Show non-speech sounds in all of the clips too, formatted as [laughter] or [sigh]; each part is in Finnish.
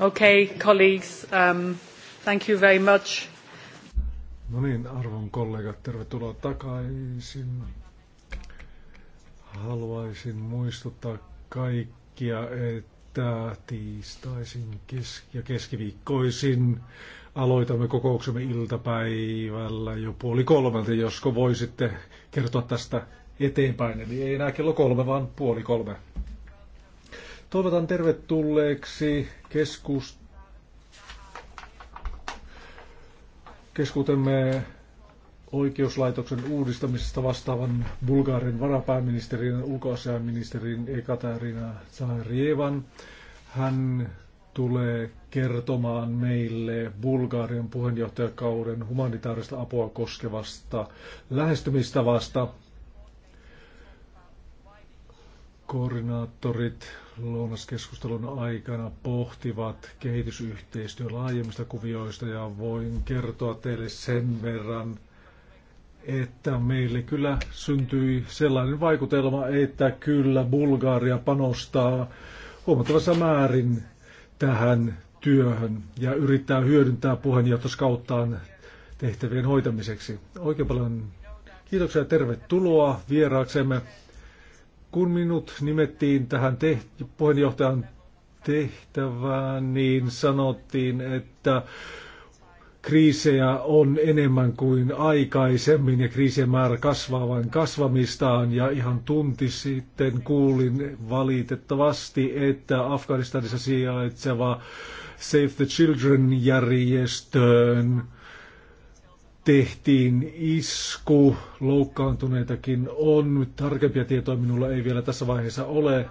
Okay, colleagues, um, thank you very much. No niin, arvon kollegat, tervetuloa takaisin. Haluaisin muistuttaa kaikkia, että tiistaisin keski ja keskiviikkoisin aloitamme kokouksemme iltapäivällä jo puoli kolmelta, josko voisitte kertoa tästä eteenpäin. Eli ei enää kello kolme, vaan puoli kolme. Toivotan tervetulleeksi keskus... keskutemme oikeuslaitoksen uudistamisesta vastaavan Bulgarin varapääministerin ja ulkoasiainministerin Ekaterina Zaharievan. Hän tulee kertomaan meille Bulgarian puheenjohtajakauden humanitaarista apua koskevasta lähestymistavasta Koordinaattorit lounaskeskustelun aikana pohtivat kehitysyhteistyön laajemmista kuvioista ja voin kertoa teille sen verran, että meille kyllä syntyi sellainen vaikutelma, että kyllä Bulgaria panostaa huomattavassa määrin tähän työhön ja yrittää hyödyntää puheenjohtoskauttaan tehtävien hoitamiseksi. Oikein paljon kiitoksia ja tervetuloa vieraaksemme. Kun minut nimettiin tähän teht- puheenjohtajan tehtävään, niin sanottiin, että kriisejä on enemmän kuin aikaisemmin ja kriisien määrä kasvaa vain kasvamistaan. Ja ihan tunti sitten kuulin valitettavasti, että Afganistanissa sijaitseva Save the Children-järjestöön tehtiin isku, loukkaantuneitakin on. Nyt tarkempia tietoja minulla ei vielä tässä vaiheessa ole.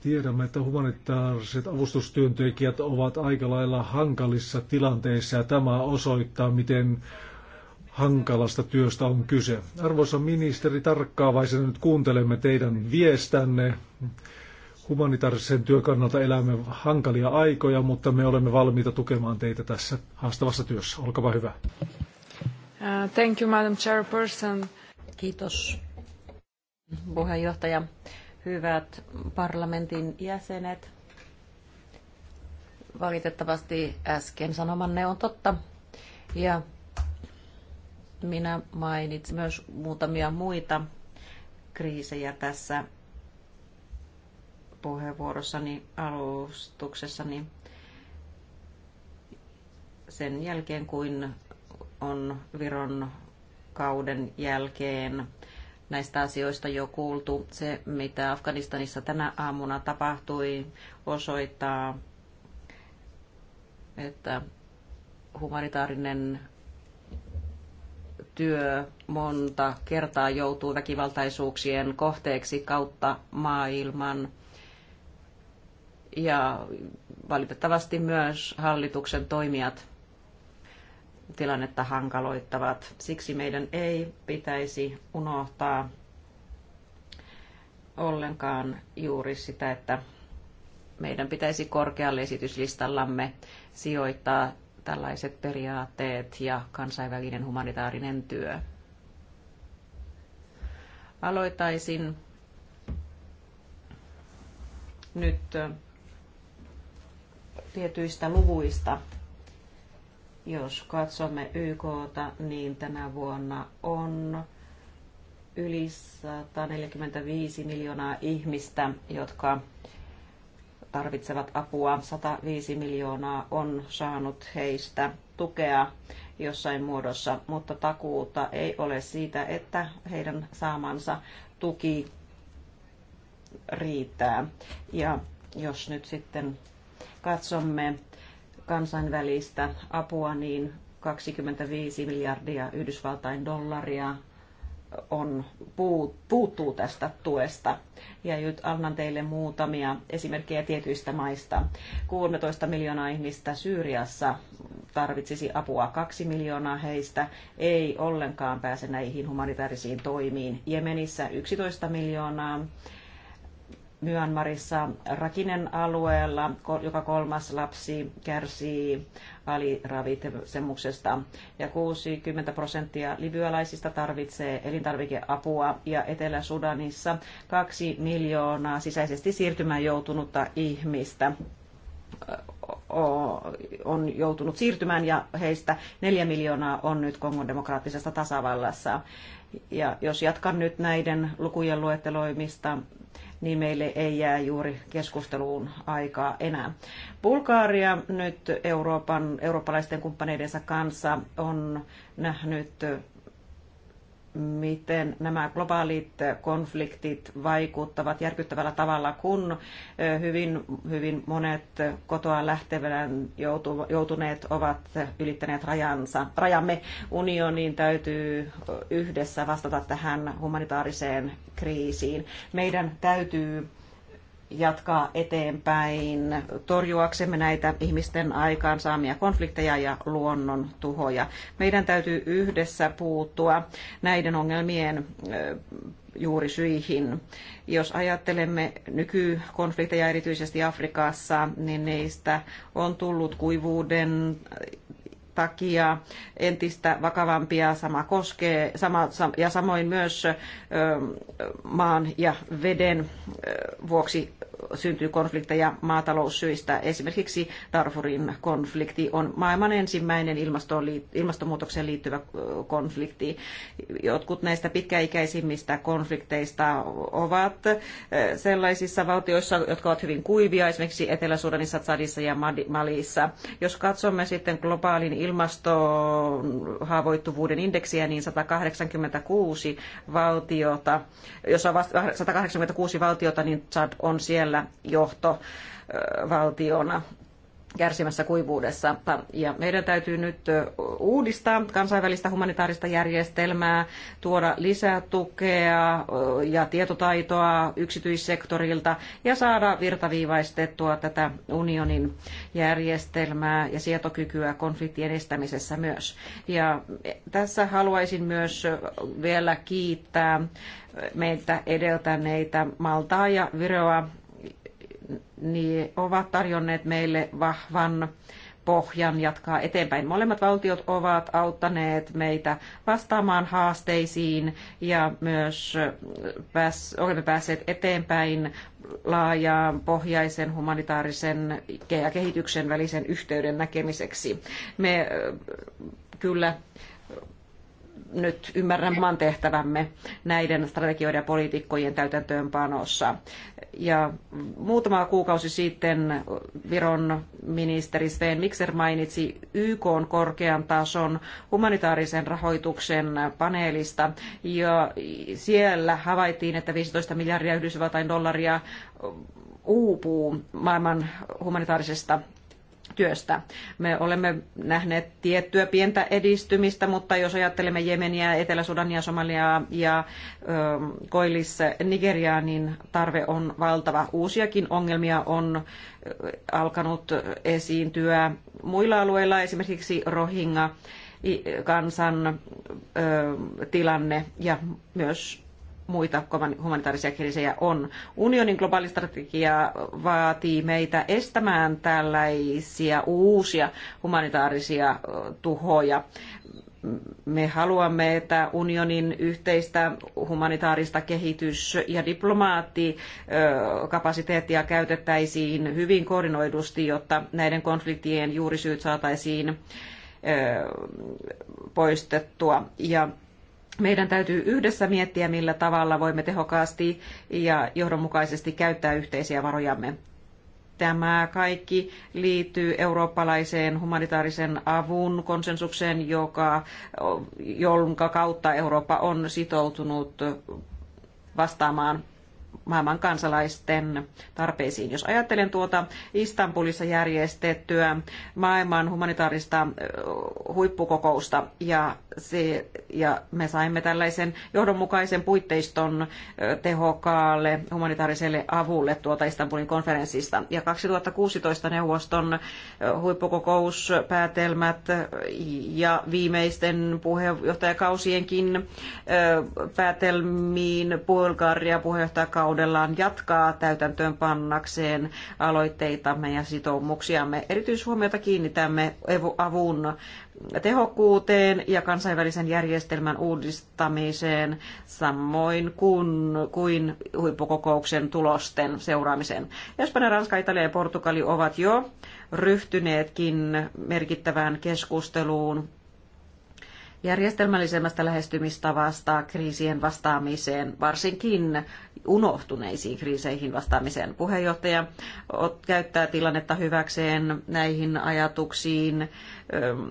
Tiedämme, että humanitaariset avustustyöntekijät ovat aika lailla hankalissa tilanteissa ja tämä osoittaa, miten hankalasta työstä on kyse. Arvoisa ministeri, tarkkaavaisena nyt kuuntelemme teidän viestänne humanitaarisen työn kannalta elämme hankalia aikoja, mutta me olemme valmiita tukemaan teitä tässä haastavassa työssä. Olkaa hyvä. Uh, thank you, Madam Chairperson. Kiitos, puheenjohtaja. Hyvät parlamentin jäsenet, valitettavasti äsken sanomanne on totta. Ja minä mainitsin myös muutamia muita kriisejä tässä puheenvuorossani niin sen jälkeen, kuin on Viron kauden jälkeen näistä asioista jo kuultu. Se, mitä Afganistanissa tänä aamuna tapahtui, osoittaa, että humanitaarinen työ monta kertaa joutuu väkivaltaisuuksien kohteeksi kautta maailman ja valitettavasti myös hallituksen toimijat tilannetta hankaloittavat. Siksi meidän ei pitäisi unohtaa ollenkaan juuri sitä, että meidän pitäisi korkealle esityslistallamme sijoittaa tällaiset periaatteet ja kansainvälinen humanitaarinen työ. Aloitaisin nyt tietyistä luvuista. Jos katsomme YKta, niin tänä vuonna on yli 145 miljoonaa ihmistä, jotka tarvitsevat apua. 105 miljoonaa on saanut heistä tukea jossain muodossa, mutta takuuta ei ole siitä, että heidän saamansa tuki riittää. Ja jos nyt sitten katsomme kansainvälistä apua, niin 25 miljardia Yhdysvaltain dollaria on, puuttuu tästä tuesta. Ja nyt annan teille muutamia esimerkkejä tietyistä maista. 13 miljoonaa ihmistä Syyriassa tarvitsisi apua. 2 miljoonaa heistä ei ollenkaan pääse näihin humanitaarisiin toimiin. Jemenissä 11 miljoonaa Myanmarissa Rakinen alueella joka kolmas lapsi kärsii aliravitsemuksesta ja 60 prosenttia libyalaisista tarvitsee elintarvikeapua ja Etelä-Sudanissa kaksi miljoonaa sisäisesti siirtymään joutunutta ihmistä on joutunut siirtymään ja heistä neljä miljoonaa on nyt Kongon demokraattisessa tasavallassa. Ja jos jatkan nyt näiden lukujen luetteloimista, niin meille ei jää juuri keskusteluun aikaa enää. Bulgaaria nyt Euroopan, eurooppalaisten kumppaneidensa kanssa on nähnyt miten nämä globaalit konfliktit vaikuttavat järkyttävällä tavalla, kun hyvin, hyvin monet kotoa lähtevän joutuneet ovat ylittäneet rajansa. Rajamme unioniin täytyy yhdessä vastata tähän humanitaariseen kriisiin. Meidän täytyy jatkaa eteenpäin torjuaksemme näitä ihmisten aikaansaamia konflikteja ja luonnon tuhoja. Meidän täytyy yhdessä puuttua näiden ongelmien juurisyihin. Jos ajattelemme nykykonflikteja erityisesti Afrikassa, niin niistä on tullut kuivuuden takia entistä vakavampia. Sama koskee, sama, ja samoin myös maan ja veden vuoksi syntyy konflikteja maataloussyistä. Esimerkiksi Darfurin konflikti on maailman ensimmäinen ilmastonmuutokseen liittyvä konflikti. Jotkut näistä pitkäikäisimmistä konflikteista ovat sellaisissa valtioissa, jotka ovat hyvin kuivia, esimerkiksi Etelä-Sudanissa, Tsadissa ja Malissa. Jos katsomme sitten globaalin haavoittuvuuden indeksiä, niin 186 valtiota, jos on 186 valtiota, niin Tsad on siellä siellä johtovaltiona kärsimässä kuivuudessa. Ja meidän täytyy nyt uudistaa kansainvälistä humanitaarista järjestelmää, tuoda lisää tukea ja tietotaitoa yksityissektorilta ja saada virtaviivaistettua tätä unionin järjestelmää ja sietokykyä konfliktien estämisessä myös. Ja tässä haluaisin myös vielä kiittää meiltä edeltäneitä Maltaa ja Viroa niin ovat tarjonneet meille vahvan pohjan jatkaa eteenpäin. Molemmat valtiot ovat auttaneet meitä vastaamaan haasteisiin ja myös pääs, olemme päässeet eteenpäin laajaan pohjaisen humanitaarisen ja kehityksen välisen yhteyden näkemiseksi. Me kyllä nyt ymmärrän oman tehtävämme näiden strategioiden ja poliitikkojen täytäntöönpanossa. Ja muutama kuukausi sitten Viron ministeri Sven Mikser mainitsi YK on korkean tason humanitaarisen rahoituksen paneelista. Ja siellä havaittiin, että 15 miljardia Yhdysvaltain dollaria uupuu maailman humanitaarisesta työstä. Me olemme nähneet tiettyä pientä edistymistä, mutta jos ajattelemme Jemeniä, Etelä-Sudania, Somaliaa ja ö, Koilis Nigeriaa, niin tarve on valtava. Uusiakin ongelmia on alkanut esiintyä muilla alueilla, esimerkiksi Rohinga kansan tilanne ja myös muita humanitaarisia kriisejä on. Unionin globaalistrategia vaatii meitä estämään tällaisia uusia humanitaarisia tuhoja. Me haluamme, että unionin yhteistä humanitaarista kehitys- ja diplomaattikapasiteettia käytettäisiin hyvin koordinoidusti, jotta näiden konfliktien juurisyyt saataisiin poistettua. Ja meidän täytyy yhdessä miettiä, millä tavalla voimme tehokkaasti ja johdonmukaisesti käyttää yhteisiä varojamme. Tämä kaikki liittyy eurooppalaiseen humanitaarisen avun konsensukseen, joka, jonka kautta Eurooppa on sitoutunut vastaamaan maailman kansalaisten tarpeisiin. Jos ajattelen tuota Istanbulissa järjestettyä maailman humanitaarista huippukokousta ja, se, ja me saimme tällaisen johdonmukaisen puitteiston tehokkaalle humanitaariselle avulle tuota Istanbulin konferenssista. Ja 2016 neuvoston huippukokouspäätelmät ja viimeisten puheenjohtajakausienkin päätelmiin Bulgaria puheenjohtajakauden kaudellaan jatkaa täytäntöön pannakseen aloitteitamme ja sitoumuksiamme. Erityishuomiota kiinnitämme avun tehokkuuteen ja kansainvälisen järjestelmän uudistamiseen, samoin kuin, kuin huippukokouksen tulosten seuraamiseen. Espanja, Ranska, Italia ja Portugali ovat jo ryhtyneetkin merkittävään keskusteluun järjestelmällisemmästä lähestymistavasta kriisien vastaamiseen, varsinkin unohtuneisiin kriiseihin vastaamiseen. Puheenjohtaja käyttää tilannetta hyväkseen näihin ajatuksiin Ähm,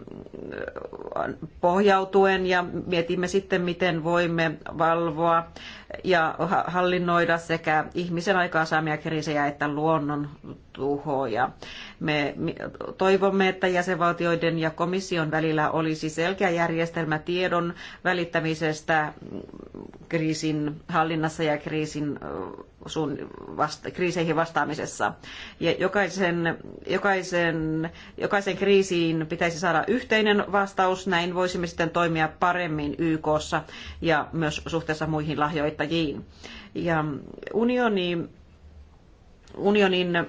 äh, pohjautuen ja mietimme sitten, miten voimme valvoa ja hallinnoida sekä ihmisen aikaansaamia kriisejä että luonnon tuhoja. Me toivomme, että jäsenvaltioiden ja komission välillä olisi selkeä järjestelmä tiedon välittämisestä kriisin hallinnassa ja kriisin äh, sun vasta, kriiseihin vastaamisessa. Ja jokaisen, jokaisen, jokaisen kriisiin pitäisi saada yhteinen vastaus, näin voisimme sitten toimia paremmin YKssa ja myös suhteessa muihin lahjoittajiin. Ja unioni, unionin ö,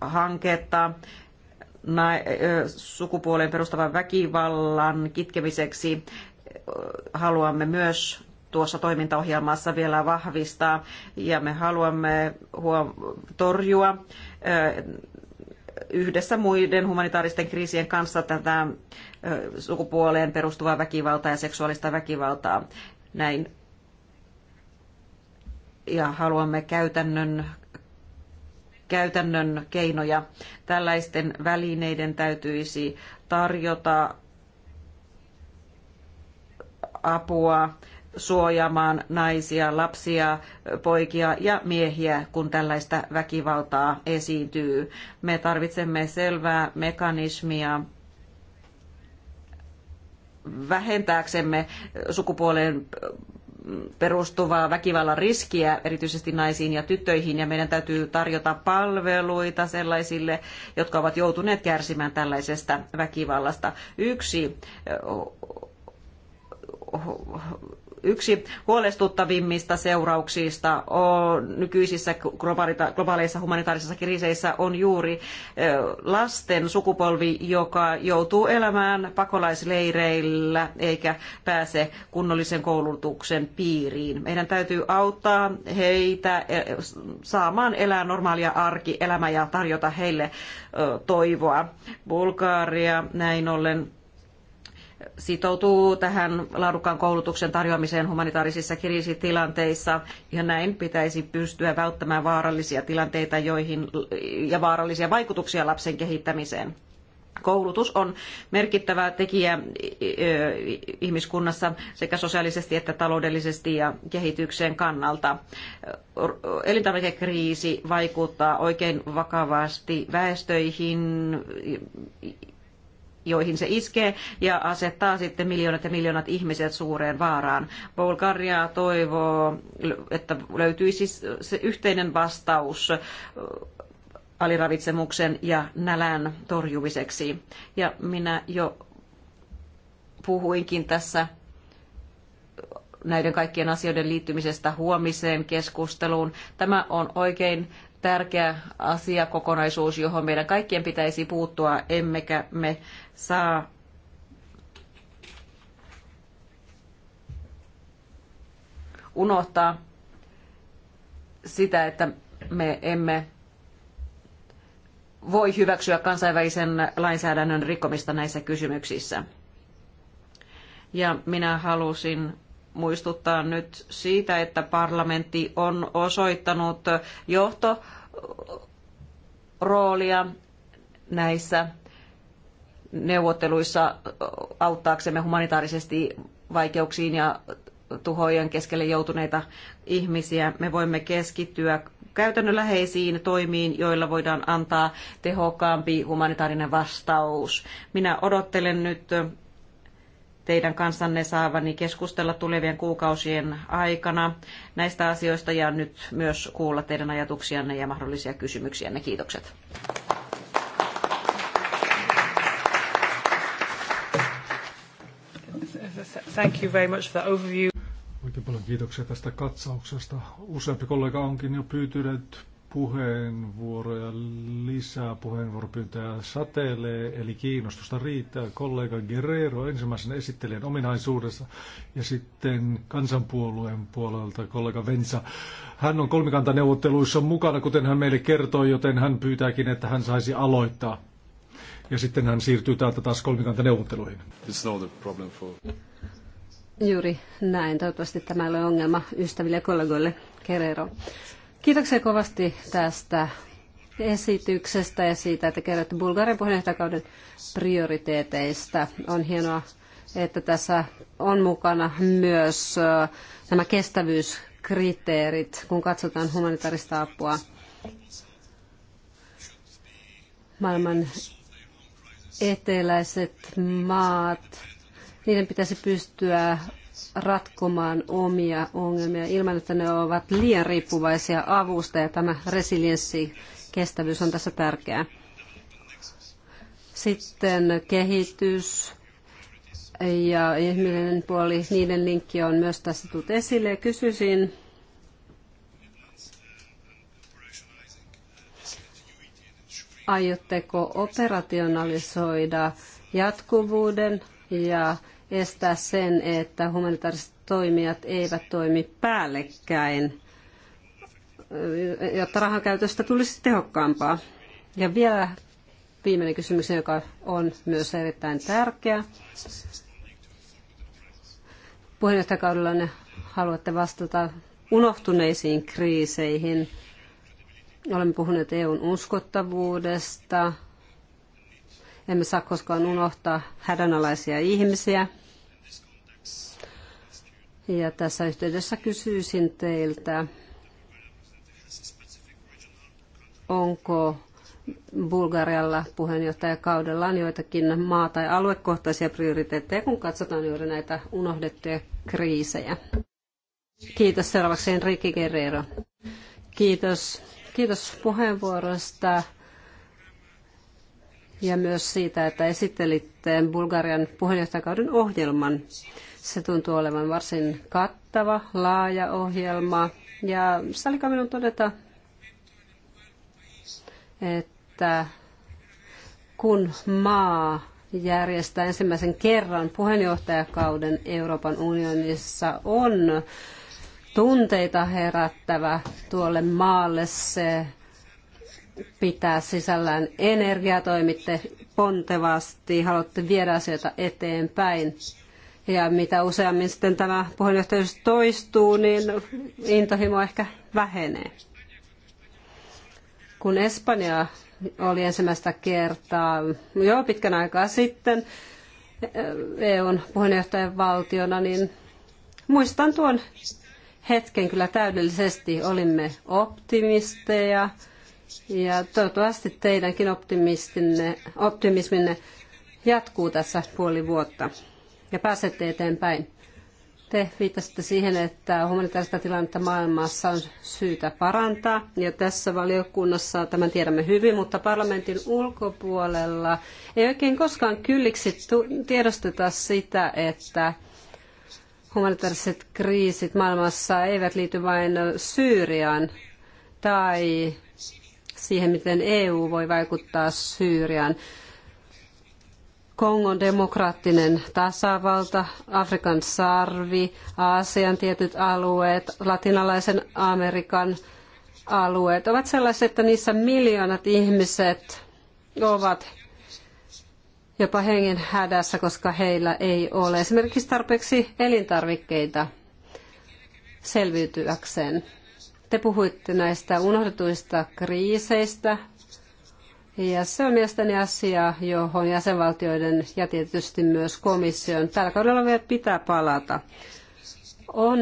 hanketta na, sukupuoleen perustavan väkivallan kitkemiseksi haluamme myös tuossa toimintaohjelmassa vielä vahvistaa ja me haluamme torjua yhdessä muiden humanitaaristen kriisien kanssa tätä sukupuoleen perustuvaa väkivaltaa ja seksuaalista väkivaltaa. Näin. Ja haluamme käytännön käytännön keinoja. Tällaisten välineiden täytyisi tarjota apua suojaamaan naisia, lapsia, poikia ja miehiä, kun tällaista väkivaltaa esiintyy. Me tarvitsemme selvää mekanismia vähentääksemme sukupuoleen perustuvaa väkivallan riskiä erityisesti naisiin ja tyttöihin ja meidän täytyy tarjota palveluita sellaisille, jotka ovat joutuneet kärsimään tällaisesta väkivallasta. Yksi Yksi huolestuttavimmista seurauksista nykyisissä globaaleissa humanitaarisissa kriiseissä on juuri lasten sukupolvi, joka joutuu elämään pakolaisleireillä eikä pääse kunnollisen koulutuksen piiriin. Meidän täytyy auttaa heitä e, saamaan elää normaalia arkielämää ja tarjota heille toivoa. Bulgaria näin ollen sitoutuu tähän laadukkaan koulutuksen tarjoamiseen humanitaarisissa kriisitilanteissa ja näin pitäisi pystyä välttämään vaarallisia tilanteita joihin, ja vaarallisia vaikutuksia lapsen kehittämiseen. Koulutus on merkittävä tekijä ihmiskunnassa sekä sosiaalisesti että taloudellisesti ja kehityksen kannalta. Elintarvikekriisi vaikuttaa oikein vakavasti väestöihin joihin se iskee ja asettaa sitten miljoonat ja miljoonat ihmiset suureen vaaraan. Bulgaria toivoo, että löytyisi se yhteinen vastaus aliravitsemuksen ja nälän torjumiseksi. Ja minä jo puhuinkin tässä näiden kaikkien asioiden liittymisestä huomiseen keskusteluun. Tämä on oikein tärkeä asiakokonaisuus, johon meidän kaikkien pitäisi puuttua, emmekä me saa unohtaa sitä, että me emme voi hyväksyä kansainvälisen lainsäädännön rikkomista näissä kysymyksissä. Ja minä halusin muistuttaa nyt siitä, että parlamentti on osoittanut johtoroolia näissä neuvotteluissa auttaaksemme humanitaarisesti vaikeuksiin ja tuhojen keskelle joutuneita ihmisiä. Me voimme keskittyä käytännönläheisiin toimiin, joilla voidaan antaa tehokkaampi humanitaarinen vastaus. Minä odottelen nyt teidän kanssanne saavani keskustella tulevien kuukausien aikana näistä asioista ja nyt myös kuulla teidän ajatuksianne ja mahdollisia kysymyksiänne. Kiitokset. Thank you very much for that overview. Oikein paljon kiitoksia tästä katsauksesta. Useampi kollega onkin jo pyytynyt puheenvuoroja, lisää puheenvuoropyyntöjä satelee, eli kiinnostusta riittää kollega Guerrero ensimmäisen esittelijän ominaisuudessa ja sitten kansanpuolueen puolelta kollega Vensa. Hän on kolmikantaneuvotteluissa mukana, kuten hän meille kertoi, joten hän pyytääkin, että hän saisi aloittaa. Ja sitten hän siirtyy täältä taas kolmikantaneuvotteluihin. It's not a problem for... Juuri näin. Toivottavasti tämä ei ole ongelma ystäville ja kollegoille. Guerrero. Kiitoksia kovasti tästä esityksestä ja siitä, että kerrotte Bulgarian puheenjohtajakauden prioriteeteista. On hienoa, että tässä on mukana myös nämä kestävyyskriteerit, kun katsotaan humanitaarista apua maailman eteläiset maat, niiden pitäisi pystyä ratkomaan omia ongelmia ilman, että ne ovat liian riippuvaisia avusta ja tämä resilienssi, kestävyys on tässä tärkeää. Sitten kehitys ja ihminen puoli, niiden linkki on myös tässä tullut esille ja kysyisin aiotteko operationalisoida jatkuvuuden ja estää sen, että humanitaariset toimijat eivät toimi päällekkäin, jotta rahankäytöstä tulisi tehokkaampaa. Ja vielä viimeinen kysymys, joka on myös erittäin tärkeä. Puheenjohtajakaudella ne haluatte vastata unohtuneisiin kriiseihin. Olemme puhuneet EUn uskottavuudesta. Emme saa koskaan unohtaa hädänalaisia ihmisiä. Ja tässä yhteydessä kysyisin teiltä, onko Bulgarialla on joitakin maa- tai aluekohtaisia prioriteetteja, kun katsotaan juuri näitä unohdettuja kriisejä. Kiitos seuraavaksi Enrique Guerrero. Kiitos, kiitos puheenvuorosta ja myös siitä, että esittelitte Bulgarian puheenjohtajakauden ohjelman. Se tuntuu olevan varsin kattava, laaja ohjelma. Ja salika minun todeta, että kun maa järjestää ensimmäisen kerran puheenjohtajakauden Euroopan unionissa on tunteita herättävä tuolle maalle. Se pitää sisällään energiaa, toimitte pontevasti, haluatte viedä asioita eteenpäin. Ja mitä useammin sitten tämä puheenjohtajuus toistuu, niin intohimo ehkä vähenee. Kun Espanja oli ensimmäistä kertaa jo pitkän aikaa sitten EUn eh, e puheenjohtajan valtiona, niin muistan tuon hetken kyllä täydellisesti. Olimme optimisteja ja toivottavasti teidänkin optimistinne, optimisminne jatkuu tässä puoli vuotta ja pääsette eteenpäin. Te viittasitte siihen, että humanitaarista tilannetta maailmassa on syytä parantaa, ja tässä valiokunnassa tämän tiedämme hyvin, mutta parlamentin ulkopuolella ei oikein koskaan kylliksi tiedosteta sitä, että humanitaariset kriisit maailmassa eivät liity vain Syyriaan tai siihen, miten EU voi vaikuttaa Syyriaan. Kongon demokraattinen tasavalta, Afrikan sarvi, Aasian tietyt alueet, latinalaisen Amerikan alueet ovat sellaiset, että niissä miljoonat ihmiset ovat jopa hengen hädässä, koska heillä ei ole esimerkiksi tarpeeksi elintarvikkeita selviytyäkseen. Te puhuitte näistä unohdetuista kriiseistä, ja se on mielestäni asia, johon jäsenvaltioiden ja tietysti myös komission tällä kaudella vielä pitää palata. On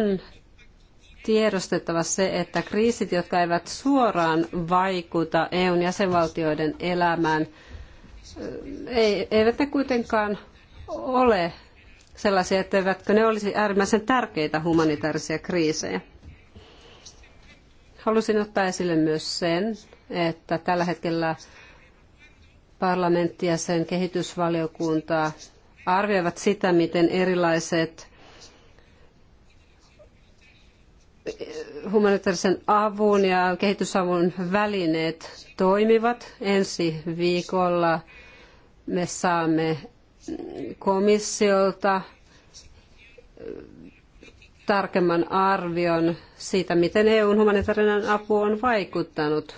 tiedostettava se, että kriisit, jotka eivät suoraan vaikuta EUn jäsenvaltioiden elämään, eivät ne kuitenkaan ole sellaisia, etteivätkö ne olisi äärimmäisen tärkeitä humanitaarisia kriisejä. Halusin ottaa esille myös sen, että tällä hetkellä parlamentti ja sen kehitysvaliokunta arvioivat sitä, miten erilaiset eh, humanitaarisen avun ja kehitysavun välineet toimivat. Ensi viikolla me saamme komissiolta eh, tarkemman arvion siitä, miten EUn humanitaarinen apu on vaikuttanut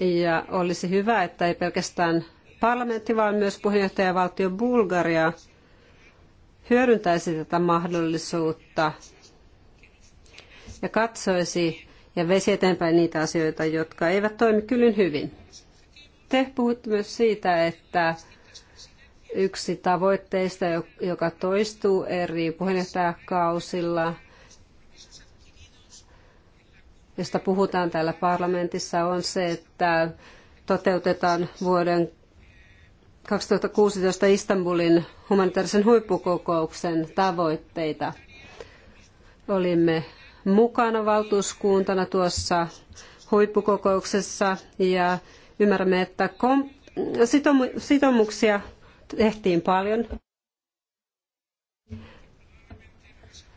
ja olisi hyvä, että ei pelkästään parlamentti, vaan myös puheenjohtajavaltio Bulgaria hyödyntäisi tätä mahdollisuutta ja katsoisi ja veisi eteenpäin niitä asioita, jotka eivät toimi kyllin hyvin. Te puhutte myös siitä, että yksi tavoitteista, joka toistuu eri puheenjohtajakausilla, josta puhutaan täällä parlamentissa, on se, että toteutetaan vuoden 2016 Istanbulin humanitaarisen huippukokouksen tavoitteita. Olimme mukana valtuuskuntana tuossa huippukokouksessa ja ymmärrämme, että kom- sitoumuksia tehtiin paljon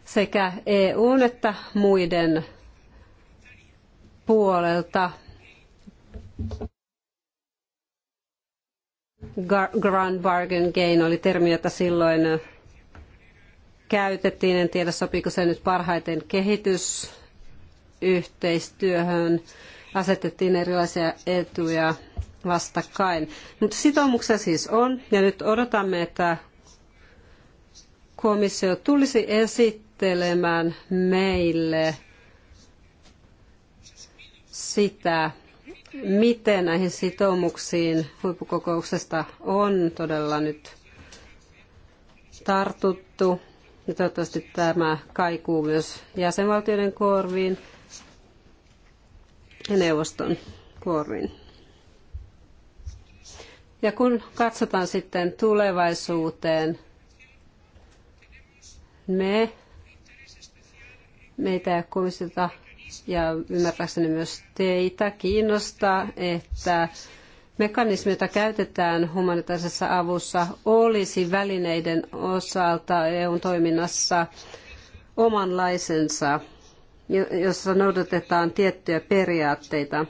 sekä EUn että muiden puolelta. Grand bargain gain oli termi, jota silloin äh, käytettiin. En tiedä, sopiiko se nyt parhaiten kehitysyhteistyöhön. Asetettiin erilaisia etuja vastakkain. Mutta sitoumuksia siis on, ja nyt odotamme, että komissio tulisi esittelemään meille sitä, miten näihin sitoumuksiin huippukokouksesta on todella nyt tartuttu. Ja toivottavasti tämä kaikuu myös jäsenvaltioiden korviin ja neuvoston korviin. Ja kun katsotaan sitten tulevaisuuteen, me, meitä ja komissiota ja ymmärtääkseni myös teitä kiinnostaa, että mekanismi, jota käytetään humanitaarisessa avussa, olisi välineiden osalta EUn toiminnassa omanlaisensa, jossa noudatetaan tiettyjä periaatteita.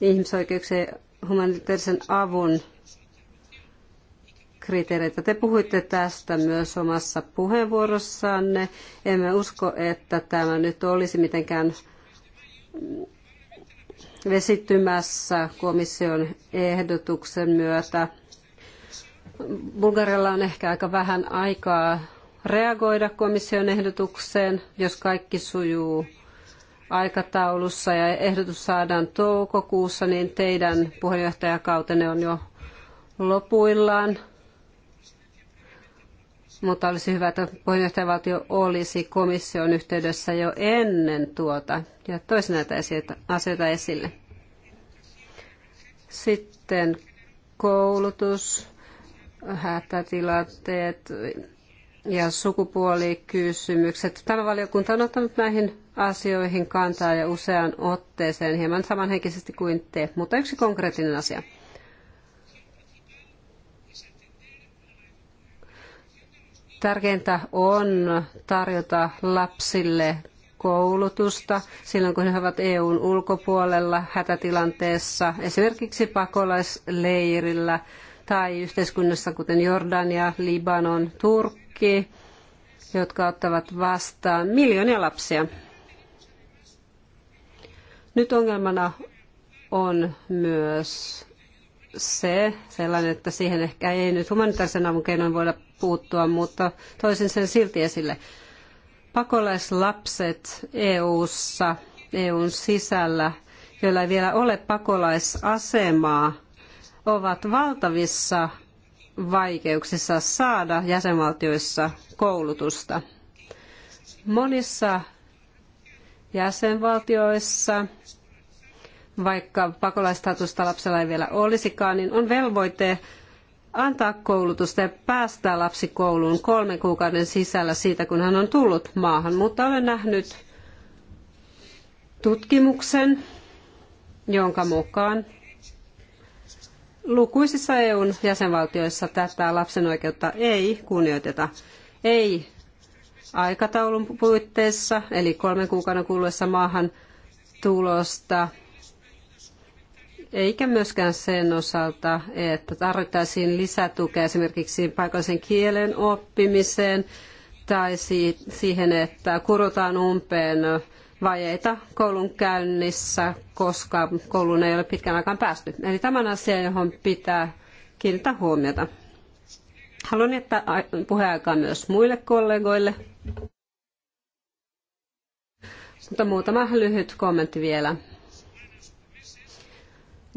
Ihmisoikeuksien humanitaarisen avun kriteereitä. Te puhuitte tästä myös omassa puheenvuorossanne. Emme usko, että tämä nyt olisi mitenkään vesittymässä komission ehdotuksen myötä. Bulgarialla on ehkä aika vähän aikaa reagoida komission ehdotukseen, jos kaikki sujuu aikataulussa ja ehdotus saadaan toukokuussa, niin teidän puheenjohtajakautenne on jo lopuillaan mutta olisi hyvä, että puheenjohtajavaltio olisi komission yhteydessä jo ennen tuota ja toisi näitä asioita esille. Sitten koulutus, hätätilanteet ja sukupuolikysymykset. Tämä valiokunta on ottanut näihin asioihin kantaa ja useaan otteeseen hieman samanhenkisesti kuin te, mutta yksi konkreettinen asia – Tärkeintä on tarjota lapsille koulutusta silloin, kun he ovat EUn ulkopuolella hätätilanteessa, esimerkiksi pakolaisleirillä tai yhteiskunnassa kuten Jordania, Libanon, Turkki, jotka ottavat vastaan miljoonia lapsia. Nyt ongelmana on myös se sellainen, että siihen ehkä ei nyt humanitaarisen avun keinoin voida puuttua, mutta toisin sen silti esille. Pakolaislapset EU-ssa, EUn sisällä, joilla ei vielä ole pakolaisasemaa, ovat valtavissa vaikeuksissa saada jäsenvaltioissa koulutusta. Monissa jäsenvaltioissa, vaikka pakolaistatusta lapsella ei vielä olisikaan, niin on velvoite antaa koulutusta ja päästää lapsi kouluun kolmen kuukauden sisällä siitä, kun hän on tullut maahan. Mutta olen nähnyt tutkimuksen, jonka mukaan lukuisissa EUn jäsenvaltioissa tätä lapsen oikeutta ei kunnioiteta. Ei aikataulun puitteissa, eli kolmen kuukauden kuluessa maahan tulosta eikä myöskään sen osalta, että tarvittaisiin lisätukea esimerkiksi paikallisen kielen oppimiseen tai siihen, että kurotaan umpeen vajeita koulun käynnissä, koska kouluun ei ole pitkän aikaan päästy. Eli tämä on asia, johon pitää kiinnittää huomiota. Haluan jättää puheaikaa myös muille kollegoille. Mutta muutama lyhyt kommentti vielä.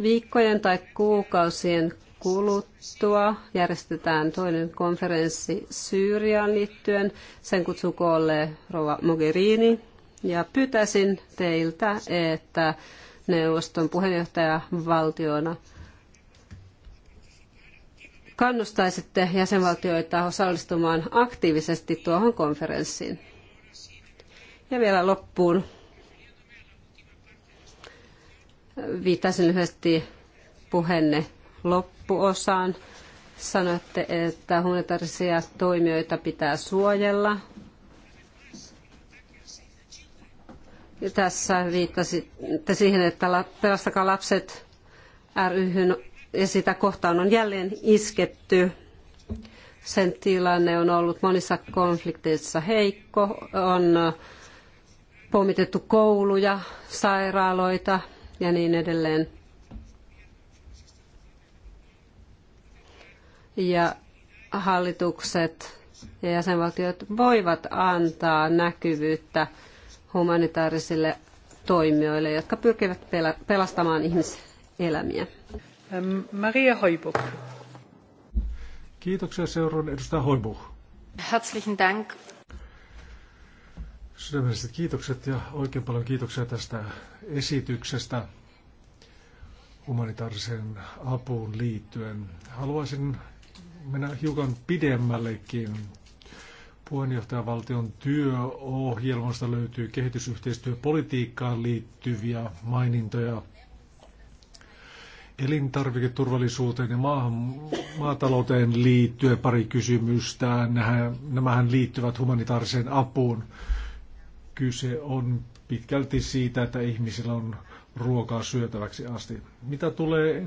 Viikkojen tai kuukausien kuluttua järjestetään toinen konferenssi Syyriaan liittyen. Sen kutsuu koolle Rova Mogherini. Ja pyytäisin teiltä, että neuvoston puheenjohtaja valtiona kannustaisitte jäsenvaltioita osallistumaan aktiivisesti tuohon konferenssiin. Ja vielä loppuun Viittaisin lyhyesti puheenne loppuosaan. Sanoitte, että humanitaarisia toimijoita pitää suojella. Ja tässä viittasitte siihen, että Pelastakaa lapset ryhyn ja sitä kohtaan on jälleen isketty. Sen tilanne on ollut monissa konflikteissa heikko, on pommitettu kouluja, sairaaloita, ja niin edelleen. Ja hallitukset ja jäsenvaltiot voivat antaa näkyvyyttä humanitaarisille toimijoille, jotka pyrkivät pelastamaan ihmiselämiä. Maria Hoibuk. Kiitoksia seuraan edustaja Hoibuk. Herzlichen Dank. Sydämelliset kiitokset ja oikein paljon kiitoksia tästä esityksestä humanitaariseen apuun liittyen. Haluaisin mennä hiukan pidemmällekin. Puheenjohtajavaltion työohjelmasta löytyy kehitysyhteistyöpolitiikkaan liittyviä mainintoja elintarviketurvallisuuteen ja maahan, maatalouteen liittyen pari kysymystä. Nämähän liittyvät humanitaariseen apuun kyse on pitkälti siitä, että ihmisillä on ruokaa syötäväksi asti. Mitä tulee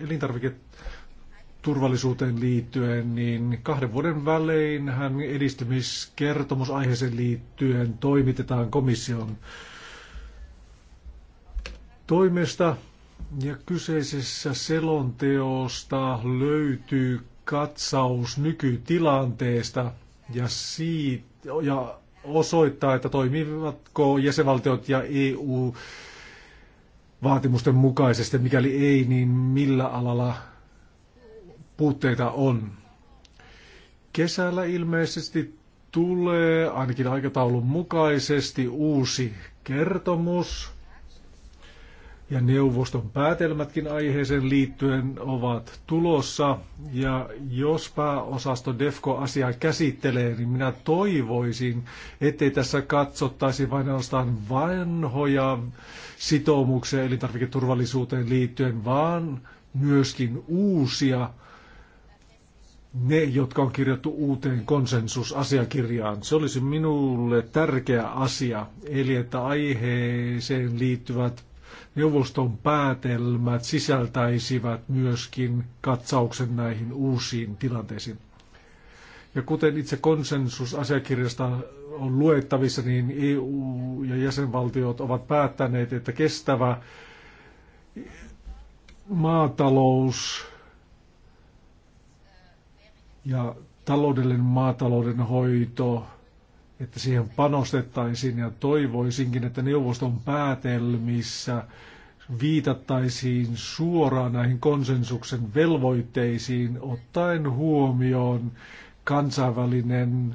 elintarviketurvallisuuteen liittyen, niin kahden vuoden välein hän edistymiskertomus aiheeseen liittyen toimitetaan komission toimesta ja kyseisessä selonteosta löytyy katsaus nykytilanteesta ja siitä, ja osoittaa, että toimivatko jäsenvaltiot ja EU vaatimusten mukaisesti. Mikäli ei, niin millä alalla puutteita on. Kesällä ilmeisesti tulee ainakin aikataulun mukaisesti uusi kertomus ja neuvoston päätelmätkin aiheeseen liittyen ovat tulossa. Ja jos pääosasto DEFCO asiaa käsittelee, niin minä toivoisin, ettei tässä katsottaisi vain ainoastaan vanhoja sitoumuksia elintarviketurvallisuuteen liittyen, vaan myöskin uusia ne, jotka on kirjattu uuteen konsensusasiakirjaan. Se olisi minulle tärkeä asia, eli että aiheeseen liittyvät neuvoston päätelmät sisältäisivät myöskin katsauksen näihin uusiin tilanteisiin. Ja kuten itse konsensusasiakirjasta on luettavissa, niin EU ja jäsenvaltiot ovat päättäneet, että kestävä maatalous ja taloudellinen maatalouden hoito että siihen panostettaisiin ja toivoisinkin, että neuvoston päätelmissä viitattaisiin suoraan näihin konsensuksen velvoitteisiin, ottaen huomioon kansainvälinen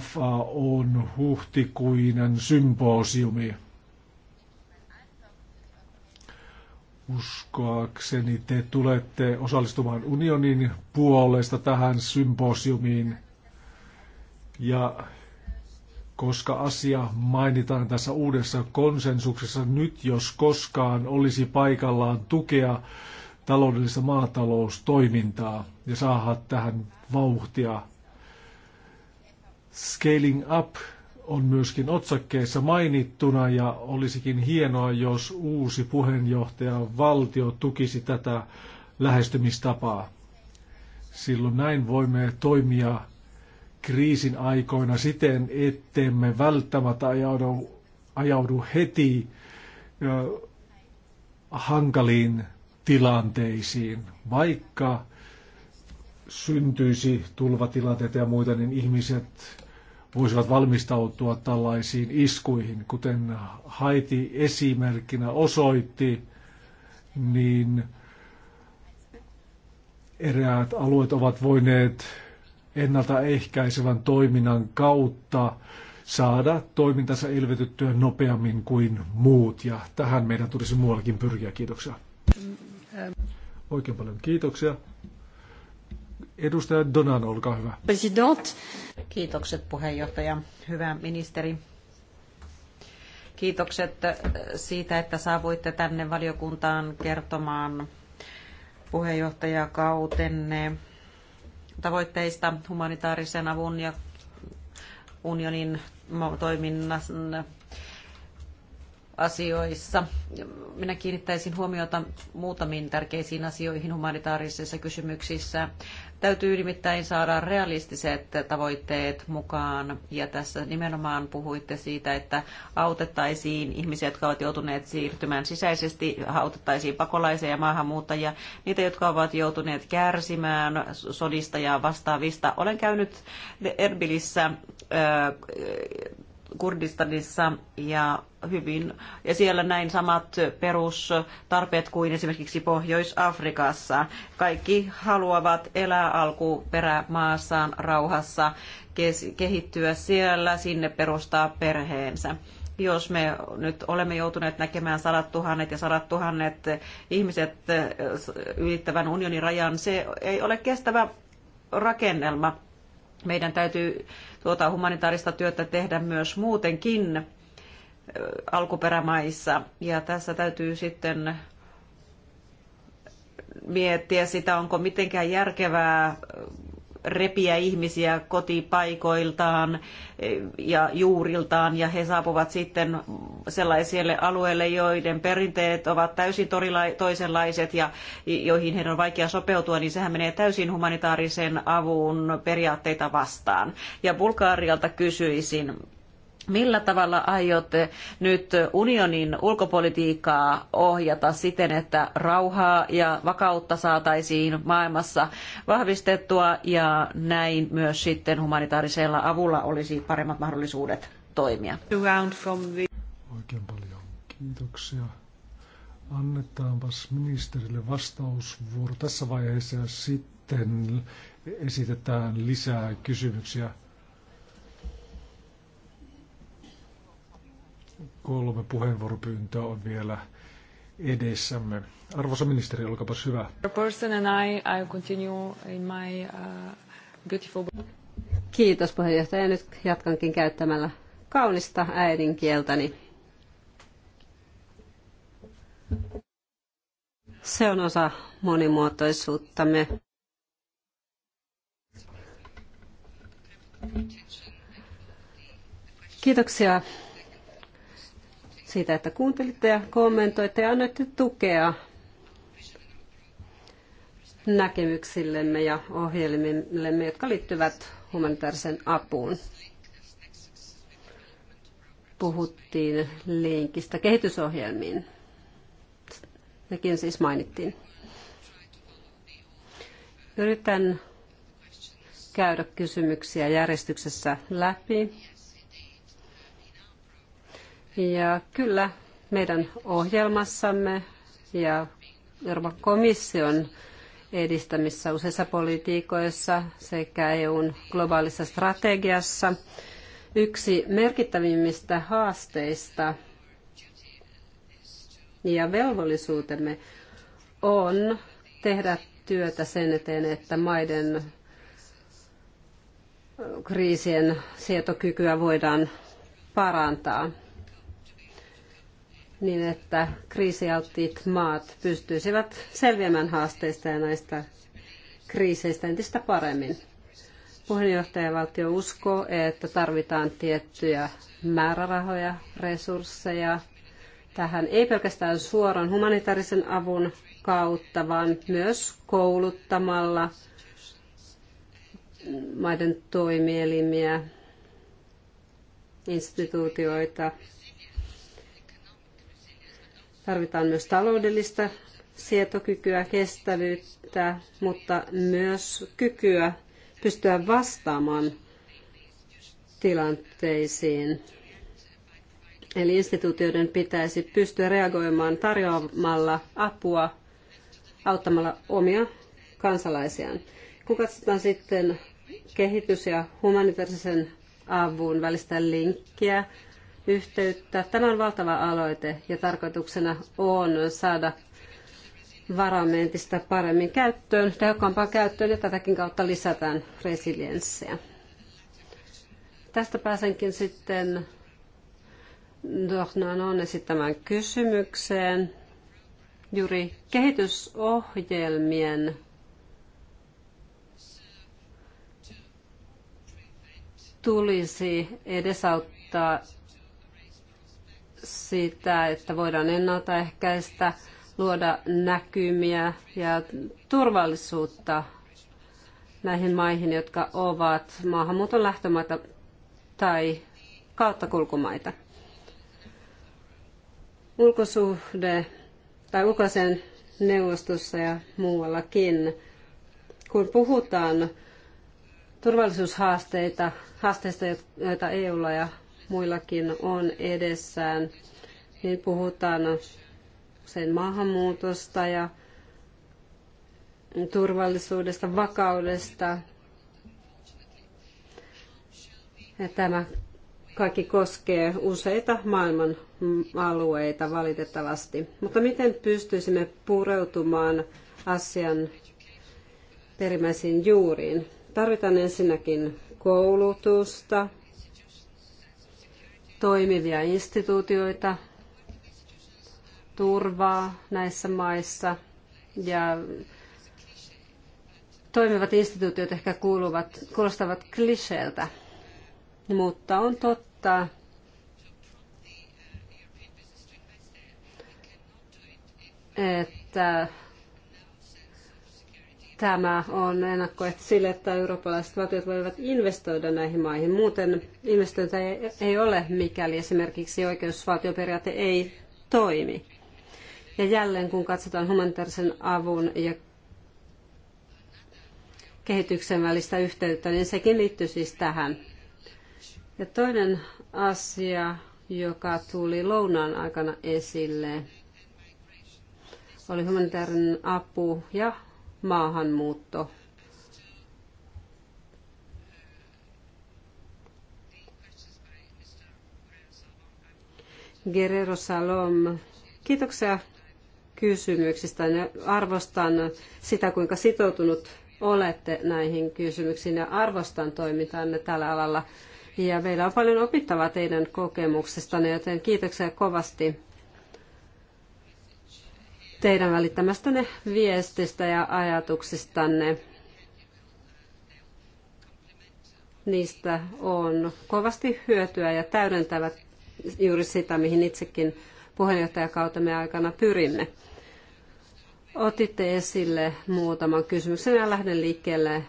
FAOn huhtikuinen symposiumi. Uskoakseni te tulette osallistumaan unionin puolesta tähän symposiumiin ja koska asia mainitaan tässä uudessa konsensuksessa nyt, jos koskaan olisi paikallaan tukea taloudellista maataloustoimintaa ja saada tähän vauhtia. Scaling up on myöskin otsakkeessa mainittuna ja olisikin hienoa, jos uusi puheenjohtaja valtio tukisi tätä lähestymistapaa. Silloin näin voimme toimia kriisin aikoina siten, ettemme välttämättä ajaudu, ajaudu heti ö, hankaliin tilanteisiin. Vaikka syntyisi tulvatilanteita ja muita, niin ihmiset voisivat valmistautua tällaisiin iskuihin. Kuten Haiti esimerkkinä osoitti, niin eräät alueet ovat voineet ennaltaehkäisevän toiminnan kautta saada toimintansa elvytettyä nopeammin kuin muut. Ja tähän meidän tulisi muuallakin pyrkiä. Kiitoksia. Oikein paljon kiitoksia. Edustaja Donan, olkaa hyvä. President. Kiitokset puheenjohtaja. Hyvä ministeri. Kiitokset siitä, että saavuitte tänne valiokuntaan kertomaan puheenjohtajakautenne tavoitteista humanitaarisen avun ja unionin toiminnan äh, asioissa. Minä kiinnittäisin huomiota muutamiin tärkeisiin asioihin humanitaarisissa kysymyksissä. Täytyy nimittäin saada realistiset tavoitteet mukaan. Ja tässä nimenomaan puhuitte siitä, että autettaisiin ihmisiä, jotka ovat joutuneet siirtymään sisäisesti, autettaisiin pakolaisia ja maahanmuuttajia, niitä, jotka ovat joutuneet kärsimään sodista ja vastaavista. Olen käynyt Erbilissä Kurdistanissa ja hyvin, ja siellä näin samat perustarpeet kuin esimerkiksi Pohjois-Afrikassa. Kaikki haluavat elää alkuperämaassaan rauhassa, kehittyä siellä, sinne perustaa perheensä jos me nyt olemme joutuneet näkemään sadat tuhannet ja sadat tuhannet ihmiset eh, ylittävän unionin rajan, se ei ole kestävä rakennelma meidän täytyy tuota humanitaarista työtä tehdä myös muutenkin alkuperämaissa. Ja tässä täytyy sitten miettiä sitä, onko mitenkään järkevää repiä ihmisiä kotipaikoiltaan e, ja juuriltaan ja he saapuvat sitten sellaisille alueille, joiden perinteet ovat täysin toisenlaiset ja joihin heidän on vaikea sopeutua, niin sehän menee täysin humanitaarisen avun periaatteita vastaan. Ja Bulgaarialta kysyisin, Millä tavalla aiotte nyt unionin ulkopolitiikkaa ohjata siten, että rauhaa ja vakautta saataisiin maailmassa vahvistettua ja näin myös sitten humanitaarisella avulla olisi paremmat mahdollisuudet toimia? Oikein paljon kiitoksia. Annetaanpas ministerille vastausvuoro tässä vaiheessa ja sitten esitetään lisää kysymyksiä. Kolme puheenvuoropyyntöä on vielä edessämme. Arvoisa ministeri, olkaapa hyvä. Uh, Kiitos puheenjohtaja. Nyt jatkankin käyttämällä kaunista äidinkieltäni. Se on osa monimuotoisuuttamme. Kiitoksia siitä, että kuuntelitte ja kommentoitte ja annoitte tukea näkemyksillemme ja ohjelmillemme, jotka liittyvät humanitaarisen apuun. Puhuttiin linkistä kehitysohjelmiin. Nekin siis mainittiin. Yritän käydä kysymyksiä järjestyksessä läpi. Ja kyllä meidän ohjelmassamme ja Euroopan komission edistämissä useissa politiikoissa sekä EUn globaalissa strategiassa yksi merkittävimmistä haasteista ja velvollisuutemme on tehdä työtä sen eteen, että maiden kriisien sietokykyä voidaan parantaa niin, että kriisialttiit maat pystyisivät selviämään haasteista ja näistä kriiseistä entistä paremmin. Puheenjohtajavaltio uskoo, että tarvitaan tiettyjä määrärahoja, resursseja. Tähän ei pelkästään suoran humanitaarisen avun kautta, vaan myös kouluttamalla maiden toimielimiä, instituutioita, Tarvitaan myös taloudellista sietokykyä, kestävyyttä, mutta myös kykyä pystyä vastaamaan tilanteisiin. Eli instituutioiden pitäisi pystyä reagoimaan tarjoamalla apua, auttamalla omia kansalaisiaan. Kun katsotaan sitten kehitys- ja humanitaarisen avun välistä linkkiä, yhteyttä. Tämä on valtava aloite ja tarkoituksena on saada varamme entistä paremmin käyttöön, tehokkaampaan käyttöön ja tätäkin kautta lisätään resilienssiä. Tästä pääsenkin sitten on esittämään kysymykseen juuri kehitysohjelmien tulisi edesauttaa sitä, että voidaan ennaltaehkäistä, luoda näkymiä ja turvallisuutta näihin maihin, jotka ovat maahanmuuton lähtömaita tai kauttakulkumaita. Ulkosuhde tai ulkoisen neuvostossa ja muuallakin, kun puhutaan turvallisuushaasteita, haasteista, joita EUlla ja muillakin on edessään, niin puhutaan sen maahanmuutosta ja turvallisuudesta, vakaudesta. Ja tämä kaikki koskee useita maailman alueita valitettavasti. Mutta miten pystyisimme pureutumaan asian perimmäisiin juuriin? Tarvitaan ensinnäkin koulutusta, toimivia instituutioita, turvaa näissä maissa ja toimivat instituutiot ehkä kuuluvat, kuulostavat kliseeltä, mutta on totta, että tämä on ennakkoehto sille, että eurooppalaiset valtiot voivat investoida näihin maihin. Muuten investointia ei ole, mikäli esimerkiksi oikeusvaltioperiaate ei toimi. Ja jälleen kun katsotaan humanitaarisen avun ja kehityksen välistä yhteyttä, niin sekin liittyy siis tähän. Ja toinen asia, joka tuli lounaan aikana esille, oli humanitaarinen apu ja maahanmuutto. Guerrero Salom, kiitoksia kysymyksistä. Arvostan sitä, kuinka sitoutunut olette näihin kysymyksiin ja arvostan toimintanne tällä alalla. Ja meillä on paljon opittavaa teidän kokemuksestanne, joten kiitoksia kovasti teidän välittämästänne viestistä ja ajatuksistanne. Niistä on kovasti hyötyä ja täydentävät juuri sitä, mihin itsekin puheenjohtajakautemme aikana pyrimme. Otitte esille muutaman kysymyksen ja lähden liikkeelle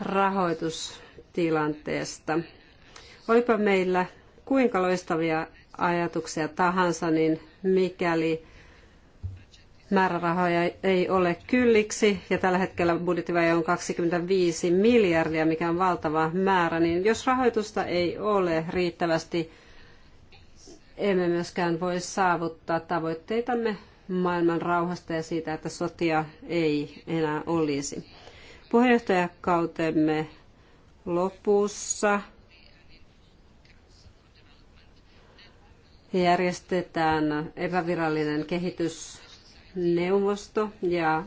rahoitustilanteesta. Olipa meillä kuinka loistavia ajatuksia tahansa, niin mikäli määrärahoja ei ole kylliksi ja tällä hetkellä budjettivaje on 25 miljardia, mikä on valtava määrä, niin jos rahoitusta ei ole riittävästi, emme myöskään voi saavuttaa tavoitteitamme maailman rauhasta ja siitä, että sotia ei enää olisi. Puheenjohtajakautemme lopussa järjestetään epävirallinen kehitys neuvosto ja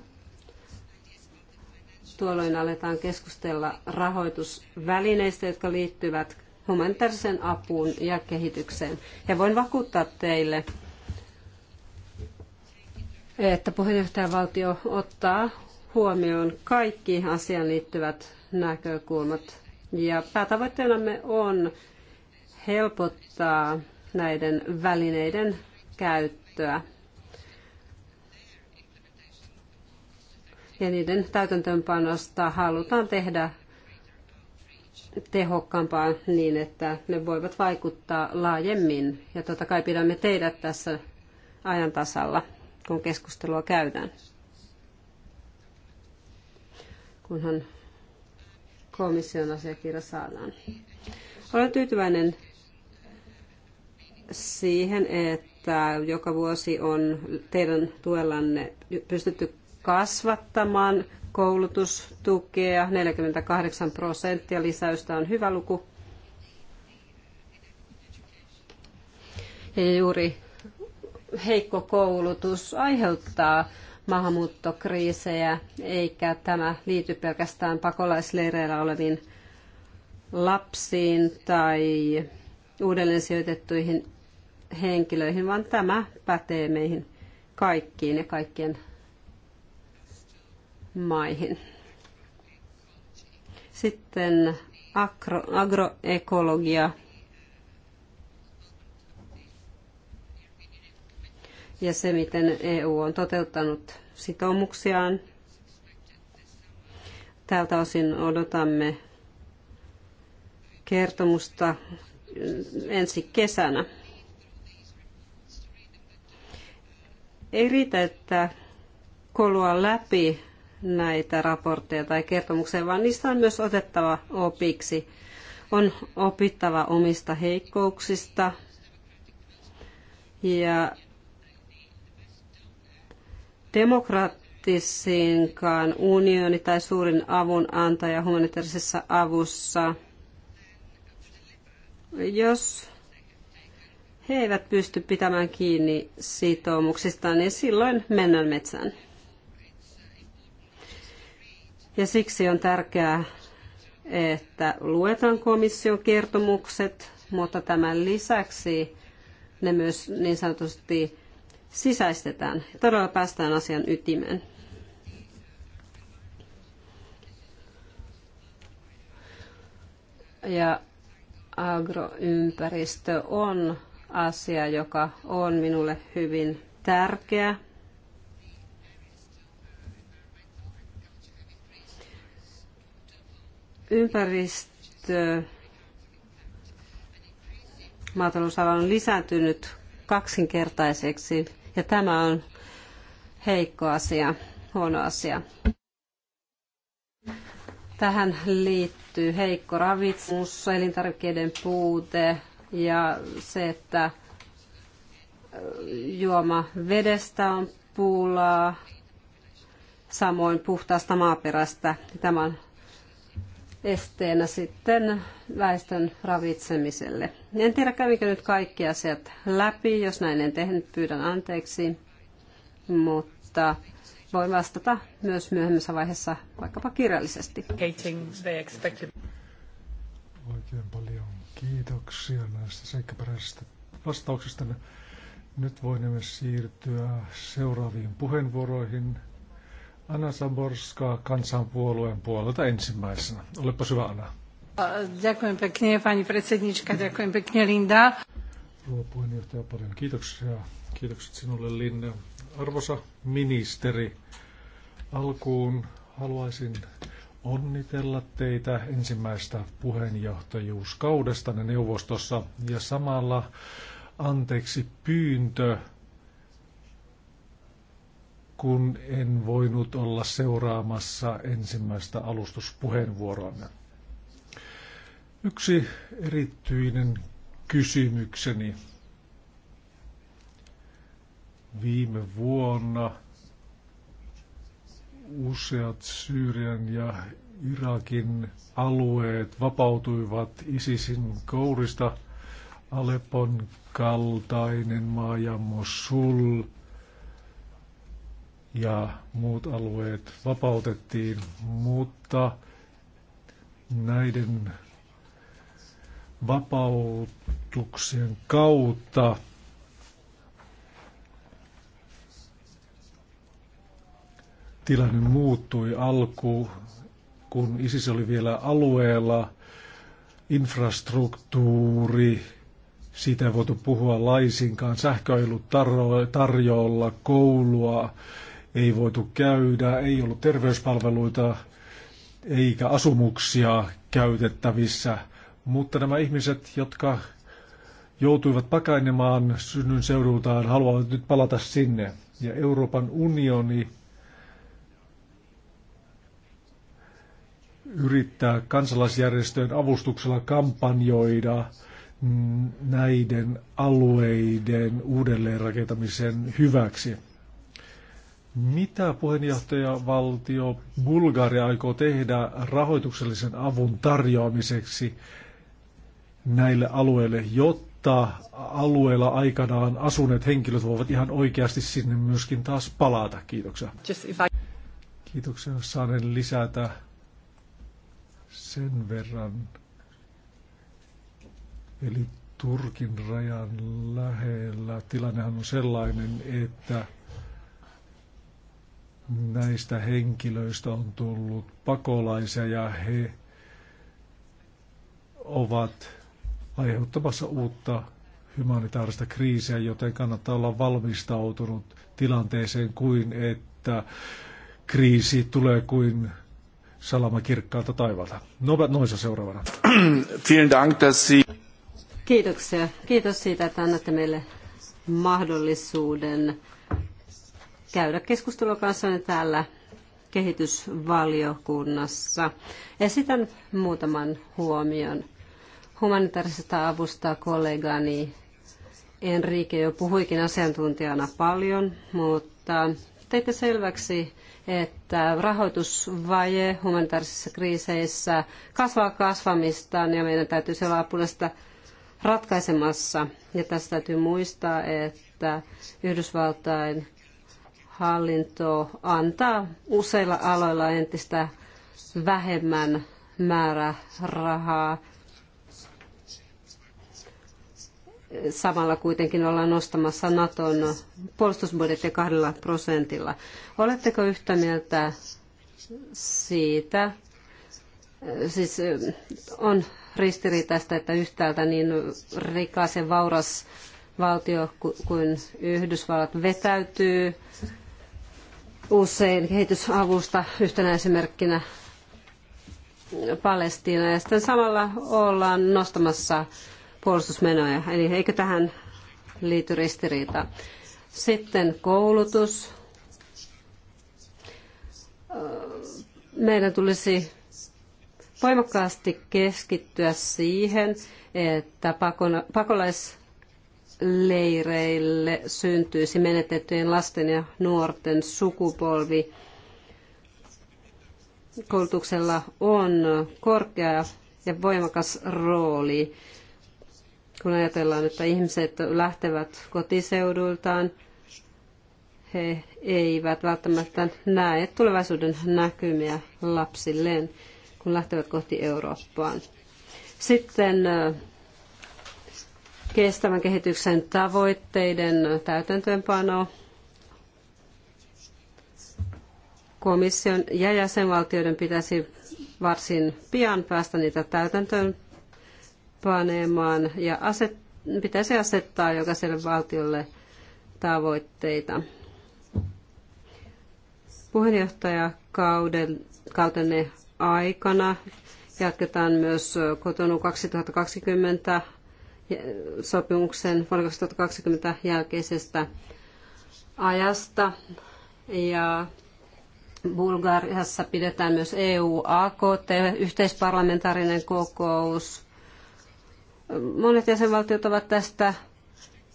tuolloin aletaan keskustella rahoitusvälineistä, jotka liittyvät humanitaariseen apuun ja kehitykseen. Ja voin vakuuttaa teille, että puheenjohtajavaltio ottaa huomioon kaikki asiaan liittyvät näkökulmat. Ja päätavoitteenamme on helpottaa näiden välineiden käyttöä. ja niiden täytäntöönpanosta halutaan tehdä tehokkaampaa niin, että ne voivat vaikuttaa laajemmin. Ja totta kai pidämme teidät tässä ajan tasalla, kun keskustelua käydään. Kunhan komission asiakirja saadaan. Olen tyytyväinen siihen, että joka vuosi on teidän tuellanne pystytty kasvattamaan koulutustukea. 48 prosenttia lisäystä on hyvä luku. Ja juuri heikko koulutus aiheuttaa maahanmuuttokriisejä, eikä tämä liity pelkästään pakolaisleireillä oleviin lapsiin tai uudelleen sijoitettuihin henkilöihin, vaan tämä pätee meihin kaikkiin ja kaikkien maihin. Sitten agro, agroekologia. Ja se, miten EU on toteuttanut sitoumuksiaan. Tältä osin odotamme kertomusta ensi kesänä. Ei riitä, että kolua läpi näitä raportteja tai kertomuksia, vaan niistä on myös otettava opiksi. On opittava omista heikkouksista ja demokraattisinkaan unioni tai suurin avunantaja humanitaarisessa avussa, jos he eivät pysty pitämään kiinni sitoumuksistaan, niin silloin mennään metsään. Ja siksi on tärkeää, että luetaan komission kertomukset, mutta tämän lisäksi ne myös niin sanotusti sisäistetään. Todella päästään asian ytimeen. Ja agroympäristö on asia, joka on minulle hyvin tärkeä. Ympäristö maatalousala on lisääntynyt kaksinkertaiseksi ja tämä on heikko asia, huono asia. Tähän liittyy heikko ravitsemus, elintarvikkeiden puute ja se, että juoma vedestä on pulaa, samoin puhtaasta maaperästä. Tämä on esteenä sitten väestön ravitsemiselle. En tiedä, kävikö nyt kaikki asiat läpi. Jos näin en tehnyt, pyydän anteeksi. Mutta voin vastata myös myöhemmässä vaiheessa vaikkapa kirjallisesti. Oikein paljon kiitoksia näistä seikkaperäisistä vastauksista. Nyt voimme siirtyä seuraaviin puheenvuoroihin. Anna Saborska kansanpuolueen puolelta ensimmäisenä. Olepa hyvä, Anna. Ďakujem pekne, pani predsednička, ďakujem pekne, Linda. Rouva puheenjohtaja, paljon kiitoksia. Kiitokset sinulle, Linda. Arvoisa ministeri, alkuun haluaisin onnitella teitä ensimmäistä puheenjohtajuuskaudesta neuvostossa ja samalla anteeksi pyyntö kun en voinut olla seuraamassa ensimmäistä alustuspuheenvuoroa. Yksi erityinen kysymykseni. Viime vuonna useat Syyrian ja Irakin alueet vapautuivat ISISin kourista. Aleppo:n kaltainen maa ja Mosul – ja muut alueet vapautettiin, mutta näiden vapautuksien kautta tilanne muuttui alku, kun ISIS oli vielä alueella, infrastruktuuri, siitä ei voitu puhua laisinkaan, sähköilu tarjolla, koulua ei voitu käydä, ei ollut terveyspalveluita eikä asumuksia käytettävissä. Mutta nämä ihmiset, jotka joutuivat pakainemaan synnyn seudultaan, haluavat nyt palata sinne. Ja Euroopan unioni yrittää kansalaisjärjestöjen avustuksella kampanjoida näiden alueiden uudelleenrakentamisen hyväksi. Mitä puheenjohtajavaltio Bulgaria aikoo tehdä rahoituksellisen avun tarjoamiseksi näille alueille, jotta alueella aikanaan asuneet henkilöt voivat ihan oikeasti sinne myöskin taas palata? Kiitoksia. Kiitoksia, jos saan lisätä sen verran. Eli Turkin rajan lähellä tilannehan on sellainen, että näistä henkilöistä on tullut pakolaisia ja he ovat aiheuttamassa uutta humanitaarista kriisiä, joten kannattaa olla valmistautunut tilanteeseen kuin että kriisi tulee kuin salama kirkkaalta taivalta. No, noissa seuraavana. [clears throat] Kiitoksia. Kiitos siitä, että annatte meille mahdollisuuden käydä keskustelua kanssanne täällä kehitysvaliokunnassa. Esitän muutaman huomion. Humanitaarisesta avusta kollegani Enrique jo puhuikin asiantuntijana paljon, mutta teitte selväksi, että rahoitusvaje humanitaarisissa kriiseissä kasvaa kasvamistaan ja meidän täytyy olla apuna sitä ratkaisemassa. Ja tässä täytyy muistaa, että Yhdysvaltain hallinto antaa useilla aloilla entistä vähemmän määrä rahaa. Samalla kuitenkin ollaan nostamassa Naton puolustusbudjettia kahdella prosentilla. Oletteko yhtä mieltä siitä? Siis eh, on ristiriitaista, että yhtäältä niin rikas ja vauras valtio kuin Yhdysvallat vetäytyy usein kehitysavusta yhtenä esimerkkinä Palestiina ja sitten samalla ollaan nostamassa puolustusmenoja. Eli eikö tähän liity ristiriita? Sitten koulutus. Meidän tulisi voimakkaasti keskittyä siihen, että pakolaisvirrat leireille syntyisi menetettyjen lasten ja nuorten sukupolvi. Koulutuksella on korkea ja voimakas rooli, kun ajatellaan, että ihmiset lähtevät kotiseuduiltaan. He eivät välttämättä näe tulevaisuuden näkymiä lapsilleen, kun lähtevät kohti Eurooppaan. Sitten kestävän kehityksen tavoitteiden täytäntöönpano, komission ja jäsenvaltioiden pitäisi varsin pian päästä niitä täytäntöön panemaan ja aset, pitäisi asettaa jokaiselle valtiolle tavoitteita. Puheenjohtajakautenne aikana jatketaan myös kotonu 2020 sopimuksen vuonna 2020 jälkeisestä ajasta. Ja Bulgariassa pidetään myös EU-AKT, yhteisparlamentaarinen kokous. Monet jäsenvaltiot ovat tästä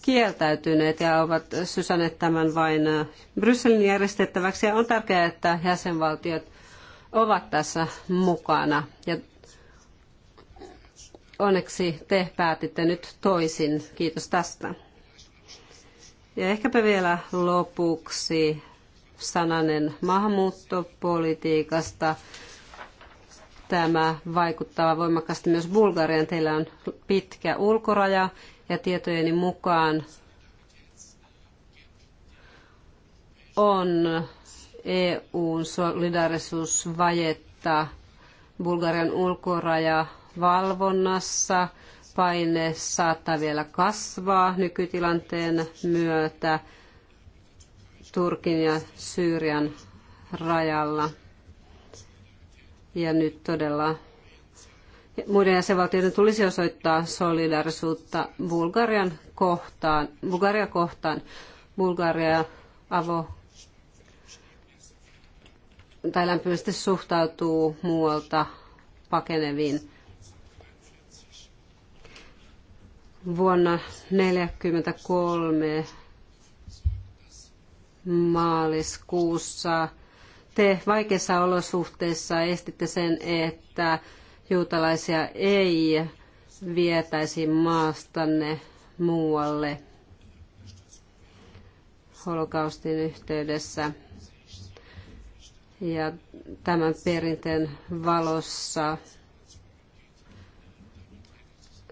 kieltäytyneet ja ovat sysänneet tämän vain äh, Brysselin järjestettäväksi. Ja on tärkeää, että jäsenvaltiot ovat tässä mukana. Ja onneksi te päätitte nyt toisin. Kiitos tästä. Ja ehkäpä vielä lopuksi sananen maahanmuuttopolitiikasta. Tämä vaikuttaa voimakkaasti myös Bulgarian. Teillä on pitkä ulkoraja ja tietojeni mukaan on EUn solidarisuusvajetta Bulgarian ulkoraja valvonnassa. Paine saattaa vielä kasvaa nykytilanteen myötä Turkin ja Syyrian rajalla. Ja nyt todella muiden jäsenvaltioiden tulisi osoittaa solidaarisuutta Bulgarian kohtaan, Bulgaria kohtaan. Bulgaria avo tai lämpimästi suhtautuu muualta pakeneviin. vuonna 1943 maaliskuussa te vaikeissa olosuhteissa estitte sen, että juutalaisia ei vietäisi maastanne muualle holokaustin yhteydessä. Ja tämän perinteen valossa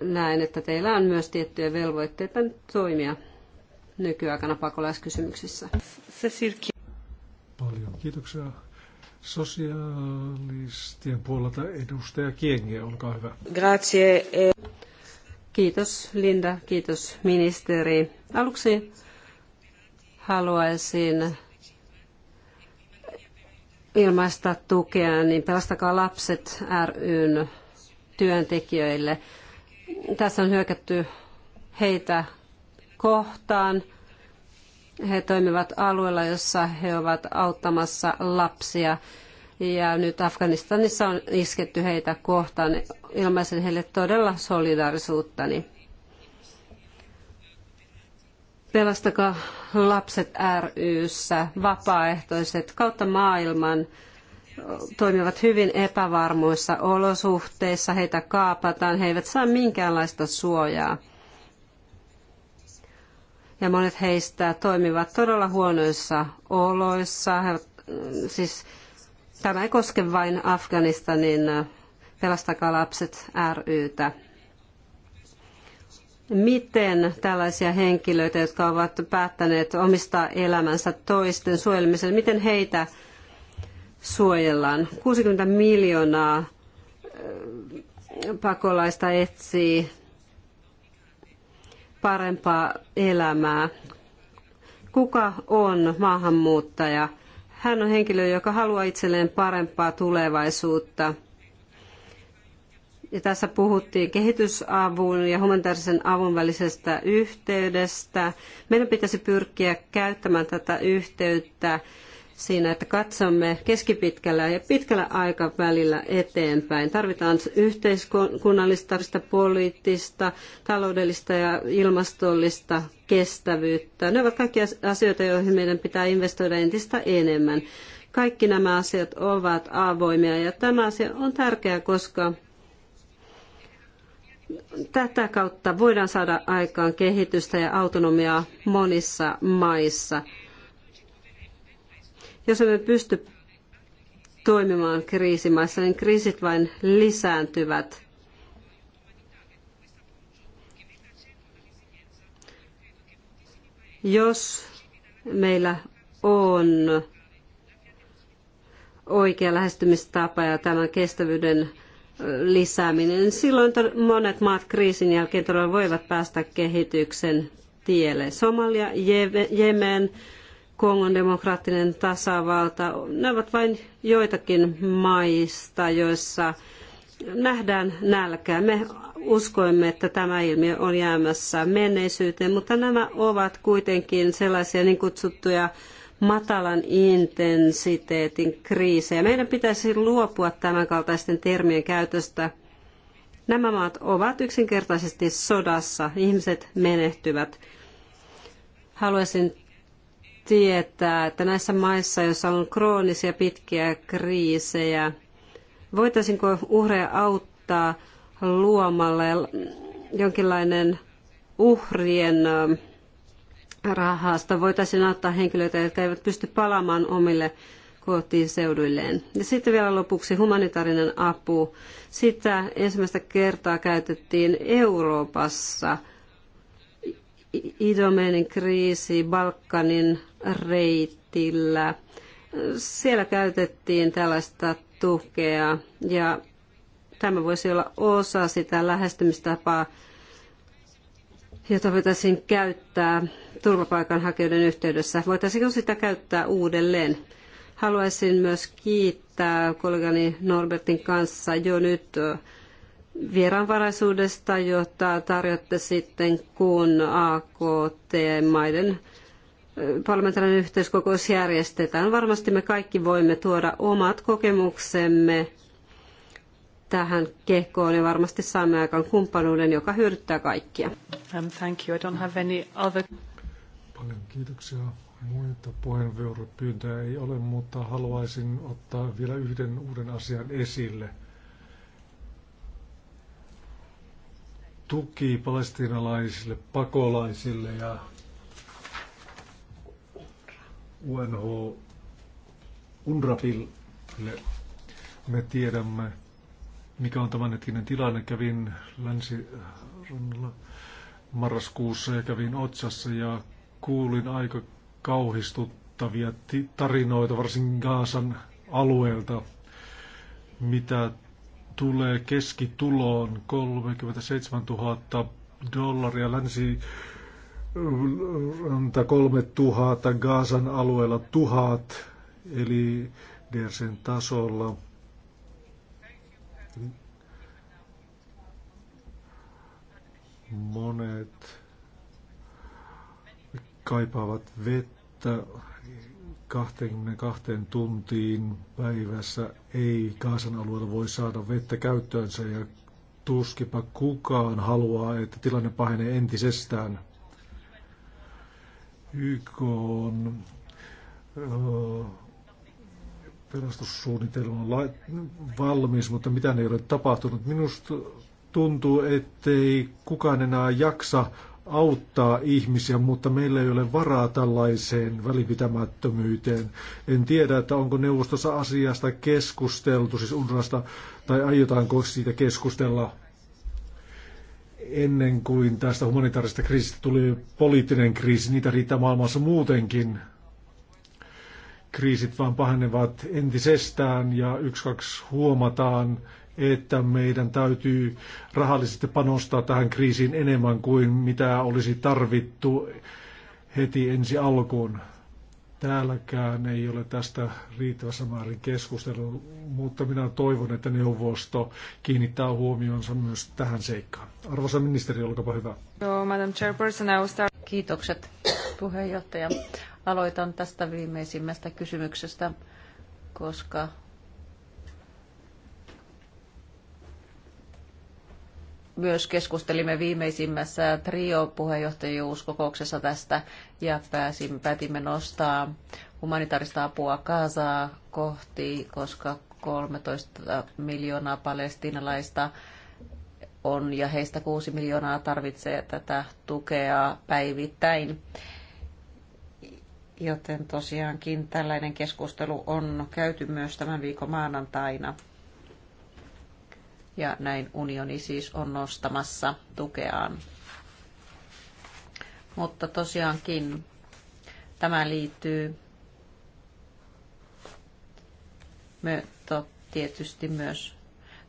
näen, että teillä on myös tiettyjä velvoitteita toimia nykyaikana pakolaiskysymyksissä. Paljon kiitoksia. Sosialistien puolelta edustaja Kienge, olkaa hyvä. Grazie. E- kiitos Linda, kiitos ministeri. Aluksi haluaisin ilmaista tukea, niin Pelastakaa lapset ryn työntekijöille. Tässä on hyökätty heitä kohtaan. He toimivat alueella, jossa he ovat auttamassa lapsia. Ja nyt Afganistanissa on isketty heitä kohtaan. Ilmaisen heille todella solidaarisuuttani. Pelastakaa lapset ryssä, vapaaehtoiset kautta maailman toimivat hyvin epävarmoissa olosuhteissa, heitä kaapataan, he eivät saa minkäänlaista suojaa. Ja monet heistä toimivat todella huonoissa oloissa. He, mm, siis, tämä ei koske vain Afganistanin äh, Pelastakaa lapset rytä. Miten tällaisia henkilöitä, jotka ovat päättäneet omistaa elämänsä toisten suojelmiseen, miten heitä suojellaan. 60 miljoonaa pakolaista etsii parempaa elämää. Kuka on maahanmuuttaja? Hän on henkilö, joka haluaa itselleen parempaa tulevaisuutta. Ja tässä puhuttiin kehitysavun ja humanitaarisen avun välisestä yhteydestä. Meidän pitäisi pyrkiä käyttämään tätä yhteyttä siinä, että katsomme keskipitkällä ja pitkällä aikavälillä eteenpäin. Tarvitaan yhteiskunnallista, poliittista, taloudellista ja ilmastollista kestävyyttä. Ne ovat kaikki asioita, joihin meidän pitää investoida entistä enemmän. Kaikki nämä asiat ovat avoimia ja tämä asia on tärkeä, koska tätä kautta voidaan saada aikaan kehitystä ja autonomiaa monissa maissa. Jos emme pysty toimimaan kriisimaissa, niin kriisit vain lisääntyvät. Jos meillä on oikea lähestymistapa ja tämän kestävyyden lisääminen, niin silloin monet maat kriisin jälkeen todella voivat päästä kehityksen tielle. Somalia, Jemen, Kongon demokraattinen tasavalta. Ne ovat vain joitakin maista, joissa nähdään nälkää. Me uskoimme, että tämä ilmiö on jäämässä menneisyyteen, mutta nämä ovat kuitenkin sellaisia niin kutsuttuja matalan intensiteetin kriisejä. Meidän pitäisi luopua tämän kaltaisten termien käytöstä. Nämä maat ovat yksinkertaisesti sodassa. Ihmiset menehtyvät. Haluaisin tietää, että näissä maissa, joissa on kroonisia pitkiä kriisejä, voitaisiinko uhreja auttaa luomalla jonkinlainen uhrien rahasta? Voitaisiin auttaa henkilöitä, jotka eivät pysty palaamaan omille kotiseuduilleen. Ja sitten vielä lopuksi humanitaarinen apu. Sitä ensimmäistä kertaa käytettiin Euroopassa. Idomenin kriisi, Balkanin reitillä. Siellä käytettiin tällaista tukea ja tämä voisi olla osa sitä lähestymistapaa, jota voitaisiin käyttää turvapaikanhakijoiden yhteydessä. Voitaisiinko sitä käyttää uudelleen? Haluaisin myös kiittää kollegani Norbertin kanssa jo nyt vieraanvaraisuudesta, jota tarjotte sitten, kun AKT-maiden parlamentaarinen yhteiskokous järjestetään. Varmasti me kaikki voimme tuoda omat kokemuksemme tähän kehkoon ja varmasti saamme aikaan kumppanuuden, joka hyödyttää kaikkia. Um, thank you. I don't have any other... Paljon kiitoksia. Muita puheenvuoropyyntöjä ei ole, mutta haluaisin ottaa vielä yhden uuden asian esille. Tuki palestinalaisille pakolaisille ja UNH UNRAPIL, Me tiedämme, mikä on tämänhetkinen tilanne. Kävin länsirannalla marraskuussa ja kävin Otsassa ja kuulin aika kauhistuttavia tarinoita, varsin Gaasan alueelta, mitä tulee keskituloon 37 000 dollaria länsi ranta 3000, Gaasan alueella 1000, eli Dersen tasolla. Monet kaipaavat vettä 22 tuntiin päivässä. Ei Kaasan alueella voi saada vettä käyttöönsä ja tuskipa kukaan haluaa, että tilanne pahenee entisestään. YK on äh, pelastussuunnitelma valmis, mutta mitä ei ole tapahtunut. Minusta tuntuu, ettei kukaan enää jaksa auttaa ihmisiä, mutta meillä ei ole varaa tällaiseen välipitämättömyyteen. En tiedä, että onko neuvostossa asiasta keskusteltu, siis UNRAsta, tai aiotaanko siitä keskustella ennen kuin tästä humanitaarista kriisistä tuli poliittinen kriisi, niitä riittää maailmassa muutenkin. Kriisit vaan pahenevat entisestään ja yksi kaksi huomataan, että meidän täytyy rahallisesti panostaa tähän kriisiin enemmän kuin mitä olisi tarvittu heti ensi alkuun täälläkään ei ole tästä riittävässä määrin keskustelua, mutta minä toivon, että neuvosto kiinnittää huomionsa myös tähän seikkaan. Arvoisa ministeri, olkaapa hyvä. Joo, Madam Chairperson, I start. Kiitokset puheenjohtaja. Aloitan tästä viimeisimmästä kysymyksestä, koska myös keskustelimme viimeisimmässä trio-puheenjohtajuuskokouksessa tästä ja pääsimme, päätimme nostaa humanitaarista apua Kaasaa kohti, koska 13 miljoonaa palestinalaista on ja heistä 6 miljoonaa tarvitsee tätä tukea päivittäin. Joten tosiaankin tällainen keskustelu on käyty myös tämän viikon maanantaina ja näin unioni siis on nostamassa tukeaan. Mutta tosiaankin tämä liittyy me tietysti myös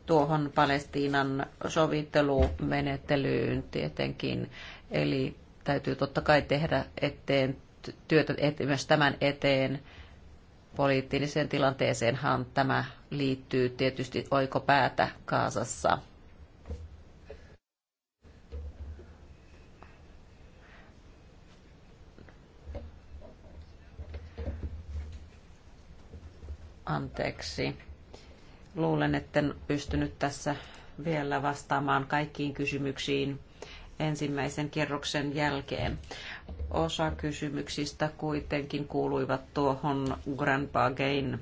tuohon Palestiinan sovittelumenettelyyn tietenkin. Eli täytyy totta kai tehdä eteen, työtä et, myös tämän eteen poliittiseen tilanteeseenhan tämä liittyy tietysti oikopäätä Kaasassa. Anteeksi. Luulen, etten pystynyt tässä vielä vastaamaan kaikkiin kysymyksiin ensimmäisen kierroksen jälkeen osa kysymyksistä kuitenkin kuuluivat tuohon Grandpa Gain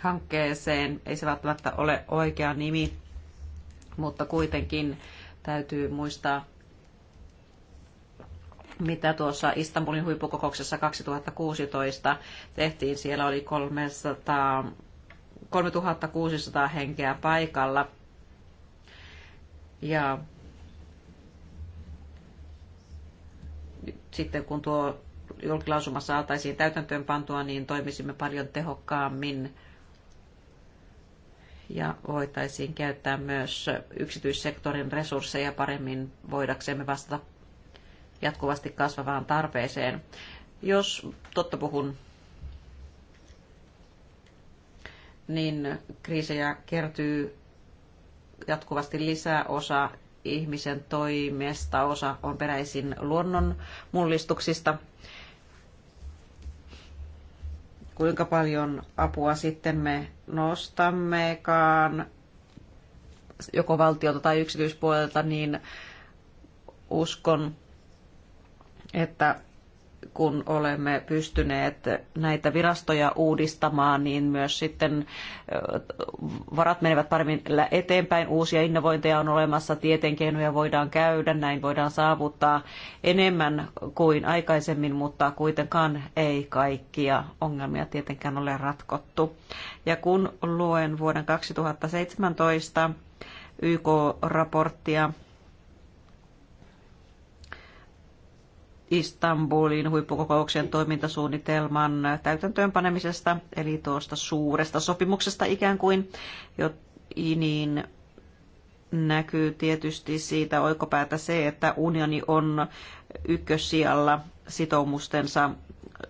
hankkeeseen. Ei se välttämättä ole oikea nimi, mutta kuitenkin täytyy muistaa, mitä tuossa Istanbulin huippukokouksessa 2016 tehtiin. Siellä oli 300, 3600 henkeä paikalla. Ja sitten kun tuo julkilausuma saataisiin täytäntöön pantua, niin toimisimme paljon tehokkaammin ja voitaisiin käyttää myös yksityissektorin resursseja paremmin voidaksemme vastata jatkuvasti kasvavaan tarpeeseen. Jos totta puhun, niin kriisejä kertyy jatkuvasti lisää osa ihmisen toimesta. Osa on peräisin luonnon mullistuksista. Kuinka paljon apua sitten me nostammekaan joko valtiolta tai yksityispuolelta, niin uskon, että kun olemme pystyneet näitä virastoja uudistamaan, niin myös sitten varat menevät paremmin eteenpäin. Uusia innovointeja on olemassa, tietenkeinoja voidaan käydä, näin voidaan saavuttaa enemmän kuin aikaisemmin, mutta kuitenkaan ei kaikkia ongelmia tietenkään ole ratkottu. Ja kun luen vuoden 2017 YK-raporttia, Istanbulin huippukokouksen toimintasuunnitelman täytäntöönpanemisesta, eli tuosta suuresta sopimuksesta ikään kuin, jo, niin näkyy tietysti siitä oikopäätä se, että unioni on ykkössijalla sitoumustensa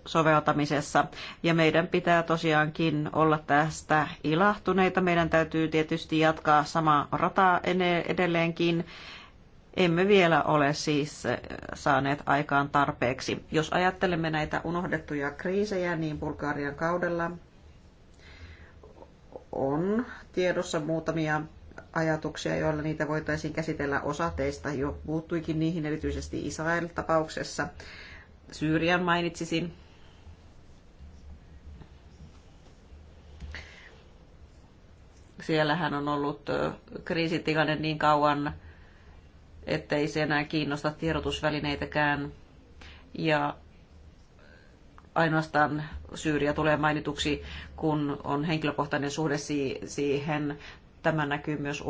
soveltamisessa. Ja meidän pitää tosiaankin olla tästä ilahtuneita. Meidän täytyy tietysti jatkaa samaa rataa edelleenkin emme vielä ole siis eh, saaneet aikaan tarpeeksi. Jos ajattelemme näitä unohdettuja kriisejä, niin Bulgarian kaudella on tiedossa muutamia ajatuksia, joilla niitä voitaisiin käsitellä. Osa teistä jo puuttuikin niihin, erityisesti Israel-tapauksessa. Syyrian mainitsisin. Siellähän on ollut eh, kriisitilanne niin kauan, ettei se enää kiinnosta tiedotusvälineitäkään. Ja ainoastaan Syyriä tulee mainituksi, kun on henkilökohtainen suhde siihen. Tämä näkyy myös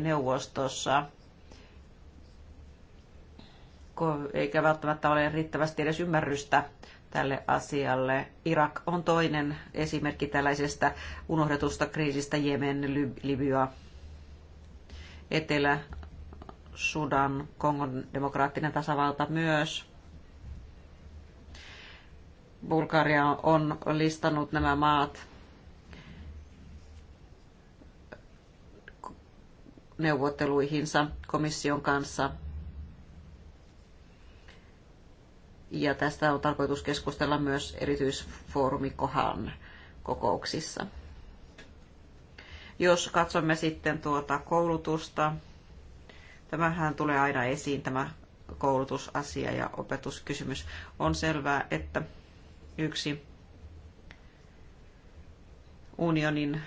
neuvostossa. eikä välttämättä ole riittävästi edes ymmärrystä tälle asialle. Irak on toinen esimerkki tällaisesta unohdetusta kriisistä, Jemen, Libya, Etelä Sudan, Kongon demokraattinen tasavalta myös. Bulgaria on listannut nämä maat neuvotteluihinsa komission kanssa. Ja tästä on tarkoitus keskustella myös erityisfoorumi Kohan kokouksissa. Jos katsomme sitten tuota koulutusta, Tämähän tulee aina esiin, tämä koulutusasia ja opetuskysymys. On selvää, että yksi unionin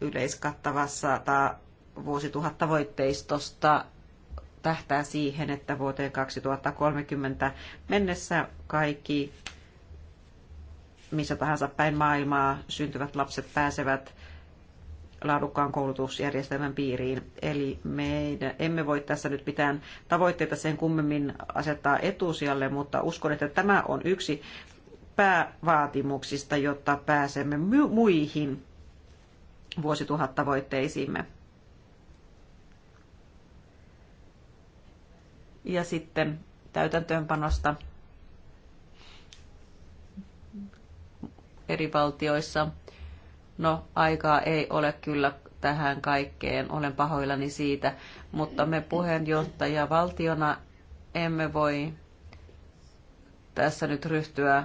yleiskattavassa tai vuosituhattavoitteistosta tähtää siihen, että vuoteen 2030 mennessä kaikki missä tahansa päin maailmaa syntyvät lapset pääsevät laadukkaan koulutusjärjestelmän piiriin. Eli me emme voi tässä nyt pitää tavoitteita sen kummemmin asettaa etusijalle, mutta uskon, että tämä on yksi päävaatimuksista, jotta pääsemme muihin vuosituhattavoitteisiimme. Ja sitten täytäntöönpanosta eri valtioissa No, aikaa ei ole kyllä tähän kaikkeen, olen pahoillani siitä, mutta me puheenjohtaja valtiona emme voi tässä nyt ryhtyä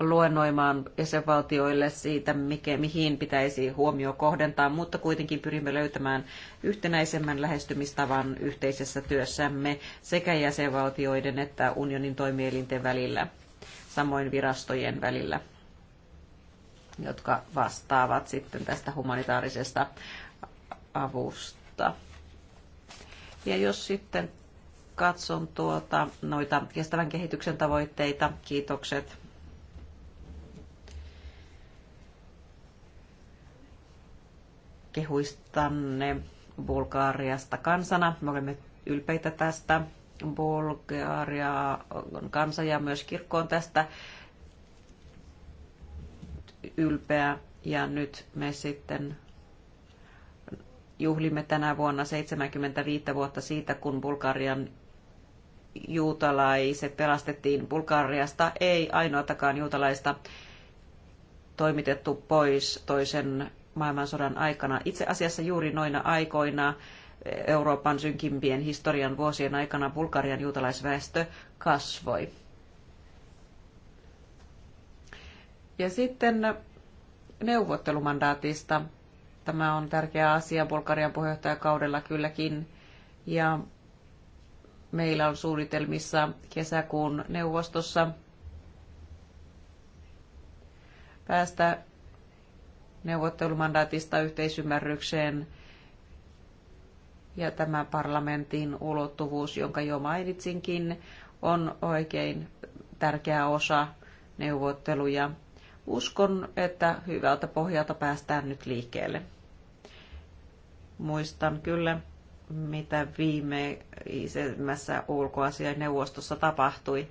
luennoimaan jäsenvaltioille siitä, mikä, mihin pitäisi huomio kohdentaa, mutta kuitenkin pyrimme löytämään yhtenäisemmän lähestymistavan yhteisessä työssämme sekä jäsenvaltioiden että unionin toimielinten välillä, samoin virastojen välillä jotka vastaavat sitten tästä humanitaarisesta avusta. Ja jos sitten katson tuota, noita kestävän kehityksen tavoitteita, kiitokset kehuistanne Bulgaariasta kansana. Me olemme ylpeitä tästä. Bulgaaria on kansa ja myös kirkko on tästä ylpeä. Ja nyt me sitten juhlimme tänä vuonna 75 vuotta siitä, kun Bulgarian juutalaiset pelastettiin Bulgariasta. Ei ainoatakaan juutalaista toimitettu pois toisen maailmansodan aikana. Itse asiassa juuri noina aikoina Euroopan synkimpien historian vuosien aikana Bulgarian juutalaisväestö kasvoi. Ja sitten neuvottelumandaatista. Tämä on tärkeä asia Bulgarian puheenjohtajakaudella kylläkin. Ja meillä on suunnitelmissa kesäkuun neuvostossa päästä neuvottelumandaatista yhteisymmärrykseen ja tämä parlamentin ulottuvuus, jonka jo mainitsinkin, on oikein tärkeä osa neuvotteluja Uskon, että hyvältä pohjalta päästään nyt liikkeelle. Muistan kyllä, mitä viimeisemmässä ulkoasianneuvostossa tapahtui.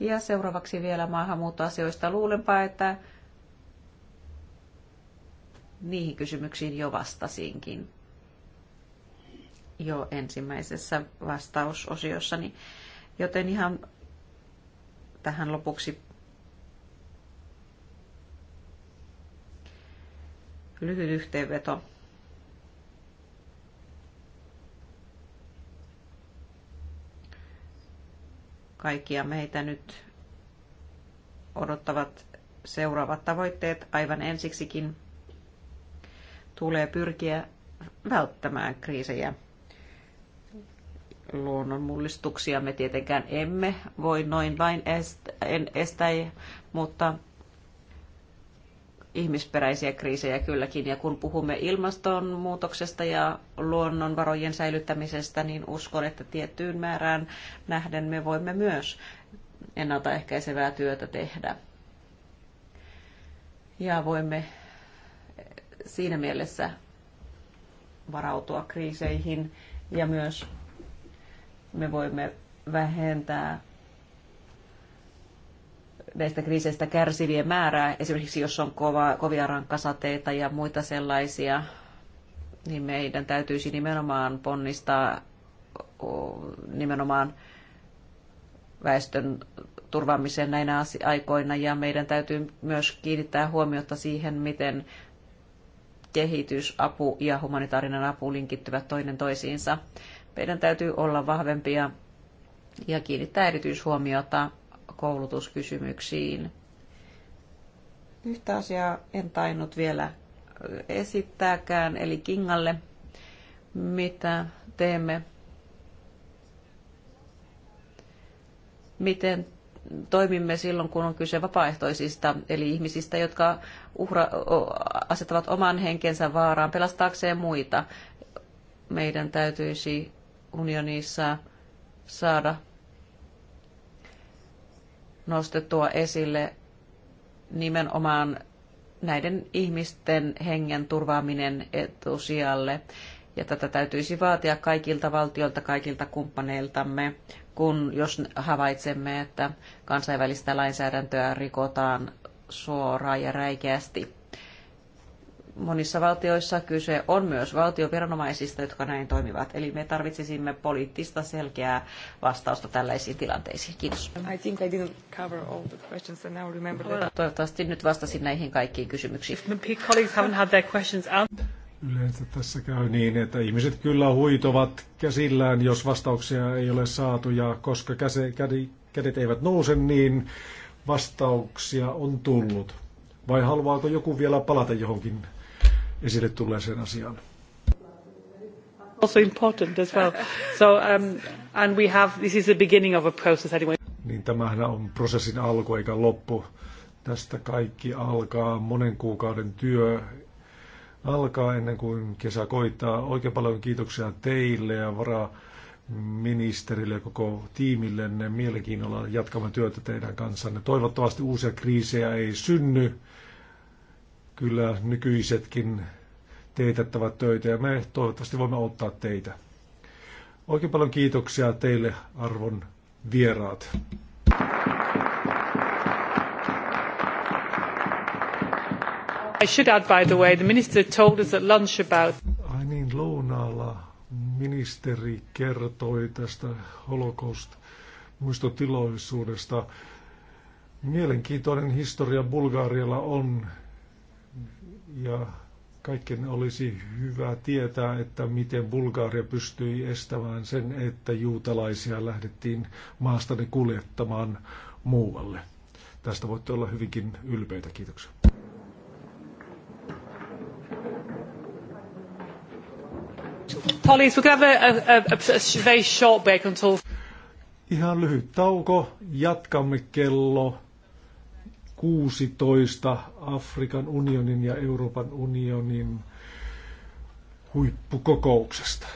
Ja seuraavaksi vielä maahanmuuttoasioista. Luulenpa, että niihin kysymyksiin jo vastasinkin jo ensimmäisessä vastausosiossani. Joten ihan tähän lopuksi lyhyt yhteenveto. Kaikkia meitä nyt odottavat seuraavat tavoitteet aivan ensiksikin tulee pyrkiä välttämään kriisejä. Luonnonmullistuksia me tietenkään emme voi noin vain estää, estä, mutta ihmisperäisiä kriisejä kylläkin. Ja kun puhumme ilmastonmuutoksesta ja luonnonvarojen säilyttämisestä, niin uskon, että tiettyyn määrään nähden me voimme myös ennaltaehkäisevää työtä tehdä. Ja voimme siinä mielessä varautua kriiseihin ja myös me voimme vähentää näistä kriiseistä kärsivien määrää, esimerkiksi jos on kova, kovia rankkasateita ja muita sellaisia, niin meidän täytyisi nimenomaan ponnistaa nimenomaan väestön turvaamiseen näinä aikoina ja meidän täytyy myös kiinnittää huomiota siihen, miten kehitysapu ja humanitaarinen apu linkittyvät toinen toisiinsa. Meidän täytyy olla vahvempia ja kiinnittää erityishuomiota koulutuskysymyksiin. Yhtä asiaa en tainnut vielä esittääkään, eli Kingalle, mitä teemme, miten toimimme silloin, kun on kyse vapaaehtoisista, eli ihmisistä, jotka uhra, asettavat oman henkensä vaaraan pelastaakseen muita. Meidän täytyisi unionissa saada nostettua esille nimenomaan näiden ihmisten hengen turvaaminen etusijalle. Ja tätä täytyisi vaatia kaikilta valtioilta, kaikilta kumppaneiltamme kun jos havaitsemme, että kansainvälistä lainsäädäntöä rikotaan suoraan ja räikeästi. Monissa valtioissa kyse on myös valtioviranomaisista, jotka näin toimivat. Eli me tarvitsisimme poliittista selkeää vastausta tällaisiin tilanteisiin. Kiitos. I think I didn't cover all the questions now remember that. Toivottavasti nyt vastasin näihin kaikkiin kysymyksiin. If colleagues haven't had their questions Yleensä tässä käy niin, että ihmiset kyllä huitovat käsillään, jos vastauksia ei ole saatu, ja koska käse, kädi, kädet eivät nouse, niin vastauksia on tullut. Vai haluaako joku vielä palata johonkin esille tulleeseen asiaan? Also important as well. So, um, and we have, this is the beginning of a process anyway. Niin tämähän on prosessin alku eikä loppu. Tästä kaikki alkaa monen kuukauden työ alkaa ennen kuin kesä koittaa. Oikein paljon kiitoksia teille ja varaa ministerille ja koko tiimillenne. Mielenkiinnolla jatkamme työtä teidän kanssanne. Toivottavasti uusia kriisejä ei synny. Kyllä nykyisetkin teetettävät töitä ja me toivottavasti voimme ottaa teitä. Oikein paljon kiitoksia teille arvon vieraat. I should add, by the way, the minister told us at lunch about... Ai niin, lounaalla ministeri kertoi tästä holocaust-muistotilaisuudesta. Mielenkiintoinen historia Bulgarialla on ja kaikkien olisi hyvä tietää, että miten Bulgaria pystyi estämään sen, että juutalaisia lähdettiin maastani kuljettamaan muualle. Tästä voitte olla hyvinkin ylpeitä. Kiitoksia. we're going a, very short break until... Ihan lyhyt tauko. Jatkamme kello 16 Afrikan unionin ja Euroopan unionin huippukokouksesta.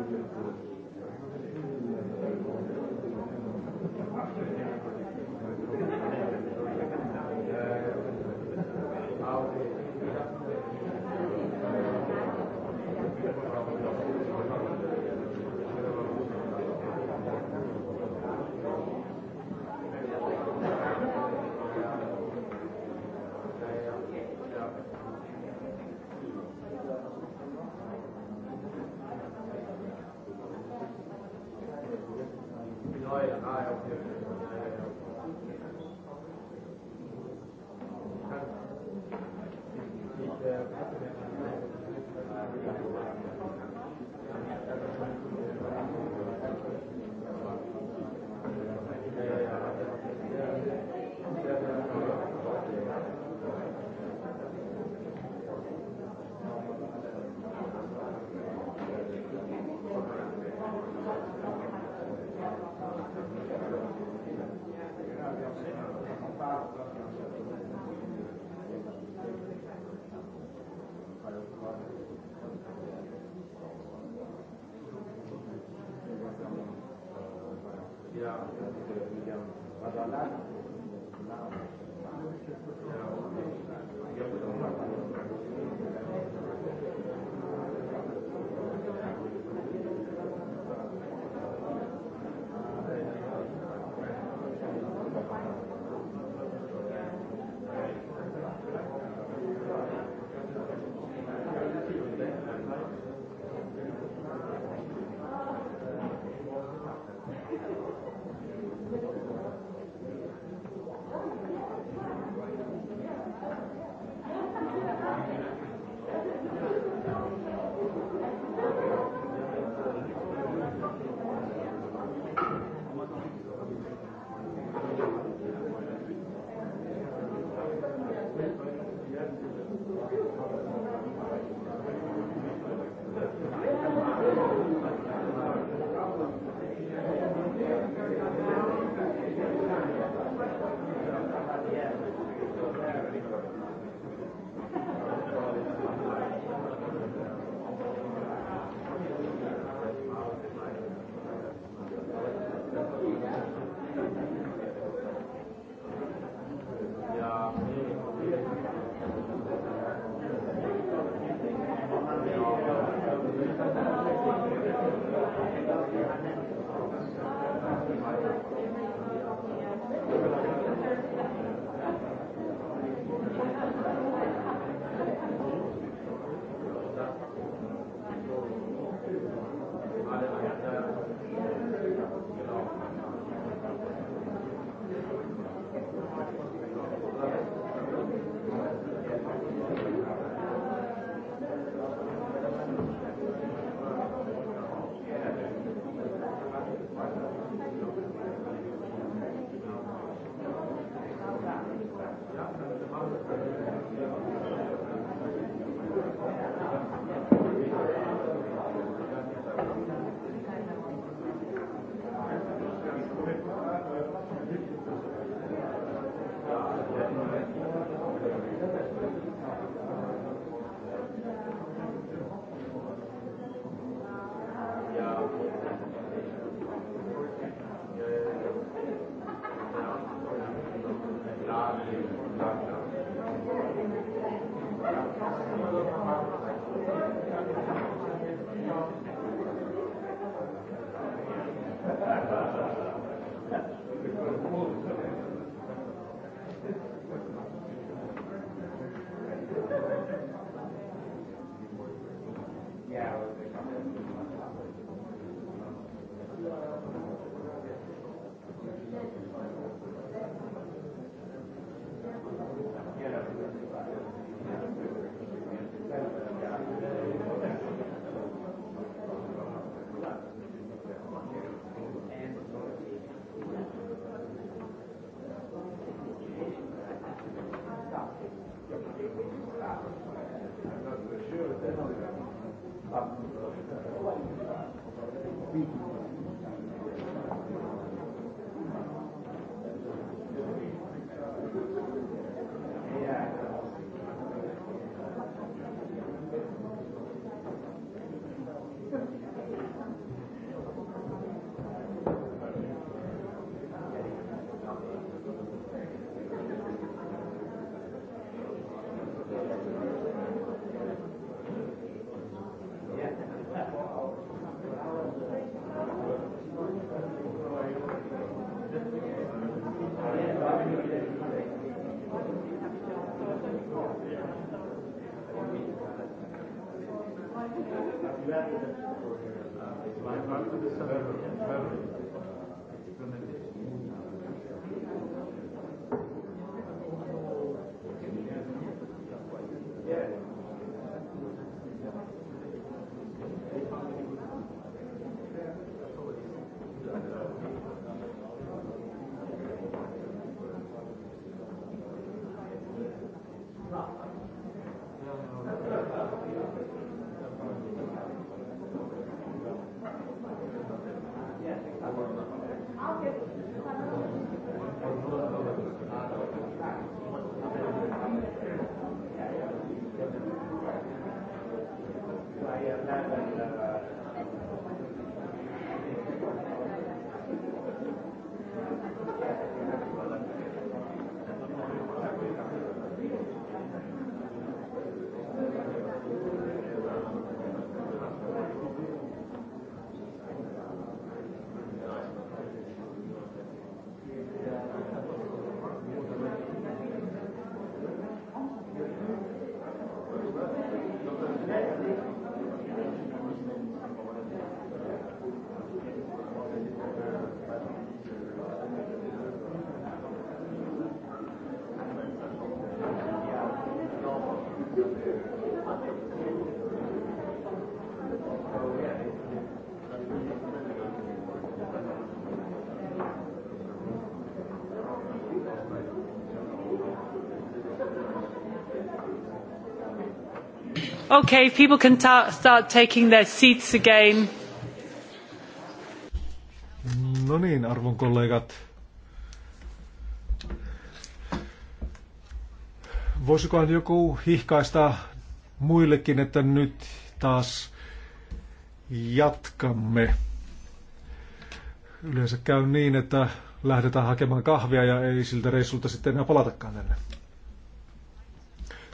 Thank you. Okay, if people can ta- start taking their seats again. No niin, arvon kollegat. Voisikohan joku hihkaista muillekin, että nyt taas jatkamme. Yleensä käy niin, että lähdetään hakemaan kahvia ja ei siltä reissulta sitten enää palatakaan tänne.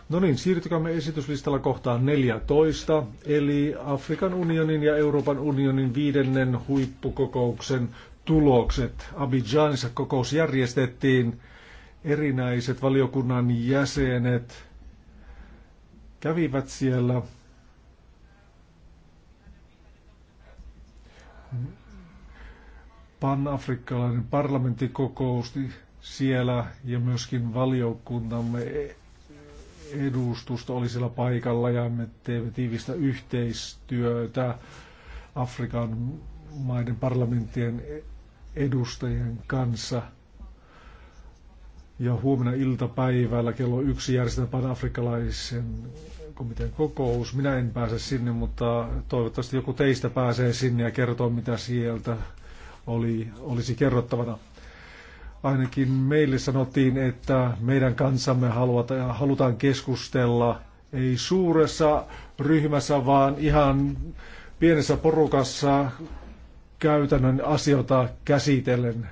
No niin, siirtykäämme esityslistalla kohtaan 14, eli Afrikan unionin ja Euroopan unionin viidennen huippukokouksen tulokset. Abidjanissa kokous järjestettiin, erinäiset valiokunnan jäsenet kävivät siellä. Pan-afrikkalainen parlamentti kokousti siellä ja myöskin valiokuntamme edustusta oli siellä paikalla ja me teemme tiivistä yhteistyötä Afrikan maiden parlamenttien edustajien kanssa. Ja huomenna iltapäivällä kello yksi järjestetään panafrikkalaisen komitean kokous. Minä en pääse sinne, mutta toivottavasti joku teistä pääsee sinne ja kertoo, mitä sieltä oli, olisi kerrottavana. Ainakin meille sanottiin, että meidän kanssamme haluata, halutaan keskustella ei suuressa ryhmässä, vaan ihan pienessä porukassa käytännön asioita käsitellen.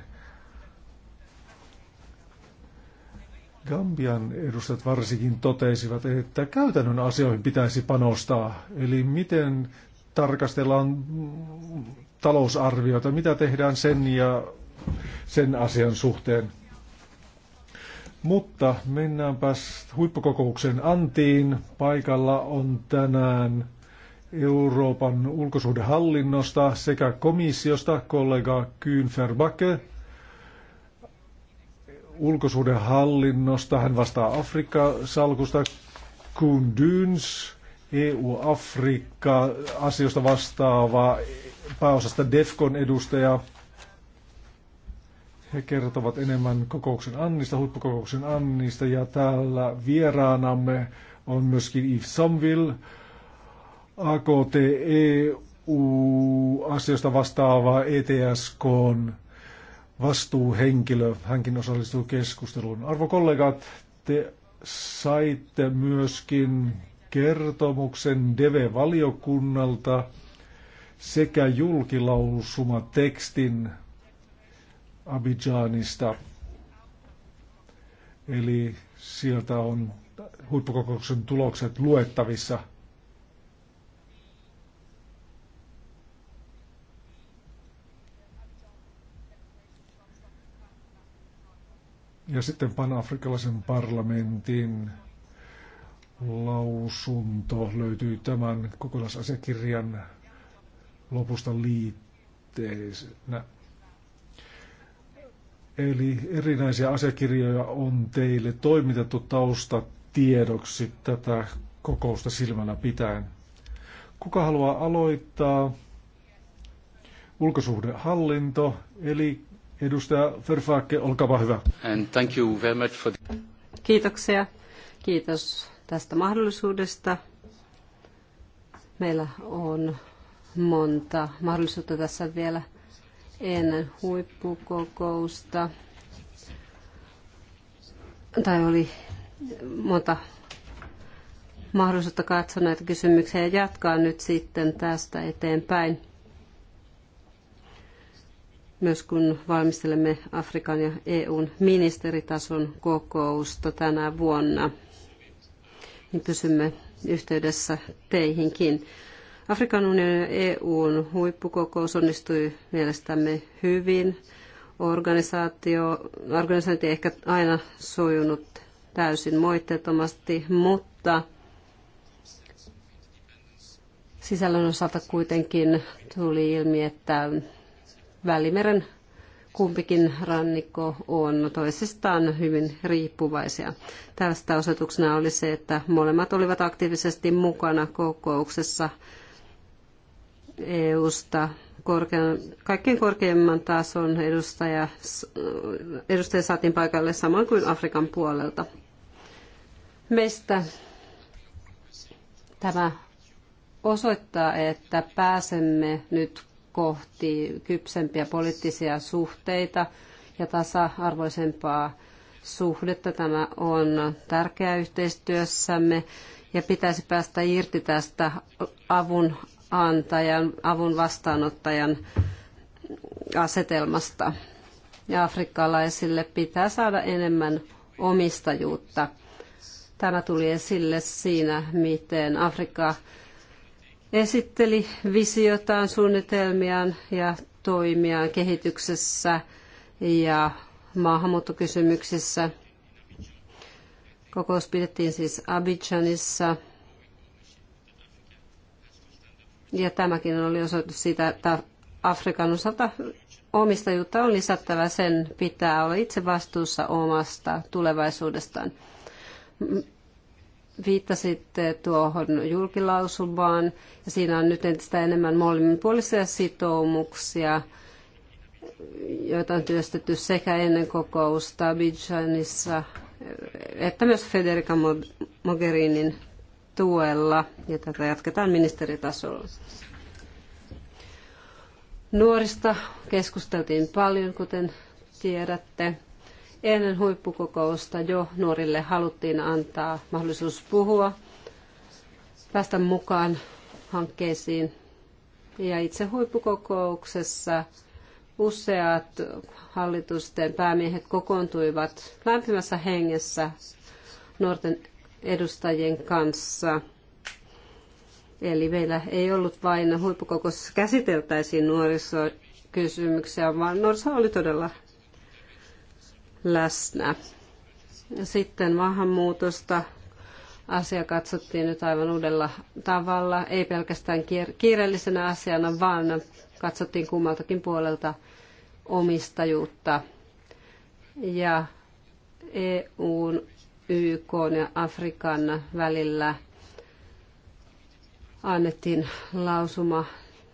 Gambian edustajat varsinkin totesivat, että käytännön asioihin pitäisi panostaa. Eli miten tarkastellaan talousarviota, mitä tehdään sen ja sen asian suhteen. Mutta mennäänpäs huippukokouksen Antiin. Paikalla on tänään Euroopan ulkosuhdehallinnosta sekä komissiosta kollega Kyynfer Backe. Ulkosuhdehallinnosta hän vastaa Afrikka-salkusta Kuhn Dyns, EU-Afrikka-asioista vastaava pääosasta DEFCON edustaja – he kertovat enemmän kokouksen Annista, huippukokouksen Annista ja täällä vieraanamme on myöskin Yves Somville, AKT EU-asioista vastaava ETSK vastuuhenkilö. Hänkin osallistuu keskusteluun. kollegat, te saitte myöskin kertomuksen DEVE-valiokunnalta sekä julkilausumatekstin Abidjanista. Eli sieltä on huippukokouksen tulokset luettavissa. Ja sitten panafrikkalaisen parlamentin lausunto löytyy tämän kokonaisasiakirjan lopusta liitteenä. Eli erinäisiä asiakirjoja on teille toimitettu taustatiedoksi tätä kokousta silmällä pitäen. Kuka haluaa aloittaa? Ulkosuhdehallinto, eli edustaja Ferfaakke, olkaa hyvä. And thank you very much for the... Kiitoksia. Kiitos tästä mahdollisuudesta. Meillä on monta mahdollisuutta tässä vielä – ennen huippukokousta. Tai oli monta mahdollisuutta katsoa näitä kysymyksiä ja jatkaa nyt sitten tästä eteenpäin. Myös kun valmistelemme Afrikan ja EUn ministeritason kokousta tänä vuonna, niin pysymme yhteydessä teihinkin. Afrikan unionin ja EUn huippukokous onnistui mielestämme hyvin. Organisaatio, ei ehkä aina sujunut täysin moitteettomasti, mutta sisällön osalta kuitenkin tuli ilmi, että Välimeren kumpikin rannikko on toisistaan hyvin riippuvaisia. Tästä osoituksena oli se, että molemmat olivat aktiivisesti mukana kokouksessa EUsta korkean, kaikkein korkeimman tason edustaja, edustaja saatiin paikalle samoin kuin Afrikan puolelta. Meistä tämä osoittaa, että pääsemme nyt kohti kypsempiä poliittisia suhteita ja tasa-arvoisempaa suhdetta. Tämä on tärkeää yhteistyössämme ja pitäisi päästä irti tästä avun antajan, avun vastaanottajan asetelmasta. Ja afrikkalaisille pitää saada enemmän omistajuutta. Tämä tuli esille siinä, miten Afrikka esitteli visiotaan, suunnitelmiaan ja toimiaan kehityksessä ja maahanmuuttokysymyksissä. Kokous pidettiin siis Abidjanissa – ja tämäkin oli osoitus siitä, että Afrikan osalta omistajuutta on lisättävä. Sen pitää olla itse vastuussa omasta tulevaisuudestaan. Viittasitte tuohon julkilausumaan ja siinä on nyt entistä enemmän molemminpuolisia sitoumuksia, joita on työstetty sekä ennen kokousta Bidjanissa eh, että myös Federica Mogherinin tuella ja tätä jatketaan ministeritasolla. Nuorista keskusteltiin paljon, kuten tiedätte. Ennen huippukokousta jo nuorille haluttiin antaa mahdollisuus puhua, päästä mukaan hankkeisiin. Ja itse huippukokouksessa useat hallitusten päämiehet kokoontuivat lämpimässä hengessä nuorten edustajien kanssa. Eli meillä ei ollut vain huippukokous käsiteltäisiin nuorisokysymyksiä, vaan nuoriso oli todella läsnä. Sitten maahanmuutosta asia katsottiin nyt aivan uudella tavalla, ei pelkästään kiireellisenä asiana, vaan katsottiin kummaltakin puolelta omistajuutta. Ja EUn YK ja Afrikan välillä annettiin lausuma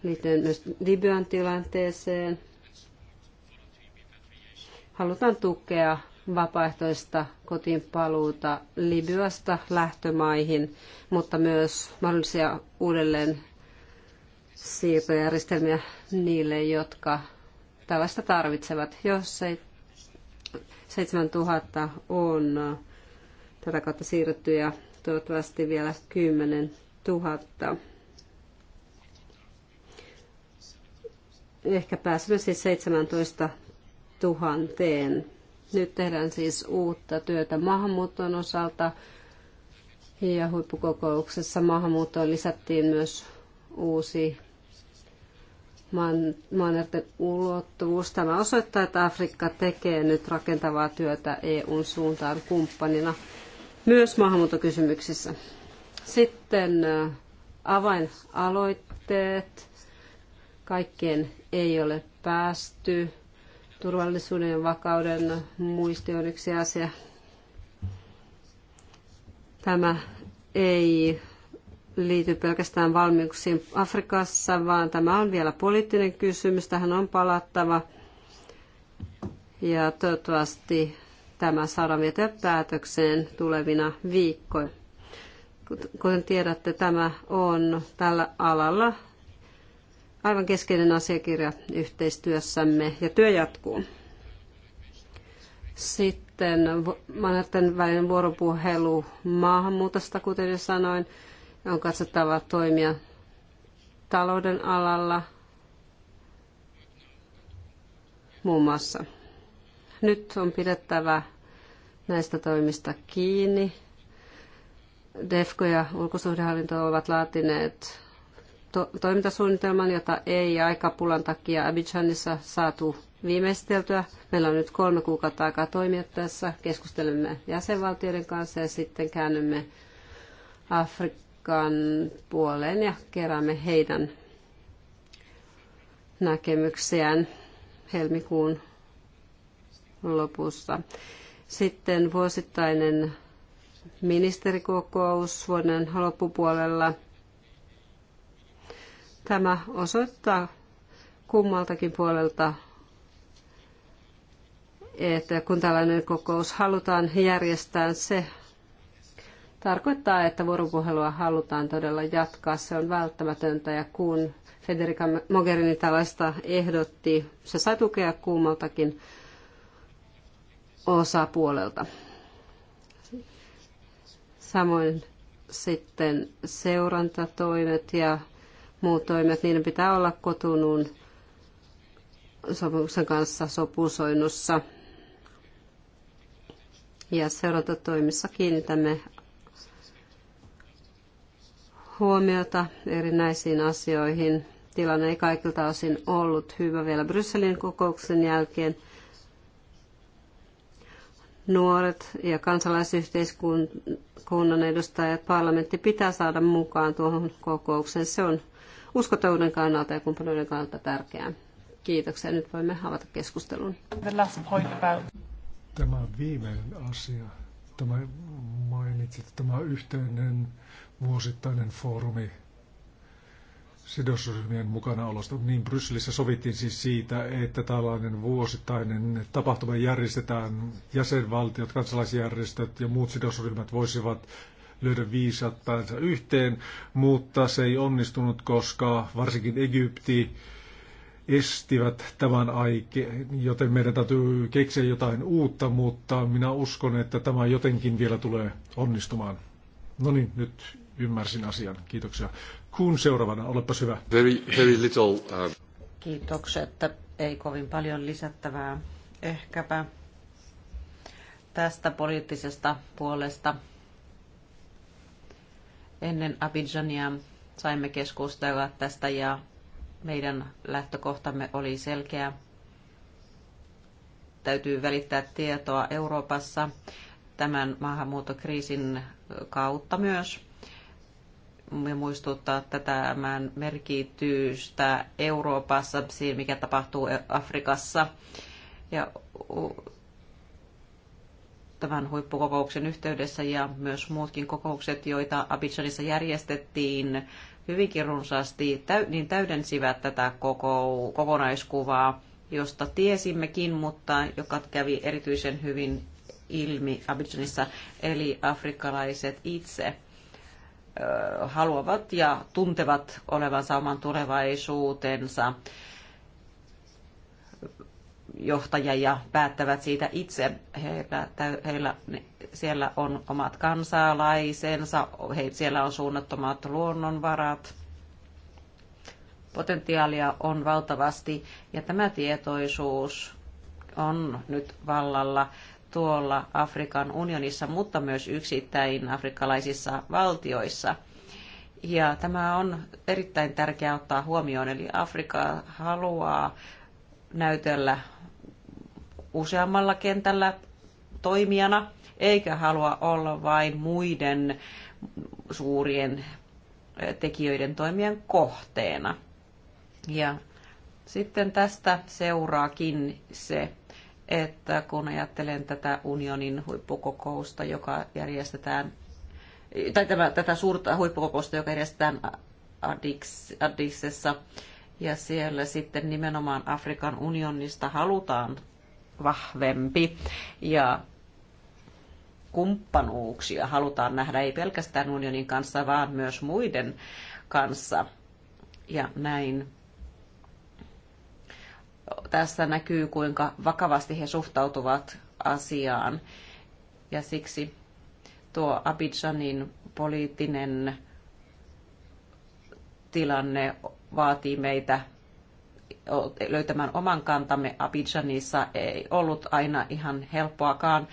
liittyen myös Libyan tilanteeseen. Halutaan tukea vapaaehtoista kotiinpaluuta Libyasta lähtömaihin, mutta myös mahdollisia uudelleen siirtojärjestelmiä niille, jotka tällaista tarvitsevat. Jos 7000 on tätä kautta ja toivottavasti vielä 10 000. Ehkä pääsemme siis 17 000. Nyt tehdään siis uutta työtä maahanmuuton osalta. Ja huippukokouksessa maahanmuuttoon lisättiin myös uusi maanerten ulottuvuus. Tämä osoittaa, että Afrikka tekee nyt rakentavaa työtä EUn suuntaan kumppanina – myös maahanmuuttokysymyksissä. Sitten avainaloitteet. Kaikkeen ei ole päästy. Turvallisuuden ja vakauden muisti on yksi asia. Tämä ei liity pelkästään valmiuksiin Afrikassa, vaan tämä on vielä poliittinen kysymys. Tähän on palattava. Ja toivottavasti tämä saadaan vietyä päätökseen tulevina viikkoina. Kuten tiedätte, tämä on tällä alalla aivan keskeinen asiakirja yhteistyössämme ja työ jatkuu. Sitten mannerten välinen vuoropuhelu maahanmuutosta, kuten jo sanoin, on katsottava toimia talouden alalla muun muassa. Nyt on pidettävä näistä toimista kiinni. DEFCO ja ulkosuhdehallinto ovat laatineet to- toimintasuunnitelman, jota ei aikapulan takia Abidjanissa saatu viimeisteltyä. Meillä on nyt kolme kuukautta aikaa toimia tässä. Keskustelemme jäsenvaltioiden kanssa ja sitten käännymme Afrikan puoleen ja keräämme heidän näkemyksiään helmikuun lopussa. Sitten vuosittainen ministerikokous vuoden loppupuolella. Tämä osoittaa kummaltakin puolelta, että kun tällainen kokous halutaan järjestää, se tarkoittaa, että vuoropuhelua halutaan todella jatkaa. Se on välttämätöntä ja kun Federica Mogherini tällaista ehdotti, se sai tukea kummaltakin osapuolelta. Samoin sitten seurantatoimet ja muut toimet, niiden pitää olla kotunun sopimuksen kanssa sopusoinnussa. Ja seurantatoimissa kiinnitämme huomiota erinäisiin asioihin. Tilanne ei kaikilta osin ollut hyvä vielä Brysselin kokouksen jälkeen – nuoret ja kansalaisyhteiskunnan edustajat, parlamentti pitää saada mukaan tuohon kokoukseen. Se on uskottavuuden kannalta ja kumppanuuden kannalta tärkeää. Kiitoksia. Nyt voimme avata keskustelun. Tämä viimeinen asia. Tämä mainitsit, tämä yhteinen vuosittainen foorumi sidosryhmien mukanaolosta. Niin Brysselissä sovittiin siis siitä, että tällainen vuosittainen tapahtuma järjestetään. Jäsenvaltiot, kansalaisjärjestöt ja muut sidosryhmät voisivat löydä viisat päänsä yhteen, mutta se ei onnistunut, koska varsinkin Egypti estivät tämän aikeen, joten meidän täytyy keksiä jotain uutta, mutta minä uskon, että tämä jotenkin vielä tulee onnistumaan. No niin, nyt ymmärsin asian. Kiitoksia. Kuun seuraavana, olepa hyvä. Very, very little, uh... Kiitokset, ei kovin paljon lisättävää. Ehkäpä tästä poliittisesta puolesta. Ennen Abidjania saimme keskustella tästä ja meidän lähtökohtamme oli selkeä. Täytyy välittää tietoa Euroopassa tämän maahanmuuttokriisin kautta myös muistuttaa tämän merkitystä Euroopassa, siinä mikä tapahtuu Afrikassa. Ja tämän huippukokouksen yhteydessä ja myös muutkin kokoukset, joita Abidjanissa järjestettiin hyvinkin runsaasti, niin täydensivät tätä koko, kokonaiskuvaa, josta tiesimmekin, mutta joka kävi erityisen hyvin ilmi Abidjanissa, eli afrikkalaiset itse – haluavat ja tuntevat olevansa oman tulevaisuutensa johtaja ja päättävät siitä itse. Heillä, heillä, siellä on omat kansalaisensa, he, siellä on suunnattomat luonnonvarat. Potentiaalia on valtavasti ja tämä tietoisuus on nyt vallalla tuolla Afrikan unionissa, mutta myös yksittäin afrikkalaisissa valtioissa. Ja tämä on erittäin tärkeää ottaa huomioon, eli Afrika haluaa näytellä useammalla kentällä toimijana, eikä halua olla vain muiden suurien eh, tekijöiden toimien kohteena. Ja sitten tästä seuraakin se, että kun ajattelen tätä unionin huippukokousta, joka järjestetään, tai tämä, tätä suurta huippukokousta, joka järjestetään Addisessa, ja siellä sitten nimenomaan Afrikan unionista halutaan vahvempi ja kumppanuuksia halutaan nähdä ei pelkästään unionin kanssa, vaan myös muiden kanssa. Ja näin tässä näkyy, kuinka vakavasti he suhtautuvat asiaan. Ja siksi tuo Abidjanin poliittinen tilanne vaatii meitä löytämään oman kantamme Abidjanissa. Ei ollut aina ihan helppoakaan.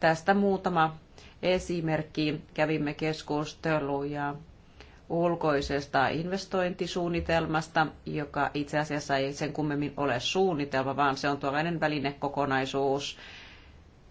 Tästä muutama esimerkki. Kävimme keskusteluja ulkoisesta investointisuunnitelmasta, joka itse asiassa ei sen kummemmin ole suunnitelma, vaan se on tuollainen välinekokonaisuus.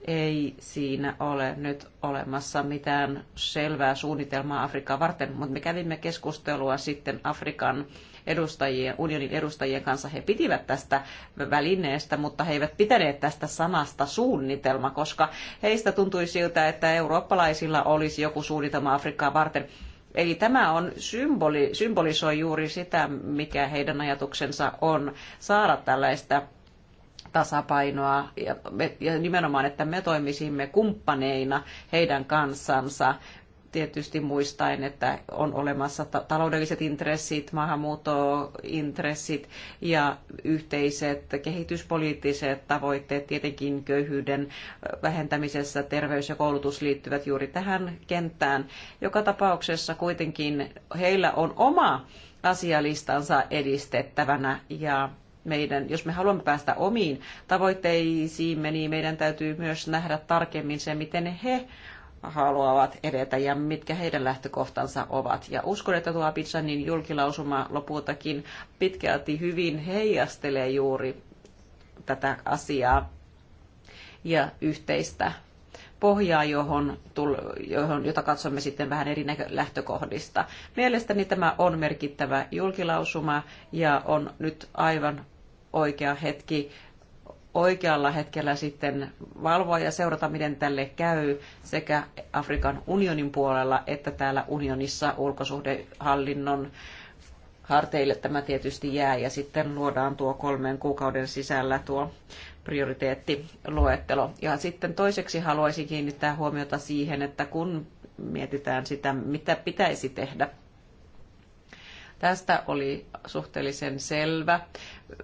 Ei siinä ole nyt olemassa mitään selvää suunnitelmaa Afrikkaa varten, mutta me kävimme keskustelua sitten Afrikan edustajien, unionin edustajien kanssa. He pitivät tästä välineestä, mutta he eivät pitäneet tästä sanasta suunnitelma, koska heistä tuntui siltä, että eurooppalaisilla olisi joku suunnitelma Afrikkaa varten. Eli tämä on symboli, symbolisoi juuri sitä, mikä heidän ajatuksensa on saada tällaista tasapainoa ja, me, ja nimenomaan, että me toimisimme kumppaneina heidän kanssansa tietysti muistaen, että on olemassa taloudelliset intressit, maahanmuuttointressit ja yhteiset kehityspoliittiset tavoitteet, tietenkin köyhyyden vähentämisessä, terveys ja koulutus liittyvät juuri tähän kenttään. Joka tapauksessa kuitenkin heillä on oma asialistansa edistettävänä ja meidän, jos me haluamme päästä omiin tavoitteisiimme, niin meidän täytyy myös nähdä tarkemmin se, miten he haluavat edetä ja mitkä heidän lähtökohtansa ovat. Ja uskon, että tuo Abidjanin julkilausuma lopultakin pitkälti hyvin heijastelee juuri tätä asiaa ja yhteistä pohjaa, johon, johon, jota katsomme sitten vähän eri näkö, lähtökohdista. Mielestäni tämä on merkittävä julkilausuma ja on nyt aivan oikea hetki oikealla hetkellä sitten valvoa ja seurata, miten tälle käy sekä Afrikan unionin puolella että täällä unionissa ulkosuhdehallinnon harteille tämä tietysti jää ja sitten luodaan tuo kolmen kuukauden sisällä tuo prioriteettiluettelo. Ja sitten toiseksi haluaisin kiinnittää huomiota siihen, että kun mietitään sitä, mitä pitäisi tehdä, tästä oli suhteellisen selvä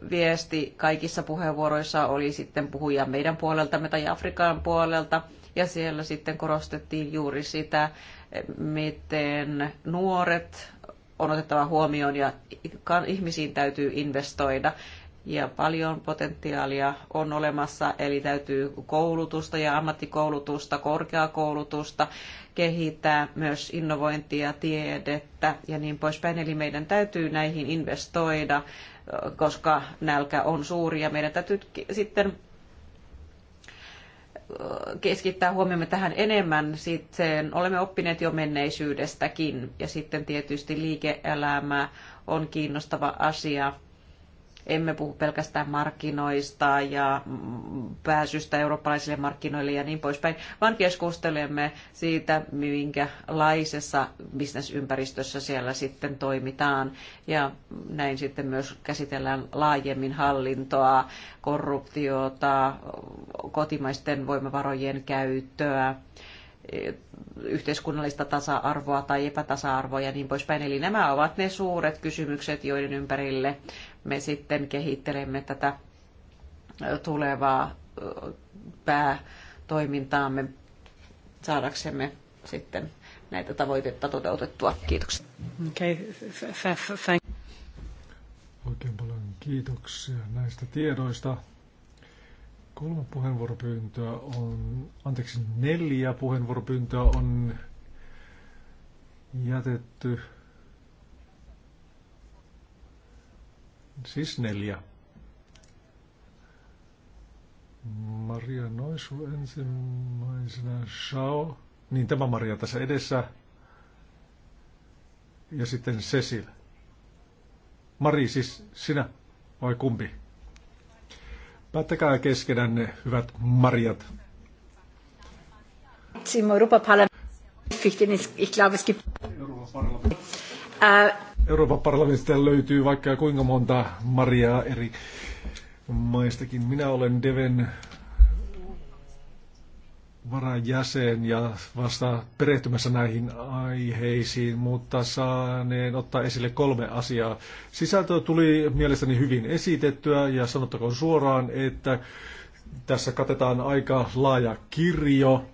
viesti kaikissa puheenvuoroissa oli sitten puhuja meidän puoleltamme tai Afrikan puolelta. Ja siellä sitten korostettiin juuri sitä, miten nuoret on otettava huomioon ja ihmisiin täytyy investoida. Ja paljon potentiaalia on olemassa, eli täytyy koulutusta ja ammattikoulutusta, korkeakoulutusta kehittää, myös innovointia, tiedettä ja niin poispäin. Eli meidän täytyy näihin investoida koska nälkä on suuri ja meidän täytyy sitten keskittää huomiomme tähän enemmän. Sitten olemme oppineet jo menneisyydestäkin ja sitten tietysti liike-elämä on kiinnostava asia emme puhu pelkästään markkinoista ja pääsystä eurooppalaisille markkinoille ja niin poispäin, vaan keskustelemme siitä, minkälaisessa bisnesympäristössä siellä sitten toimitaan. Ja näin sitten myös käsitellään laajemmin hallintoa, korruptiota, kotimaisten voimavarojen käyttöä yhteiskunnallista tasa-arvoa tai epätasa-arvoa ja niin poispäin. Eli nämä ovat ne suuret kysymykset, joiden ympärille me sitten kehittelemme tätä tulevaa päätoimintaamme saadaksemme sitten näitä tavoitetta toteutettua. Kiitoksia. Okay. Oikein paljon kiitoksia näistä tiedoista. Kolme puheenvuoropyyntöä on, anteeksi, neljä puheenvuoropyyntöä on jätetty. Siis neljä. Maria Noisu ensimmäisenä, Shao, niin tämä Maria tässä edessä, ja sitten Cecil. Mari siis sinä vai kumpi? Päättäkää keskenänne, hyvät marjat. Im Europaparlament. Ich glaube, es äh, Euroopan parlamentista löytyy vaikka kuinka monta Mariaa eri maistakin. Minä olen Deven varajäsen ja vasta perehtymässä näihin aiheisiin, mutta saaneen ottaa esille kolme asiaa. Sisältö tuli mielestäni hyvin esitettyä ja sanottakoon suoraan, että tässä katetaan aika laaja kirjo.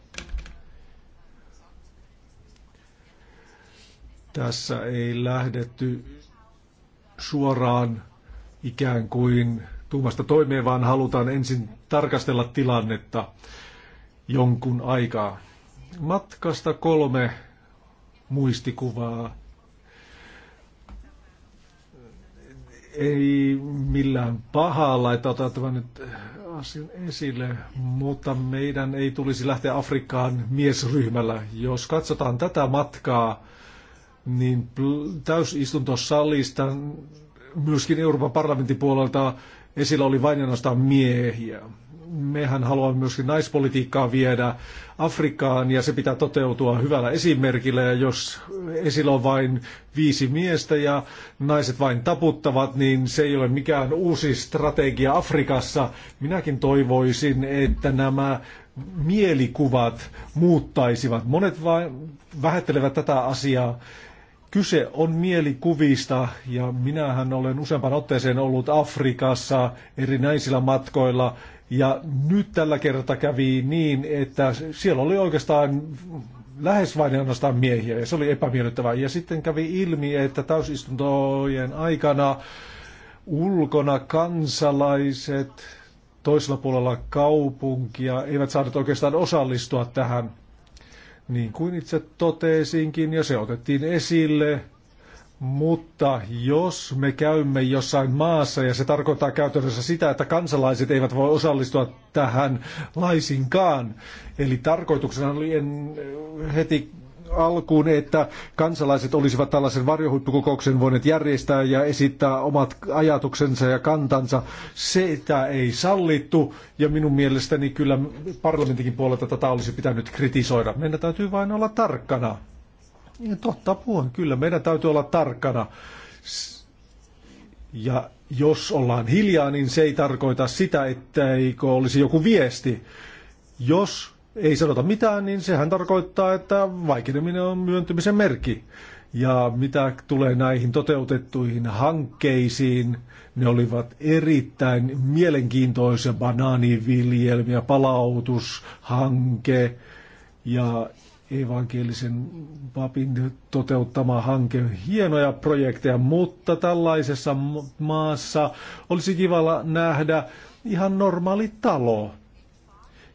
Tässä ei lähdetty suoraan ikään kuin tuumasta toimeen, vaan halutaan ensin tarkastella tilannetta jonkun aikaa. Matkasta kolme muistikuvaa. Ei millään pahalla, että otan tämän nyt asian esille, mutta meidän ei tulisi lähteä Afrikkaan miesryhmällä. Jos katsotaan tätä matkaa, niin täysistuntosalista myöskin Euroopan parlamentin puolelta esillä oli vain ainoastaan miehiä mehän haluamme myöskin naispolitiikkaa viedä Afrikkaan ja se pitää toteutua hyvällä esimerkillä. Ja jos esillä on vain viisi miestä ja naiset vain taputtavat, niin se ei ole mikään uusi strategia Afrikassa. Minäkin toivoisin, että nämä mielikuvat muuttaisivat. Monet vain vähättelevät tätä asiaa. Kyse on mielikuvista ja minähän olen useampaan otteeseen ollut Afrikassa erinäisillä matkoilla ja nyt tällä kertaa kävi niin, että siellä oli oikeastaan lähes vain ainoastaan miehiä ja se oli epämiellyttävää. Ja sitten kävi ilmi, että täysistuntojen aikana ulkona kansalaiset toisella puolella kaupunkia eivät saaneet oikeastaan osallistua tähän. Niin kuin itse totesinkin, ja se otettiin esille mutta jos me käymme jossain maassa ja se tarkoittaa käytännössä sitä, että kansalaiset eivät voi osallistua tähän laisinkaan. Eli tarkoituksena oli en eh, heti alkuun, että kansalaiset olisivat tällaisen varjohuippukokouksen voineet järjestää ja esittää omat ajatuksensa ja kantansa. Sitä ei sallittu ja minun mielestäni kyllä parlamentinkin puolelta tätä olisi pitänyt kritisoida. Meidän täytyy vain olla tarkkana. Niin, totta puhuen, kyllä meidän täytyy olla tarkkana. Ja jos ollaan hiljaa, niin se ei tarkoita sitä, että eikö olisi joku viesti. Jos ei sanota mitään, niin sehän tarkoittaa, että vaikeneminen on myöntymisen merkki. Ja mitä tulee näihin toteutettuihin hankkeisiin, ne olivat erittäin mielenkiintoisia banaaniviljelmiä, palautushanke ja evankelisen papin toteuttama hanke. Hienoja projekteja, mutta tällaisessa maassa olisi kivalla nähdä ihan normaali talo.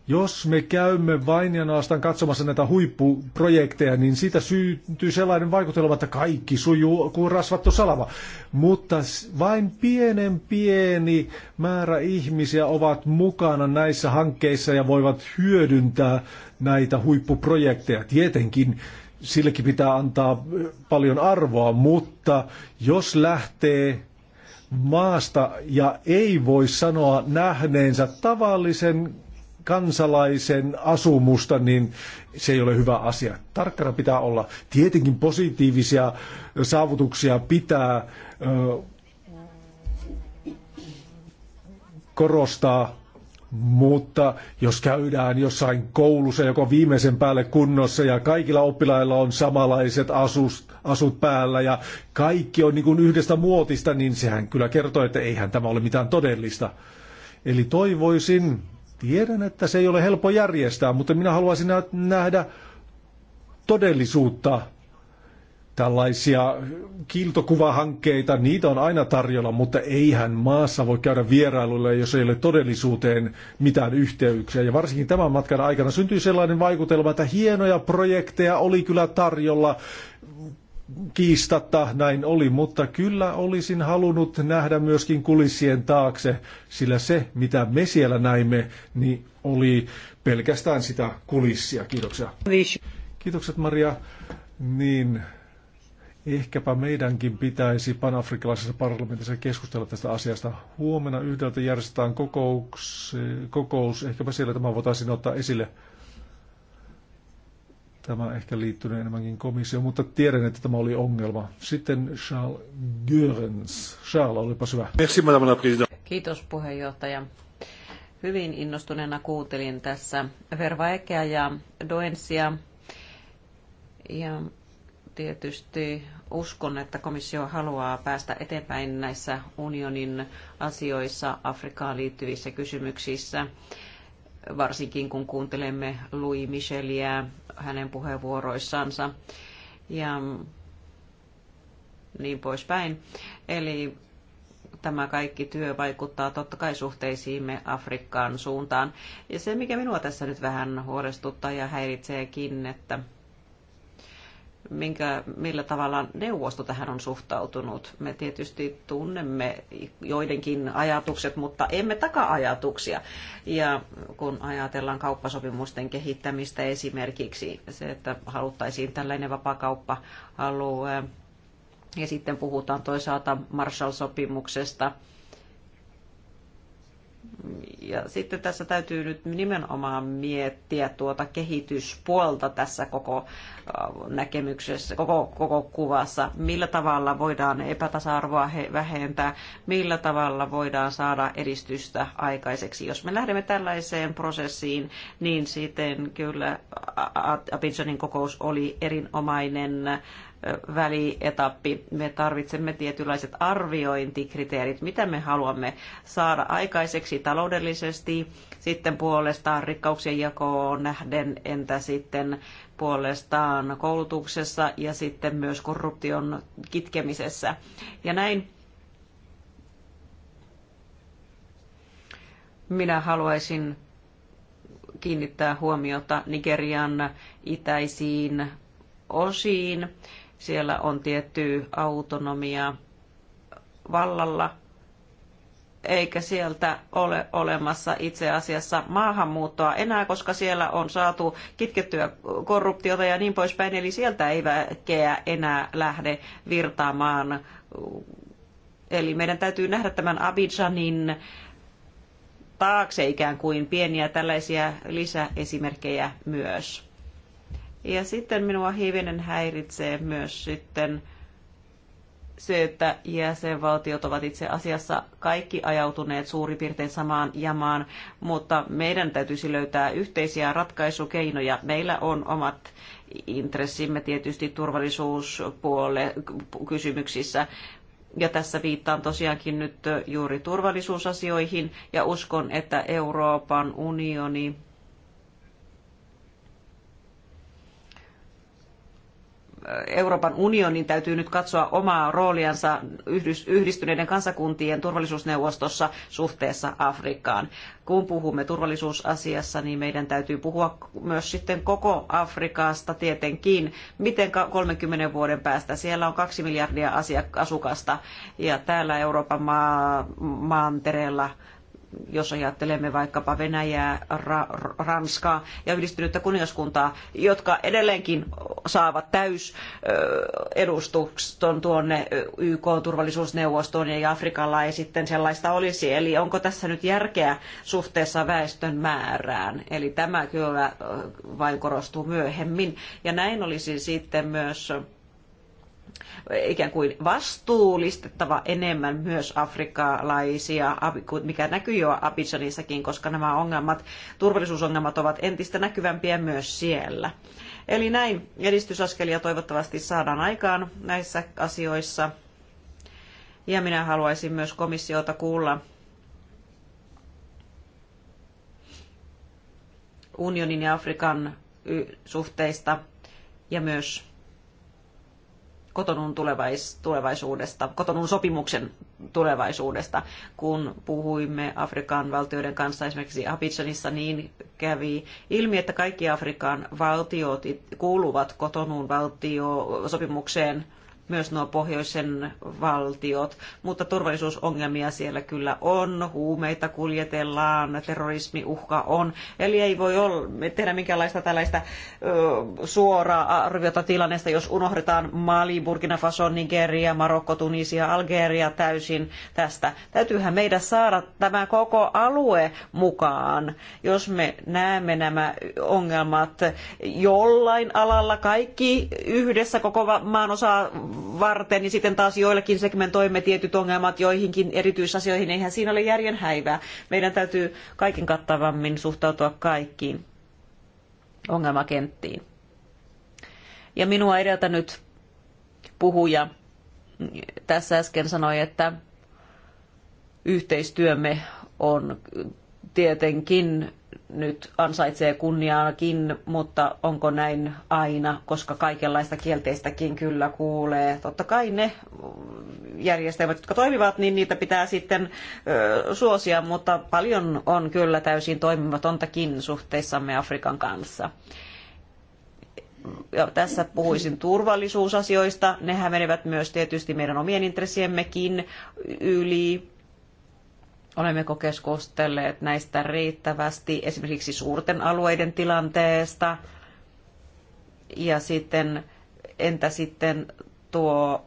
Jos me käymme vain ja naastan katsomassa näitä huippuprojekteja, niin siitä syntyy sellainen vaikutelma, että kaikki sujuu kuin rasvattu salama. Mutta vain pienen pieni määrä ihmisiä ovat mukana näissä hankkeissa ja voivat hyödyntää näitä huippuprojekteja. Tietenkin sillekin pitää antaa eh, paljon arvoa, mutta jos lähtee maasta ja ei voi sanoa nähneensä tavallisen kansalaisen asumusta, niin se ei ole hyvä asia. Tarkkana pitää olla. Tietenkin positiivisia saavutuksia pitää ö, korostaa, mutta jos käydään jossain koulussa, joko viimeisen päälle kunnossa ja kaikilla oppilailla on samanlaiset asust, asut päällä ja kaikki on niin kuin yhdestä muotista, niin sehän kyllä kertoo, että eihän tämä ole mitään todellista. Eli toivoisin, Tiedän, että se ei ole helppo järjestää, mutta minä haluaisin nähdä todellisuutta. Tällaisia kiiltokuvahankkeita, niitä on aina tarjolla, mutta eihän maassa voi käydä vierailulle, jos ei ole todellisuuteen mitään yhteyksiä. Ja varsinkin tämän matkan aikana syntyi sellainen vaikutelma, että hienoja projekteja oli kyllä tarjolla, Kiistatta näin oli, mutta kyllä olisin halunnut nähdä myöskin kulissien taakse, sillä se, mitä me siellä näimme, niin oli pelkästään sitä kulissia. Kiitoksia. Kiitokset Maria. Niin ehkäpä meidänkin pitäisi panafrikkalaisessa parlamentissa keskustella tästä asiasta. Huomenna yhdeltä järjestetään kokous, ehkäpä siellä tämä voitaisiin ottaa esille. Tämä ehkä liittyy enemmänkin komissioon, mutta tiedän, että tämä oli ongelma. Sitten Charles Görens. Charles, olipa hyvä. Merci, madame la Kiitos puheenjohtaja. Hyvin innostuneena kuuntelin tässä Vervaekea ja Doensia. Ja tietysti uskon, että komissio haluaa päästä eteenpäin näissä unionin asioissa Afrikaan liittyvissä kysymyksissä varsinkin kun kuuntelemme Louis Micheliä hänen puheenvuoroissansa ja niin poispäin. Eli tämä kaikki työ vaikuttaa totta kai suhteisiimme Afrikkaan suuntaan. Ja se, mikä minua tässä nyt vähän huolestuttaa ja häiritseekin, että minkä, millä tavalla neuvosto tähän on suhtautunut. Me tietysti tunnemme joidenkin ajatukset, mutta emme taka-ajatuksia. Ja kun ajatellaan kauppasopimusten kehittämistä esimerkiksi, se, että haluttaisiin tällainen vapakauppa alue ja sitten puhutaan toisaalta Marshall-sopimuksesta, ja sitten tässä täytyy nyt nimenomaan miettiä tuota kehityspuolta tässä koko äh, näkemyksessä, koko, koko kuvassa. Millä tavalla voidaan epätasa-arvoa vähentää, millä tavalla voidaan saada edistystä aikaiseksi. Jos me lähdemme tällaiseen prosessiin, niin sitten kyllä Abinsonin kokous oli erinomainen välietappi. Me tarvitsemme tietynlaiset arviointikriteerit, mitä me haluamme saada aikaiseksi taloudellisesti, sitten puolestaan rikkauksien jakoon nähden, entä sitten puolestaan koulutuksessa ja sitten myös korruption kitkemisessä. Ja näin minä haluaisin kiinnittää huomiota Nigerian itäisiin osiin siellä on tietty autonomia vallalla, eikä sieltä ole olemassa itse asiassa maahanmuuttoa enää, koska siellä on saatu kitkettyä korruptiota ja niin poispäin. Eli sieltä ei väkeä enää lähde virtaamaan. Eli meidän täytyy nähdä tämän Abidjanin taakse ikään kuin pieniä tällaisia lisäesimerkkejä myös. Ja sitten minua hivenen häiritsee myös sitten se, että jäsenvaltiot ovat itse asiassa kaikki ajautuneet suurin piirtein samaan jamaan, mutta meidän täytyisi löytää yhteisiä ratkaisukeinoja. Meillä on omat intressimme tietysti turvallisuuspuolelle kysymyksissä, ja tässä viittaan tosiaankin nyt juuri turvallisuusasioihin ja uskon, että Euroopan unioni Euroopan unionin täytyy nyt katsoa omaa rooliansa yhdistyneiden kansakuntien turvallisuusneuvostossa suhteessa Afrikkaan. Kun puhumme turvallisuusasiassa, niin meidän täytyy puhua myös sitten koko Afrikasta tietenkin, miten 30 vuoden päästä. Siellä on kaksi miljardia asukasta ja täällä Euroopan maa, maantereella jos ajattelemme vaikkapa Venäjää, Ra- Ranskaa ja yhdistynyttä kuningaskuntaa, jotka edelleenkin saavat täysedustuksen tuonne YK-turvallisuusneuvostoon ja Afrikalla ei sitten sellaista olisi. Eli onko tässä nyt järkeä suhteessa väestön määrään? Eli tämä kyllä vain korostuu myöhemmin. Ja näin olisi sitten myös ikään kuin vastuullistettava enemmän myös afrikkalaisia, mikä näkyy jo Abidjanissakin, koska nämä ongelmat, turvallisuusongelmat ovat entistä näkyvämpiä myös siellä. Eli näin edistysaskelia toivottavasti saadaan aikaan näissä asioissa. Ja minä haluaisin myös komissiota kuulla unionin ja Afrikan suhteista ja myös kotonun tulevais, tulevaisuudesta, kotonun sopimuksen tulevaisuudesta. Kun puhuimme Afrikan valtioiden kanssa esimerkiksi Abidjanissa, niin kävi ilmi, että kaikki Afrikan valtiot kuuluvat kotonun valtio sopimukseen myös nuo pohjoisen valtiot, mutta turvallisuusongelmia siellä kyllä on, huumeita kuljetellaan, terrorismiuhka on, eli ei voi olla, tehdä minkäänlaista tällaista ö, suoraa arviota tilanteesta, jos unohdetaan Mali, Burkina Faso, Nigeria, Marokko, Tunisia, Algeria täysin tästä. Täytyyhän meidän saada tämä koko alue mukaan, jos me näemme nämä ongelmat jollain alalla, kaikki yhdessä koko maan osaa varten, niin sitten taas joillekin segmentoimme tietyt ongelmat joihinkin erityisasioihin. Eihän siinä ole järjen häivää. Meidän täytyy kaiken kattavammin suhtautua kaikkiin ongelmakenttiin. Ja minua edeltänyt puhuja tässä äsken sanoi, että yhteistyömme on tietenkin nyt ansaitsee kunniaakin, mutta onko näin aina, koska kaikenlaista kielteistäkin kyllä kuulee. Totta kai ne järjestelmät, jotka toimivat, niin niitä pitää sitten ö, suosia, mutta paljon on kyllä täysin toimimatontakin suhteissamme Afrikan kanssa. Ja tässä puhuisin turvallisuusasioista. Nehän menevät myös tietysti meidän omien intressiemmekin yli Olemmeko keskustelleet näistä riittävästi esimerkiksi suurten alueiden tilanteesta? Ja sitten, entä sitten tuo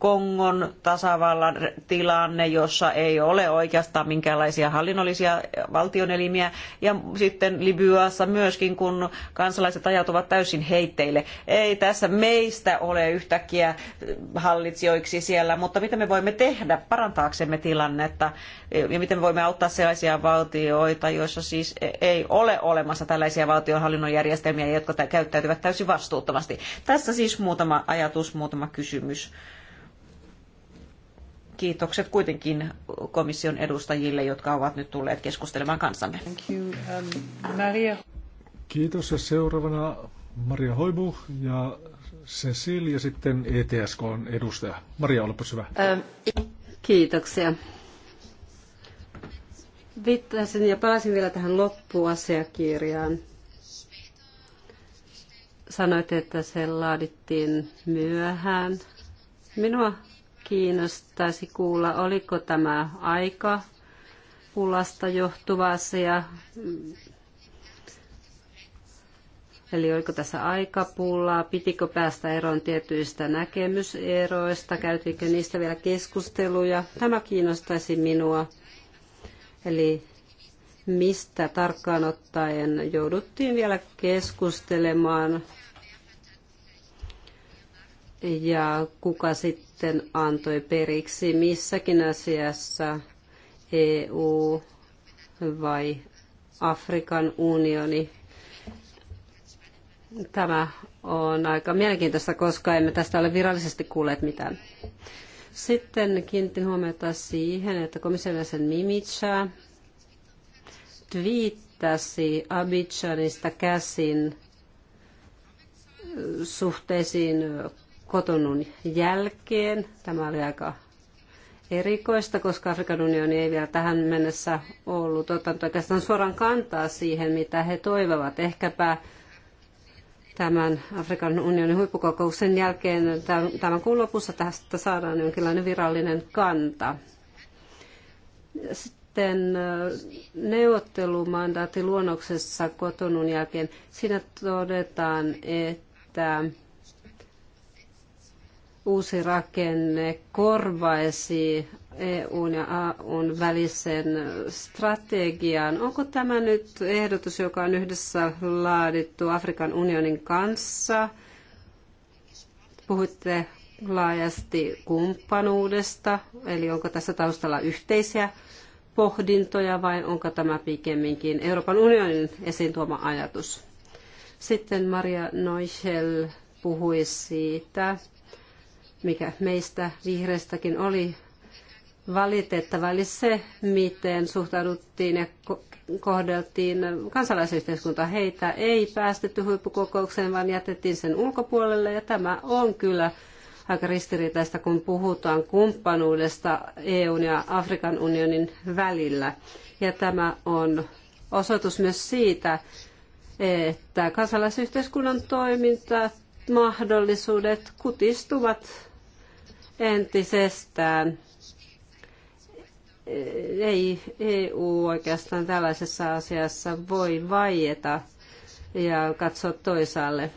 Kongon tasavallan tilanne, jossa ei ole oikeastaan minkäänlaisia hallinnollisia valtionelimiä. Ja sitten Libyassa myöskin, kun kansalaiset ajautuvat täysin heitteille. Ei tässä meistä ole yhtäkkiä hallitsijoiksi siellä, mutta mitä me voimme tehdä parantaaksemme tilannetta ja miten me voimme auttaa sellaisia valtioita, joissa siis ei ole olemassa tällaisia valtionhallinnon järjestelmiä, jotka käyttäytyvät täysin vastuuttomasti. Tässä siis muutama ajatus, muutama kysymys kiitokset kuitenkin komission edustajille, jotka ovat nyt tulleet keskustelemaan kanssamme. Thank you, um, Maria. Kiitos ja seuraavana Maria Hoibu ja Cecil ja sitten ETSK on edustaja. Maria, olepa hyvä. Ähm, kiitoksia. Viittasin ja palasin vielä tähän loppuasiakirjaan. Sanoit, että se laadittiin myöhään. Minua kiinnostaisi kuulla, oliko tämä aika pulasta johtuva asia, Eli oliko tässä aikapullaa, pitikö päästä eroon tietyistä näkemyseroista, käytiinkö niistä vielä keskusteluja. Tämä kiinnostaisi minua. Eli mistä tarkkaan ottaen jouduttiin vielä keskustelemaan ja kuka sitten antoi periksi missäkin asiassa EU vai Afrikan unioni. Tämä on aika mielenkiintoista, koska emme tästä ole virallisesti kuulleet mitään. Sitten kiinnitin huomiota siihen, että komission jäsen Mimica twiittasi Abidjanista käsin suhteisiin kotonun jälkeen. Tämä oli aika erikoista, koska Afrikan unioni ei vielä tähän mennessä ollut ottanut oikeastaan suoraan kantaa siihen, mitä he toivovat. Ehkäpä tämän Afrikan unionin huippukokouksen jälkeen tämän kuun lopussa tästä saadaan jonkinlainen virallinen kanta. Sitten äh, neuvottelumandaatiluonnoksessa kotonun jälkeen, siinä todetaan, että uusi rakenne korvaisi EUn ja AUn välisen strategian. Onko tämä nyt ehdotus, joka on yhdessä laadittu Afrikan unionin kanssa? Puhuitte laajasti kumppanuudesta, eli onko tässä taustalla yhteisiä pohdintoja vai onko tämä pikemminkin Euroopan unionin esiin tuoma ajatus? Sitten Maria Noichel puhui siitä, mikä meistä vihreistäkin oli valitettava, eli se, miten suhtauduttiin ja kohdeltiin kansalaisyhteiskuntaa. Heitä ei päästetty huippukokoukseen, vaan jätettiin sen ulkopuolelle, ja tämä on kyllä aika ristiriitaista, kun puhutaan kumppanuudesta EUn ja Afrikan unionin välillä. Ja tämä on osoitus myös siitä, että kansalaisyhteiskunnan toiminta, mahdollisuudet kutistuvat entisestään. Ei EU oikeastaan tällaisessa asiassa voi vaieta ja katsoa toisaalle.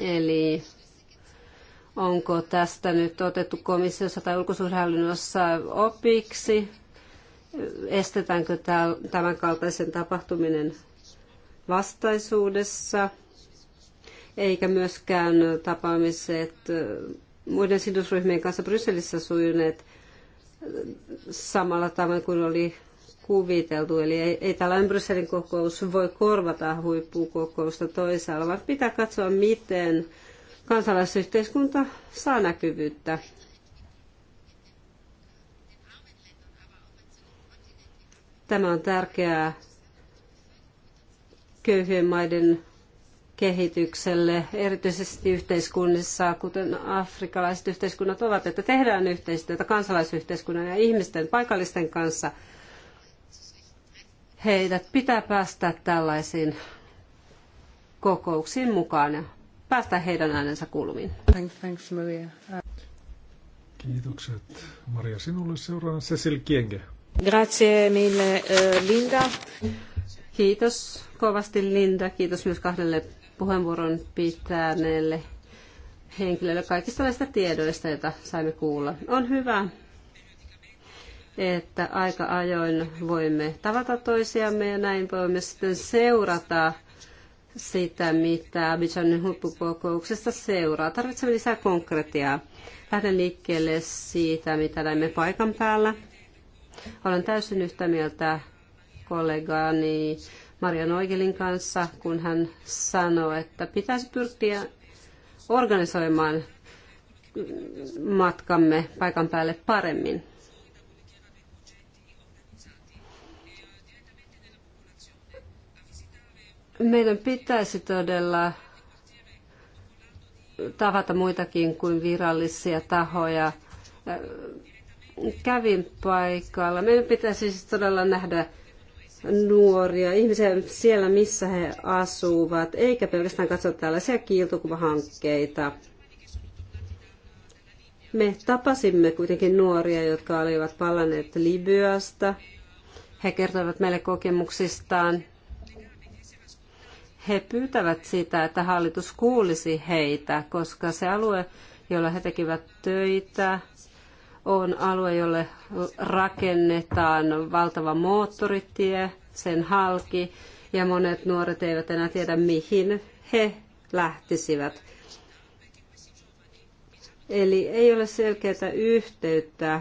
Eli onko tästä nyt otettu komissiossa tai ulkosuhdehallinnossa opiksi? Estetäänkö tämän kaltaisen tapahtuminen vastaisuudessa? Eikä myöskään tapaamiset muiden sidosryhmien kanssa Brysselissä sujuneet samalla tavoin kuin oli kuviteltu. Eli ei, ei tällainen Brysselin kokous voi korvata huippukokousta toisaalla, vaan pitää katsoa, miten kansalaisyhteiskunta saa näkyvyyttä. Tämä on tärkeää köyhien maiden kehitykselle, erityisesti yhteiskunnissa, kuten afrikalaiset yhteiskunnat ovat, että tehdään yhteistyötä kansalaisyhteiskunnan ja ihmisten, paikallisten kanssa. Heidät pitää päästä tällaisiin kokouksiin mukaan ja päästä heidän äänensä kulmiin. Thanks, Maria. Kiitokset Maria sinulle. Seuraavana Cecil Kienge. Grazie mille, eh, Linda. Kiitos kovasti Linda. Kiitos myös kahdelle puheenvuoron pitäneelle henkilölle kaikista näistä tiedoista, joita saimme kuulla. On hyvä, että aika ajoin voimme tavata toisiamme ja näin voimme sitten seurata sitä, mitä Abidjanin huippukokouksesta seuraa. Tarvitsemme lisää konkretiaa. Lähden liikkeelle siitä, mitä näimme paikan päällä. Olen täysin yhtä mieltä kollegani Maria Noigelin kanssa, kun hän sanoi, että pitäisi pyrkiä organisoimaan matkamme paikan päälle paremmin. Meidän pitäisi todella tavata muitakin kuin virallisia tahoja. Äh, kävin paikalla. Meidän pitäisi siis todella nähdä nuoria, ihmisiä siellä, missä he asuvat, eikä pelkästään katso tällaisia kiiltokuvahankkeita. Me tapasimme kuitenkin nuoria, jotka olivat palanneet Libyasta. He kertoivat meille kokemuksistaan. He pyytävät sitä, että hallitus kuulisi heitä, koska se alue, jolla he tekivät töitä, on alue, jolle rakennetaan valtava moottoritie sen halki ja monet nuoret eivät enää tiedä mihin he lähtisivät. Eli ei ole selkeää yhteyttä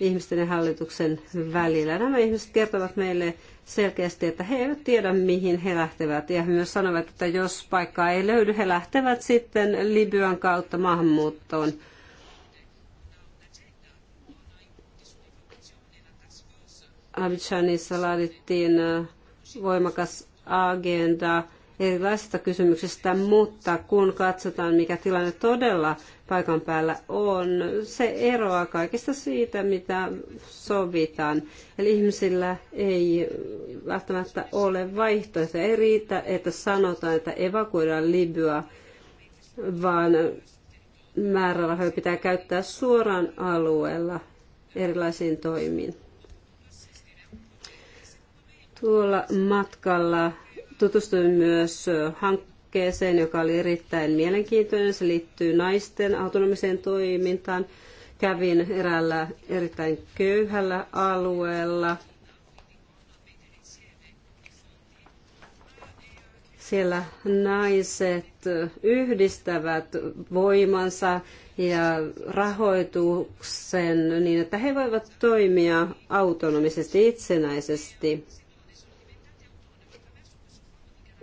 ihmisten ja hallituksen välillä. Nämä ihmiset kertovat meille selkeästi, että he eivät tiedä mihin he lähtevät. Ja he myös sanovat, että jos paikkaa ei löydy, he lähtevät sitten Libyan kautta maahanmuuttoon. Abidjanissa laadittiin voimakas agenda erilaisista kysymyksistä, mutta kun katsotaan, mikä tilanne todella paikan päällä on, se eroaa kaikista siitä, mitä sovitaan. Eli ihmisillä ei välttämättä ole vaihtoehtoja. Ei riitä, että sanotaan, että evakuoidaan Libya, vaan määrärahoja pitää käyttää suoraan alueella erilaisiin toimiin. Tuolla matkalla tutustuin myös hankkeeseen, joka oli erittäin mielenkiintoinen. Se liittyy naisten autonomiseen toimintaan. Kävin eräällä erittäin köyhällä alueella. Siellä naiset yhdistävät voimansa ja rahoituksen niin, että he voivat toimia autonomisesti, itsenäisesti.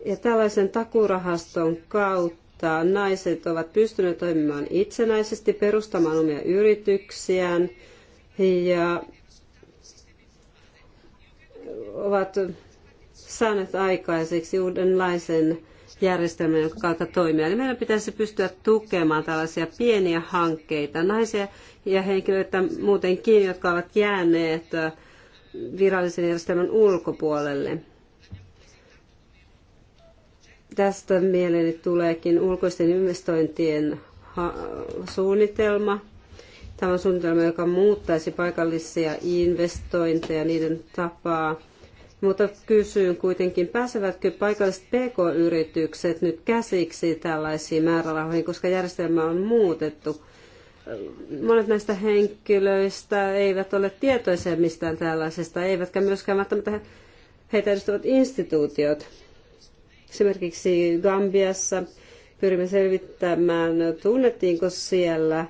Ja tällaisen takurahaston kautta naiset ovat pystyneet toimimaan itsenäisesti, perustamaan omia yrityksiään ja ovat saaneet aikaiseksi uudenlaisen järjestelmän, jonka kautta toimia. Eli meidän pitäisi pystyä tukemaan tällaisia pieniä hankkeita, naisia ja henkilöitä muutenkin, jotka ovat jääneet virallisen järjestelmän ulkopuolelle. Tästä mieleeni tuleekin ulkoisten investointien suunnitelma. Tämä on suunnitelma, joka muuttaisi paikallisia investointeja, niiden tapaa. Mutta kysyn kuitenkin, pääsevätkö paikalliset pk-yritykset nyt käsiksi tällaisiin määrärahoihin, koska järjestelmä on muutettu. Monet näistä henkilöistä eivät ole tietoisia mistään tällaisesta, eivätkä myöskään välttämättä heitä edustavat instituutiot. Esimerkiksi Gambiassa pyrimme selvittämään, tunnettiinko siellä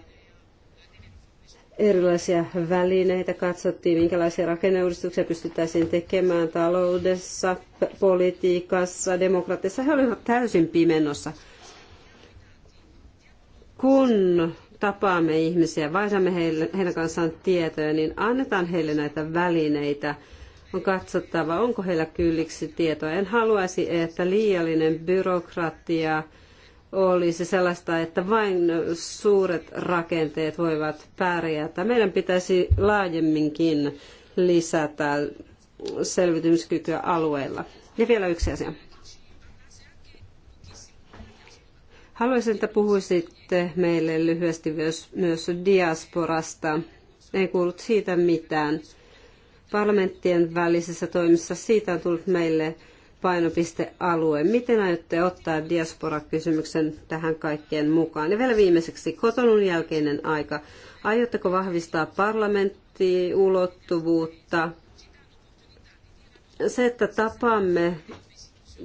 erilaisia välineitä, katsottiin minkälaisia rakenneuudistuksia pystyttäisiin tekemään taloudessa, politiikassa, demokratiassa. He olivat täysin pimenossa. Kun tapaamme ihmisiä, vaihdamme heille, heidän kanssaan tietoja, niin annetaan heille näitä välineitä – on katsottava, onko heillä kylliksi tietoa. En haluaisi, että liiallinen byrokratia olisi sellaista, että vain suuret rakenteet voivat pärjätä. Meidän pitäisi laajemminkin lisätä selvitymiskykyä alueilla. Ja vielä yksi asia. Haluaisin, että puhuisitte meille lyhyesti myös, myös diasporasta. En kuullut siitä mitään parlamenttien välisissä toimissa. Siitä on tullut meille painopistealue. Miten aiotte ottaa diaspora-kysymyksen tähän kaikkeen mukaan? Ja vielä viimeiseksi kotonun jälkeinen aika. Aiotteko vahvistaa parlamenttiulottuvuutta? Se, että tapaamme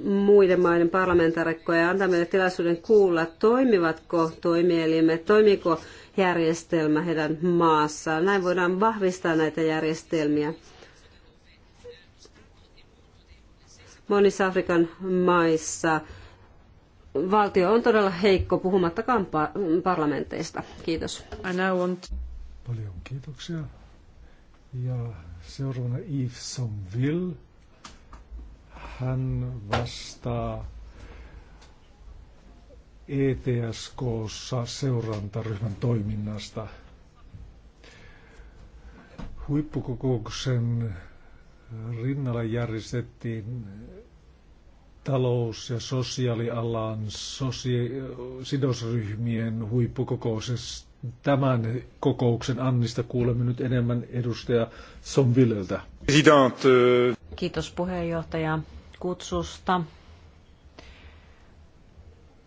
muiden maiden parlamentaarikkoja ja antaa meille tilaisuuden kuulla, toimivatko toimielimet, toimiko järjestelmä heidän maassaan. Näin voidaan vahvistaa näitä järjestelmiä. monissa Afrikan maissa valtio on todella heikko, puhumattakaan parlamenteista. Kiitos. Paljon kiitoksia. Ja seuraavana Yves Somville. Hän vastaa ETSKssa seurantaryhmän toiminnasta. Huippukokouksen rinnalla järjestettiin talous- ja sosiaalialan sosia- sidosryhmien huippukokouksessa. Tämän kokouksen Annista kuulemme nyt enemmän edustaja Sonvilleltä. Äh, Kiitos puheenjohtaja kutsusta.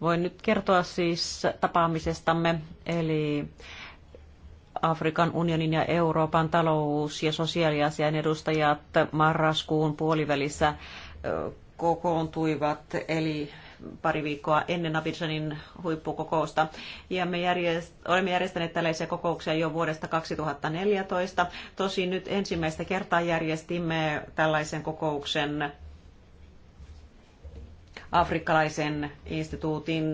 Voin nyt kertoa siis tapaamisestamme, eli Afrikan unionin ja Euroopan talous- ja sosiaaliasian edustajat marraskuun puolivälissä kokoontuivat, eli pari viikkoa ennen Abidjanin huippukokousta. Ja me järjest, olemme järjestäneet tällaisia kokouksia jo vuodesta 2014. Tosin nyt ensimmäistä kertaa järjestimme tällaisen kokouksen afrikkalaisen instituutin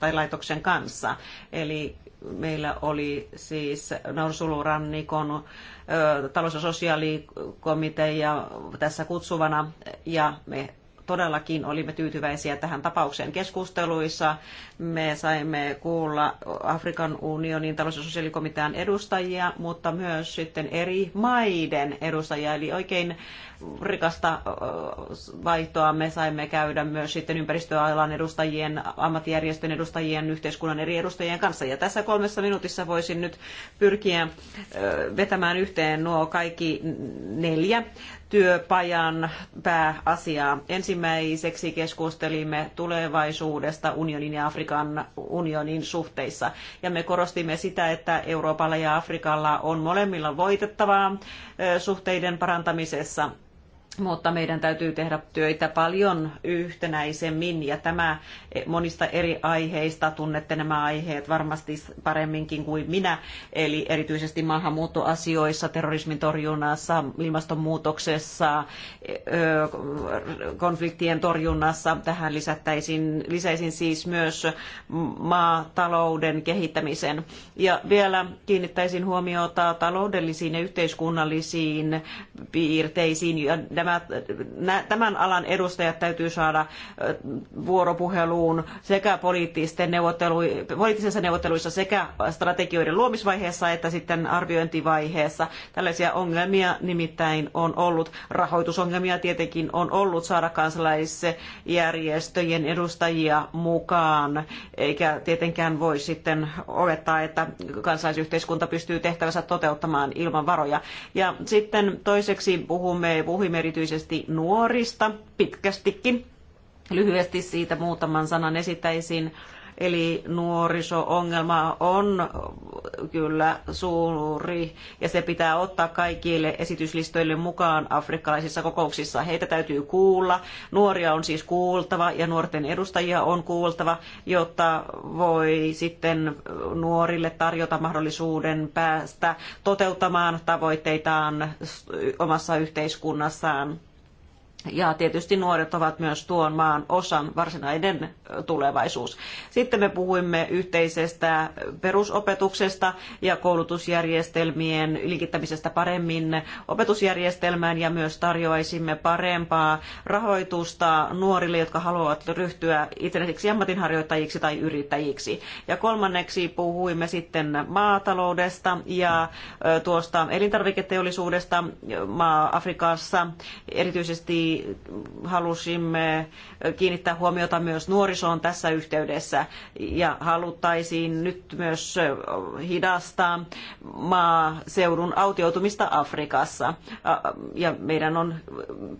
tai laitoksen kanssa. Eli Meillä oli siis Norsulurannikon talous- ja sosiaalikomitea tässä kutsuvana ja me todellakin olimme tyytyväisiä tähän tapaukseen keskusteluissa. Me saimme kuulla Afrikan unionin talous- ja sosiaalikomitean edustajia, mutta myös sitten eri maiden edustajia, eli oikein rikasta vaihtoa me saimme käydä myös sitten ympäristöalan edustajien, ammattijärjestön edustajien, yhteiskunnan eri edustajien kanssa. Ja tässä kolmessa minuutissa voisin nyt pyrkiä vetämään yhteen nuo kaikki neljä työpajan pääasiaa. Ensimmäiseksi keskustelimme tulevaisuudesta unionin ja Afrikan unionin suhteissa. Ja me korostimme sitä, että Euroopalla ja Afrikalla on molemmilla voitettavaa suhteiden parantamisessa mutta meidän täytyy tehdä työtä paljon yhtenäisemmin ja tämä monista eri aiheista, tunnette nämä aiheet varmasti paremminkin kuin minä, eli erityisesti maahanmuuttoasioissa, terrorismin torjunnassa, ilmastonmuutoksessa, konfliktien torjunnassa, tähän lisättäisiin, lisäisin siis myös maatalouden kehittämisen. Ja vielä kiinnittäisin huomiota taloudellisiin ja yhteiskunnallisiin piirteisiin ja tämän alan edustajat täytyy saada vuoropuheluun sekä poliittisten neuvottelu, poliittisissa neuvotteluissa sekä strategioiden luomisvaiheessa että sitten arviointivaiheessa. Tällaisia ongelmia nimittäin on ollut. Rahoitusongelmia tietenkin on ollut saada kansalaisjärjestöjen edustajia mukaan, eikä tietenkään voi sitten olettaa, että kansalaisyhteiskunta pystyy tehtävänsä toteuttamaan ilman varoja. Ja sitten toiseksi puhumme, puhuimme erityisesti erityisesti nuorista pitkästikin. Lyhyesti siitä muutaman sanan esittäisin Eli nuoriso-ongelma on kyllä suuri ja se pitää ottaa kaikille esityslistoille mukaan afrikkalaisissa kokouksissa. Heitä täytyy kuulla. Nuoria on siis kuultava ja nuorten edustajia on kuultava, jotta voi sitten nuorille tarjota mahdollisuuden päästä toteuttamaan tavoitteitaan omassa yhteiskunnassaan ja tietysti nuoret ovat myös tuon maan osan varsinainen tulevaisuus. Sitten me puhuimme yhteisestä perusopetuksesta ja koulutusjärjestelmien linkittämisestä paremmin opetusjärjestelmään ja myös tarjoaisimme parempaa rahoitusta nuorille, jotka haluavat ryhtyä itsenäisiksi ammatinharjoittajiksi tai yrittäjiksi. Ja kolmanneksi puhuimme sitten maataloudesta ja tuosta elintarviketeollisuudesta maa Afrikassa, erityisesti halusimme kiinnittää huomiota myös nuorisoon tässä yhteydessä ja haluttaisiin nyt myös hidastaa maaseudun autioitumista Afrikassa. Ja meidän on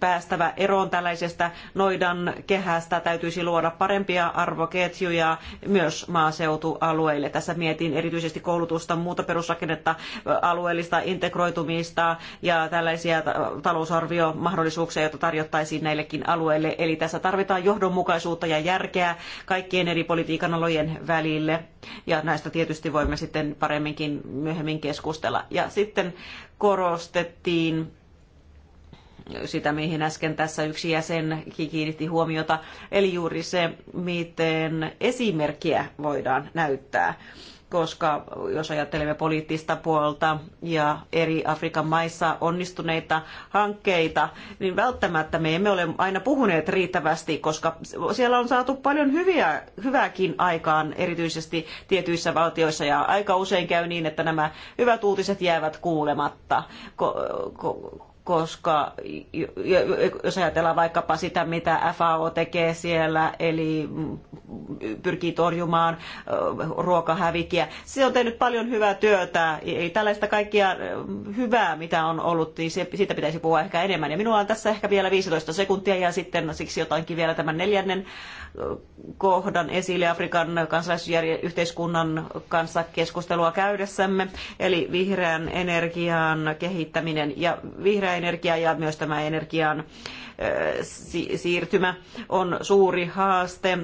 päästävä eroon tällaisesta noidan kehästä. Täytyisi luoda parempia arvoketjuja myös maaseutualueille. Tässä mietin erityisesti koulutusta, muuta perusrakennetta, alueellista integroitumista ja tällaisia talousarviomahdollisuuksia, joita tarjotaan tarjottaisiin näillekin alueille. Eli tässä tarvitaan johdonmukaisuutta ja järkeä kaikkien eri politiikan alojen välille. Ja näistä tietysti voimme sitten paremminkin myöhemmin keskustella. Ja sitten korostettiin sitä, mihin äsken tässä yksi jäsen kiinnitti huomiota, eli juuri se, miten esimerkkiä voidaan näyttää koska jos ajattelemme poliittista puolta ja eri Afrikan maissa onnistuneita hankkeita, niin välttämättä me emme ole aina puhuneet riittävästi, koska siellä on saatu paljon hyviä, hyvääkin aikaan, erityisesti tietyissä valtioissa, ja aika usein käy niin, että nämä hyvät uutiset jäävät kuulematta. Ko- ko- koska jos ajatellaan vaikkapa sitä, mitä FAO tekee siellä, eli pyrkii torjumaan ruokahävikiä. Se on tehnyt paljon hyvää työtä. eli tällaista kaikkia hyvää, mitä on ollut, niin siitä pitäisi puhua ehkä enemmän. Ja minulla on tässä ehkä vielä 15 sekuntia ja sitten siksi otankin vielä tämän neljännen kohdan esille Afrikan kansalaisyhteiskunnan kanssa keskustelua käydessämme, eli vihreän energian kehittäminen. Ja vihreä energia ja myös tämä energian siirtymä on suuri haaste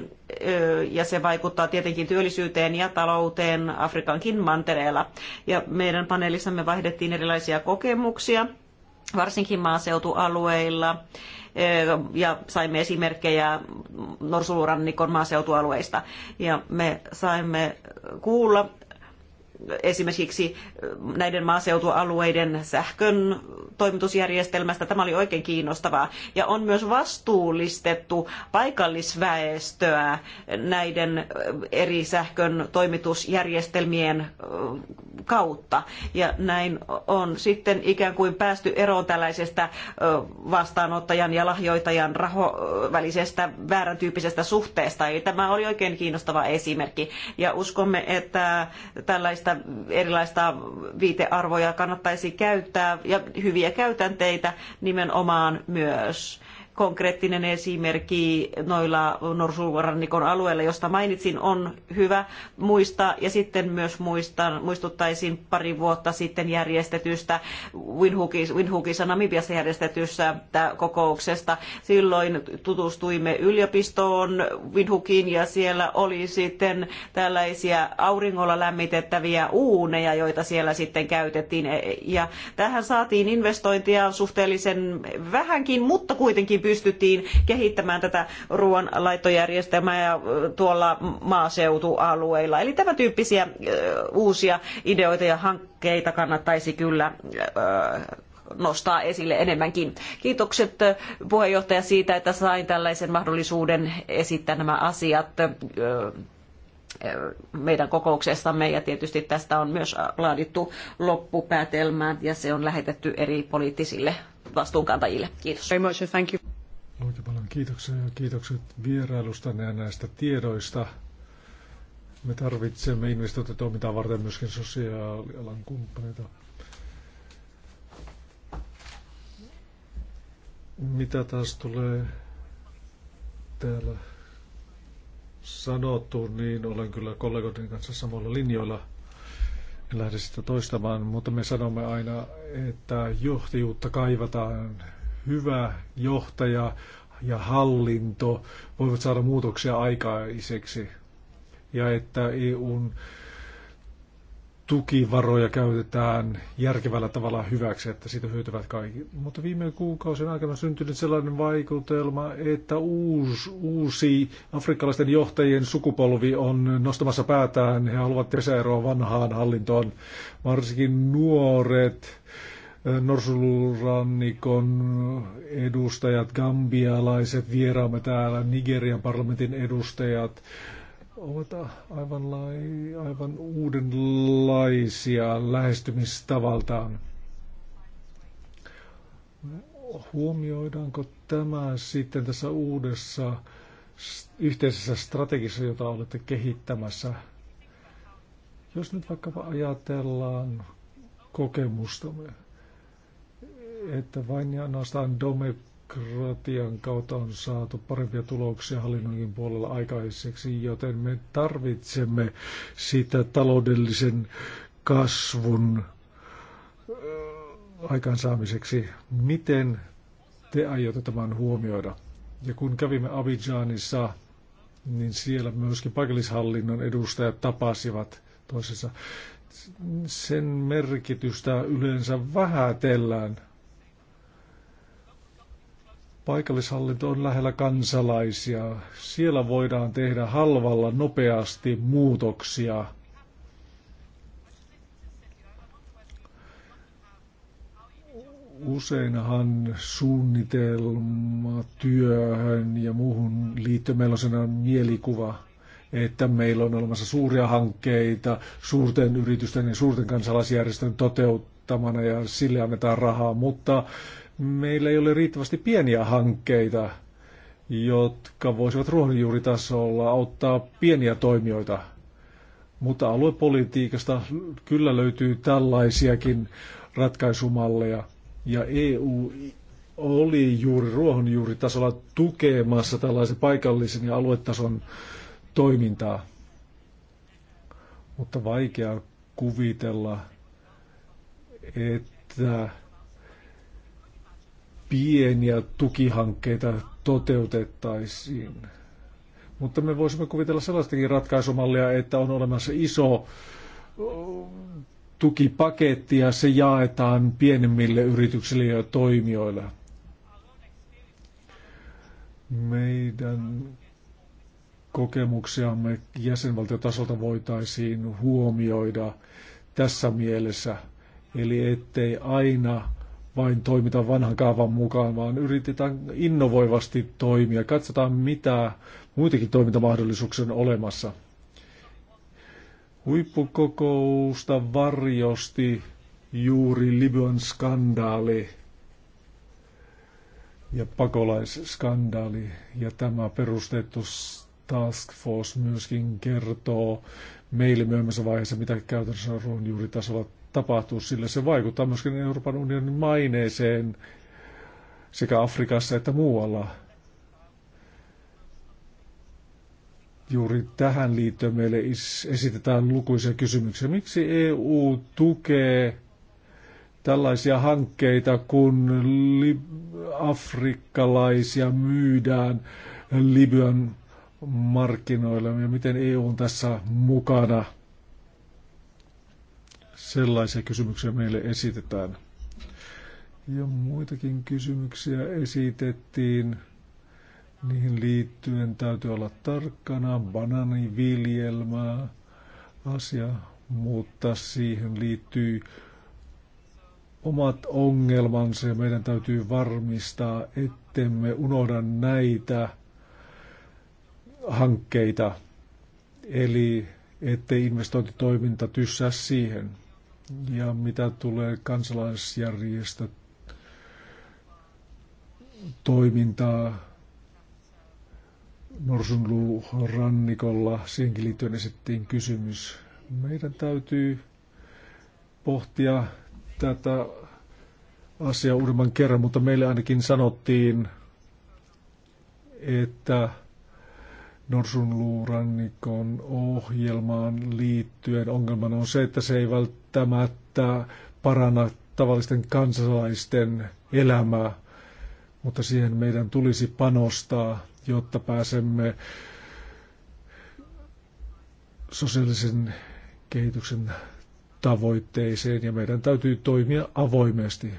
ja se vaikuttaa tietenkin työllisyyteen ja talouteen Afrikankin mantereella. Ja meidän paneelissamme vaihdettiin erilaisia kokemuksia, varsinkin maaseutualueilla ja saimme esimerkkejä Norsulurannikon maaseutualueista. Ja me saimme kuulla esimerkiksi näiden maaseutualueiden sähkön toimitusjärjestelmästä. Tämä oli oikein kiinnostavaa. Ja on myös vastuullistettu paikallisväestöä näiden eri sähkön toimitusjärjestelmien kautta. Ja näin on sitten ikään kuin päästy eroon tällaisesta vastaanottajan ja lahjoitajan raho- välisestä väärän tyyppisestä suhteesta. Eli tämä oli oikein kiinnostava esimerkki. Ja uskomme, että tällaista erilaista viitearvoja kannattaisi käyttää ja hyviä käytänteitä nimenomaan myös konkreettinen esimerkki noilla Norsuurannikon alueilla, josta mainitsin, on hyvä muistaa. Ja sitten myös muistan, muistuttaisin pari vuotta sitten järjestetystä Windhookissa Namibiassa järjestetystä kokouksesta. Silloin tutustuimme yliopistoon Windhookiin ja siellä oli sitten tällaisia auringolla lämmitettäviä uuneja, joita siellä sitten käytettiin. Ja tähän saatiin investointia suhteellisen vähänkin, mutta kuitenkin pystyttiin kehittämään tätä ruoanlaittojärjestelmää tuolla maaseutualueilla. Eli tämän tyyppisiä uusia ideoita ja hankkeita kannattaisi kyllä nostaa esille enemmänkin. Kiitokset puheenjohtaja siitä, että sain tällaisen mahdollisuuden esittää nämä asiat meidän kokouksessamme ja tietysti tästä on myös laadittu loppupäätelmä ja se on lähetetty eri poliittisille vastuunkantajille. Kiitos. Oikein paljon kiitoksia ja kiitokset vierailusta ja näistä tiedoista. Me tarvitsemme investointitoimintaa varten myöskin sosiaalialan kumppaneita. Mitä taas tulee täällä sanottu, niin olen kyllä kollegoiden kanssa samalla linjoilla. En lähde sitä toistamaan, mutta me sanomme aina, että johtajuutta kaivataan hyvä johtaja ja hallinto voivat saada muutoksia aikaiseksi ja että EUn tukivaroja käytetään järkevällä tavalla hyväksi, että siitä hyötyvät kaikki. Mutta viime kuukausien aikana on syntynyt sellainen vaikutelma, että uusi, uusi afrikkalaisten johtajien sukupolvi on nostamassa päätään. He haluavat pesäeroa vanhaan hallintoon. Varsinkin nuoret Norsulurannikon edustajat, gambialaiset, vieraamme täällä, Nigerian parlamentin edustajat, ovat aivan, lai, aivan uudenlaisia lähestymistavaltaan. Huomioidaanko tämä sitten tässä uudessa yhteisessä strategiassa, jota olette kehittämässä? Jos nyt vaikkapa ajatellaan kokemustamme, että vain ja ainoastaan demokratian kautta on saatu parempia tuloksia hallinnonkin puolella aikaiseksi, joten me tarvitsemme sitä taloudellisen kasvun äh, aikaansaamiseksi. Miten te aiotte tämän huomioida? Ja kun kävimme Abidjanissa, niin siellä myöskin paikallishallinnon edustajat tapasivat toisessa. Sen merkitystä yleensä vähätellään, Paikallishallinto on lähellä kansalaisia. Siellä voidaan tehdä halvalla nopeasti muutoksia. Useinhan suunnitelma työhön ja muuhun liittyy meillä on mielikuva, että meillä on olemassa suuria hankkeita suurten yritysten ja suurten kansalaisjärjestön toteuttamana ja sille annetaan rahaa, mutta meillä ei ole riittävästi pieniä hankkeita, jotka voisivat ruohonjuuritasolla auttaa pieniä toimijoita. Mutta aluepolitiikasta kyllä löytyy tällaisiakin ratkaisumalleja. Ja EU oli juuri ruohonjuuritasolla tukemassa tällaisen paikallisen ja aluetason toimintaa. Mutta vaikea kuvitella, että pieniä tukihankkeita toteutettaisiin. Mutta me voisimme kuvitella sellaistakin ratkaisumallia, että on olemassa iso tukipaketti ja se jaetaan pienemmille yrityksille ja toimijoille. Meidän kokemuksiamme jäsenvaltiotasolta voitaisiin huomioida tässä mielessä, eli ettei aina vain toimita vanhan kaavan mukaan, vaan yritetään innovoivasti toimia. Katsotaan, mitä muitakin toimintamahdollisuuksia on olemassa. Huippukokousta varjosti juuri Libyan skandaali ja pakolaisskandaali. Ja tämä perustettu task force myöskin kertoo meille myöhemmässä vaiheessa, mitä käytännössä tasolla tapahtua, sillä se vaikuttaa myöskin Euroopan unionin maineeseen sekä Afrikassa että muualla. Juuri tähän liittyen meille esitetään lukuisia kysymyksiä. Miksi EU tukee tällaisia hankkeita, kun afrikkalaisia myydään Libyan markkinoille ja miten EU on tässä mukana? sellaisia kysymyksiä meille esitetään. Ja muitakin kysymyksiä esitettiin. Niihin liittyen täytyy olla tarkkana bananiviljelmää asia, mutta siihen liittyy omat ongelmansa ja meidän täytyy varmistaa, ettemme unohda näitä hankkeita. Eli ettei investointitoiminta tyssää siihen. Ja mitä tulee kansalaisjärjestö toimintaa Norsunluu rannikolla, siihenkin liittyen esittiin kysymys. Meidän täytyy pohtia tätä asiaa uudemman kerran, mutta meille ainakin sanottiin, että Norsunluurannikon ohjelmaan liittyen ongelmana on se, että se ei välttämättä paranna tavallisten kansalaisten elämää, mutta siihen meidän tulisi panostaa, jotta pääsemme sosiaalisen kehityksen tavoitteeseen ja meidän täytyy toimia avoimesti.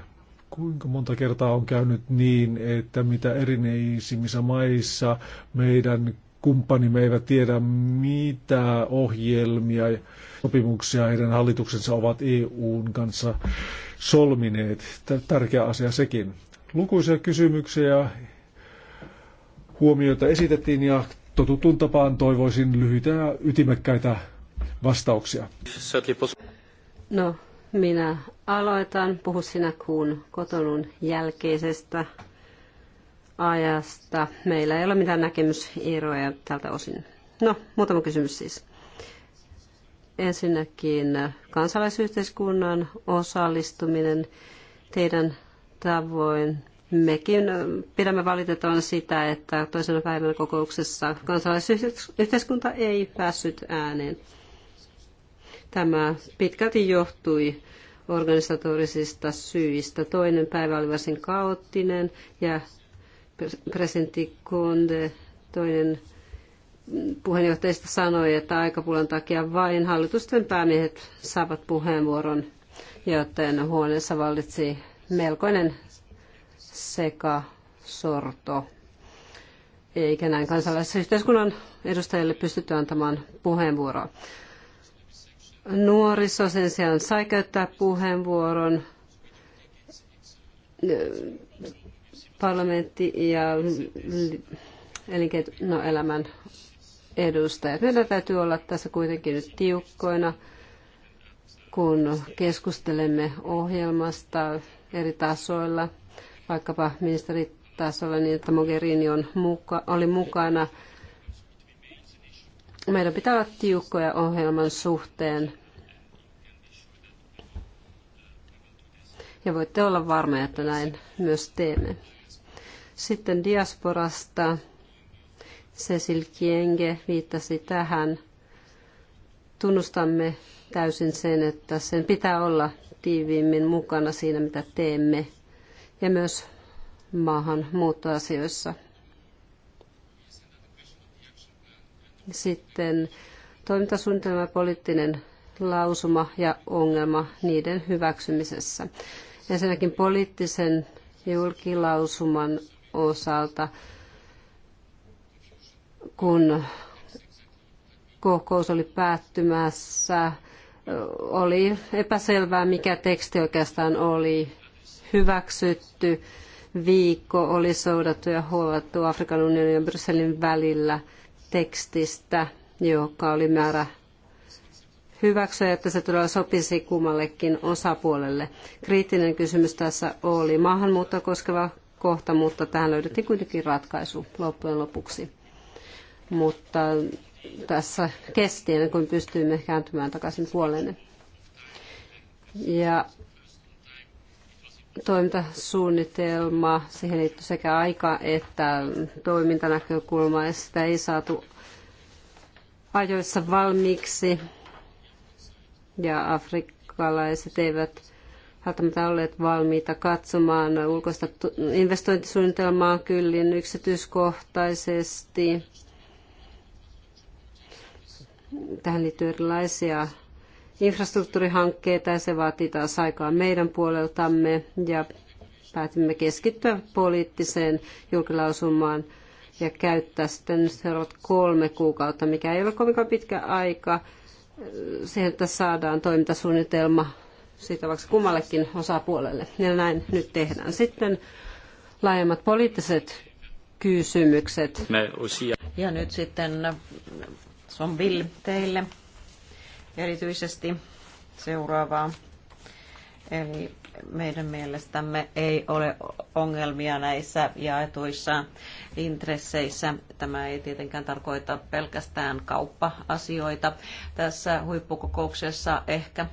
Kuinka monta kertaa on käynyt niin, että mitä erineisimmissä maissa meidän kumppanimme eivät tiedä, mitä ohjelmia ja sopimuksia heidän hallituksensa ovat EUn kanssa solmineet. Tärkeä asia sekin. Lukuisia kysymyksiä ja huomioita esitettiin ja totutun tapaan toivoisin lyhyitä ja ytimekkäitä vastauksia. No, minä aloitan. Puhu sinä kuun kotonun jälkeisestä ajasta. Meillä ei ole mitään näkemyseroja tältä osin. No, muutama kysymys siis. Ensinnäkin kansalaisyhteiskunnan osallistuminen teidän tavoin. Mekin pidämme valitettavan sitä, että toisena päivänä kokouksessa kansalaisyhteiskunta ei päässyt ääneen. Tämä pitkälti johtui organisatorisista syistä. Toinen päivä oli varsin kaoottinen ja presidentti Konde, toinen puheenjohtajista sanoi, että aikapulan takia vain hallitusten päämiehet saavat puheenvuoron, joten huoneessa vallitsi melkoinen sekasorto. Eikä näin kansalaisyhteiskunnan edustajille pystytty antamaan puheenvuoroa. Nuoriso sen sijaan sai käyttää puheenvuoron parlamentti ja elinkeinoelämän no, edustajat. Meidän täytyy olla tässä kuitenkin nyt tiukkoina, kun keskustelemme ohjelmasta eri tasoilla, vaikkapa ministeritasolla niin, että Mogherini on muka, oli mukana. Meidän pitää olla tiukkoja ohjelman suhteen. Ja voitte olla varmoja, että näin myös teemme. Sitten diasporasta. Cecil Kienge viittasi tähän. Tunnustamme täysin sen, että sen pitää olla tiiviimmin mukana siinä, mitä teemme, ja myös maahanmuuttoasioissa. Sitten toimintasuunnitelma, poliittinen lausuma ja ongelma niiden hyväksymisessä. Ensinnäkin poliittisen julkilausuman osalta, kun kokous oli päättymässä, oli epäselvää, mikä teksti oikeastaan oli hyväksytty. Viikko oli soudattu ja huovattu Afrikan unionin ja Brysselin välillä tekstistä, joka oli määrä hyväksyä, että se todella sopisi kummallekin osapuolelle. Kriittinen kysymys tässä oli maahanmuuttoa koskeva kohta, mutta tähän löydettiin kuitenkin ratkaisu loppujen lopuksi. Mutta tässä kesti ennen kuin pystyimme kääntymään takaisin puolelle. Ja toimintasuunnitelma, siihen liittyy sekä aika että toimintanäkökulma, ja sitä ei saatu ajoissa valmiiksi. Ja afrikkalaiset eivät välttämättä olleet valmiita katsomaan ulkoista investointisuunnitelmaa kyllin yksityiskohtaisesti. Tähän liittyy erilaisia infrastruktuurihankkeita ja se vaatii taas aikaa meidän puoleltamme ja päätimme keskittyä poliittiseen julkilausumaan ja käyttää sitten seuraavat kolme kuukautta, mikä ei ole kovinkaan pitkä aika siihen, että saadaan toimintasuunnitelma vaikka kummallekin osapuolelle. Ja näin nyt tehdään. Sitten laajemmat poliittiset kysymykset. Ja nyt sitten Sonville teille erityisesti seuraavaa. Eli meidän mielestämme ei ole ongelmia näissä jaetuissa intresseissä. Tämä ei tietenkään tarkoita pelkästään kauppa-asioita. Tässä huippukokouksessa ehkä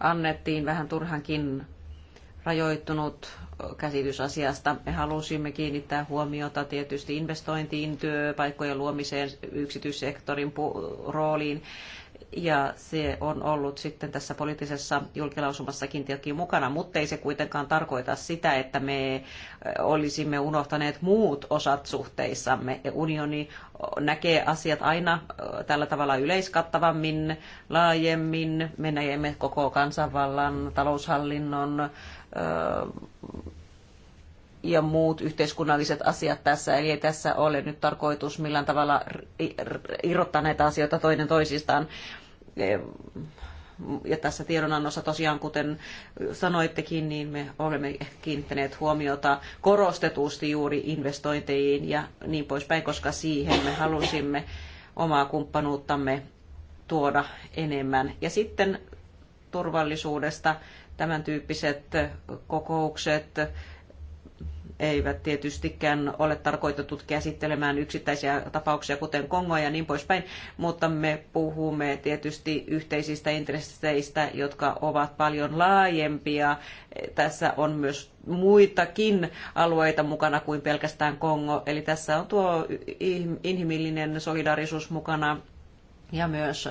annettiin vähän turhankin rajoittunut käsitys asiasta. Me halusimme kiinnittää huomiota tietysti investointiin, työpaikkojen luomiseen, yksityissektorin rooliin ja se on ollut sitten tässä poliittisessa julkilausumassakin tietenkin mukana, mutta ei se kuitenkaan tarkoita sitä, että me olisimme unohtaneet muut osat suhteissamme. Unioni näkee asiat aina tällä tavalla yleiskattavammin, laajemmin. Me näemme koko kansanvallan, taloushallinnon, ja muut yhteiskunnalliset asiat tässä. Eli ei tässä ole nyt tarkoitus millään tavalla irrottaa näitä asioita toinen toisistaan ja tässä tiedonannossa tosiaan, kuten sanoittekin, niin me olemme kiinnittäneet huomiota korostetusti juuri investointeihin ja niin poispäin, koska siihen me halusimme omaa kumppanuuttamme tuoda enemmän. Ja sitten turvallisuudesta tämän tyyppiset kokoukset eivät tietystikään ole tarkoitetut käsittelemään yksittäisiä tapauksia, kuten Kongoa ja niin poispäin, mutta me puhumme tietysti yhteisistä intresseistä, jotka ovat paljon laajempia. Tässä on myös muitakin alueita mukana kuin pelkästään Kongo, eli tässä on tuo inhimillinen solidaarisuus mukana ja myös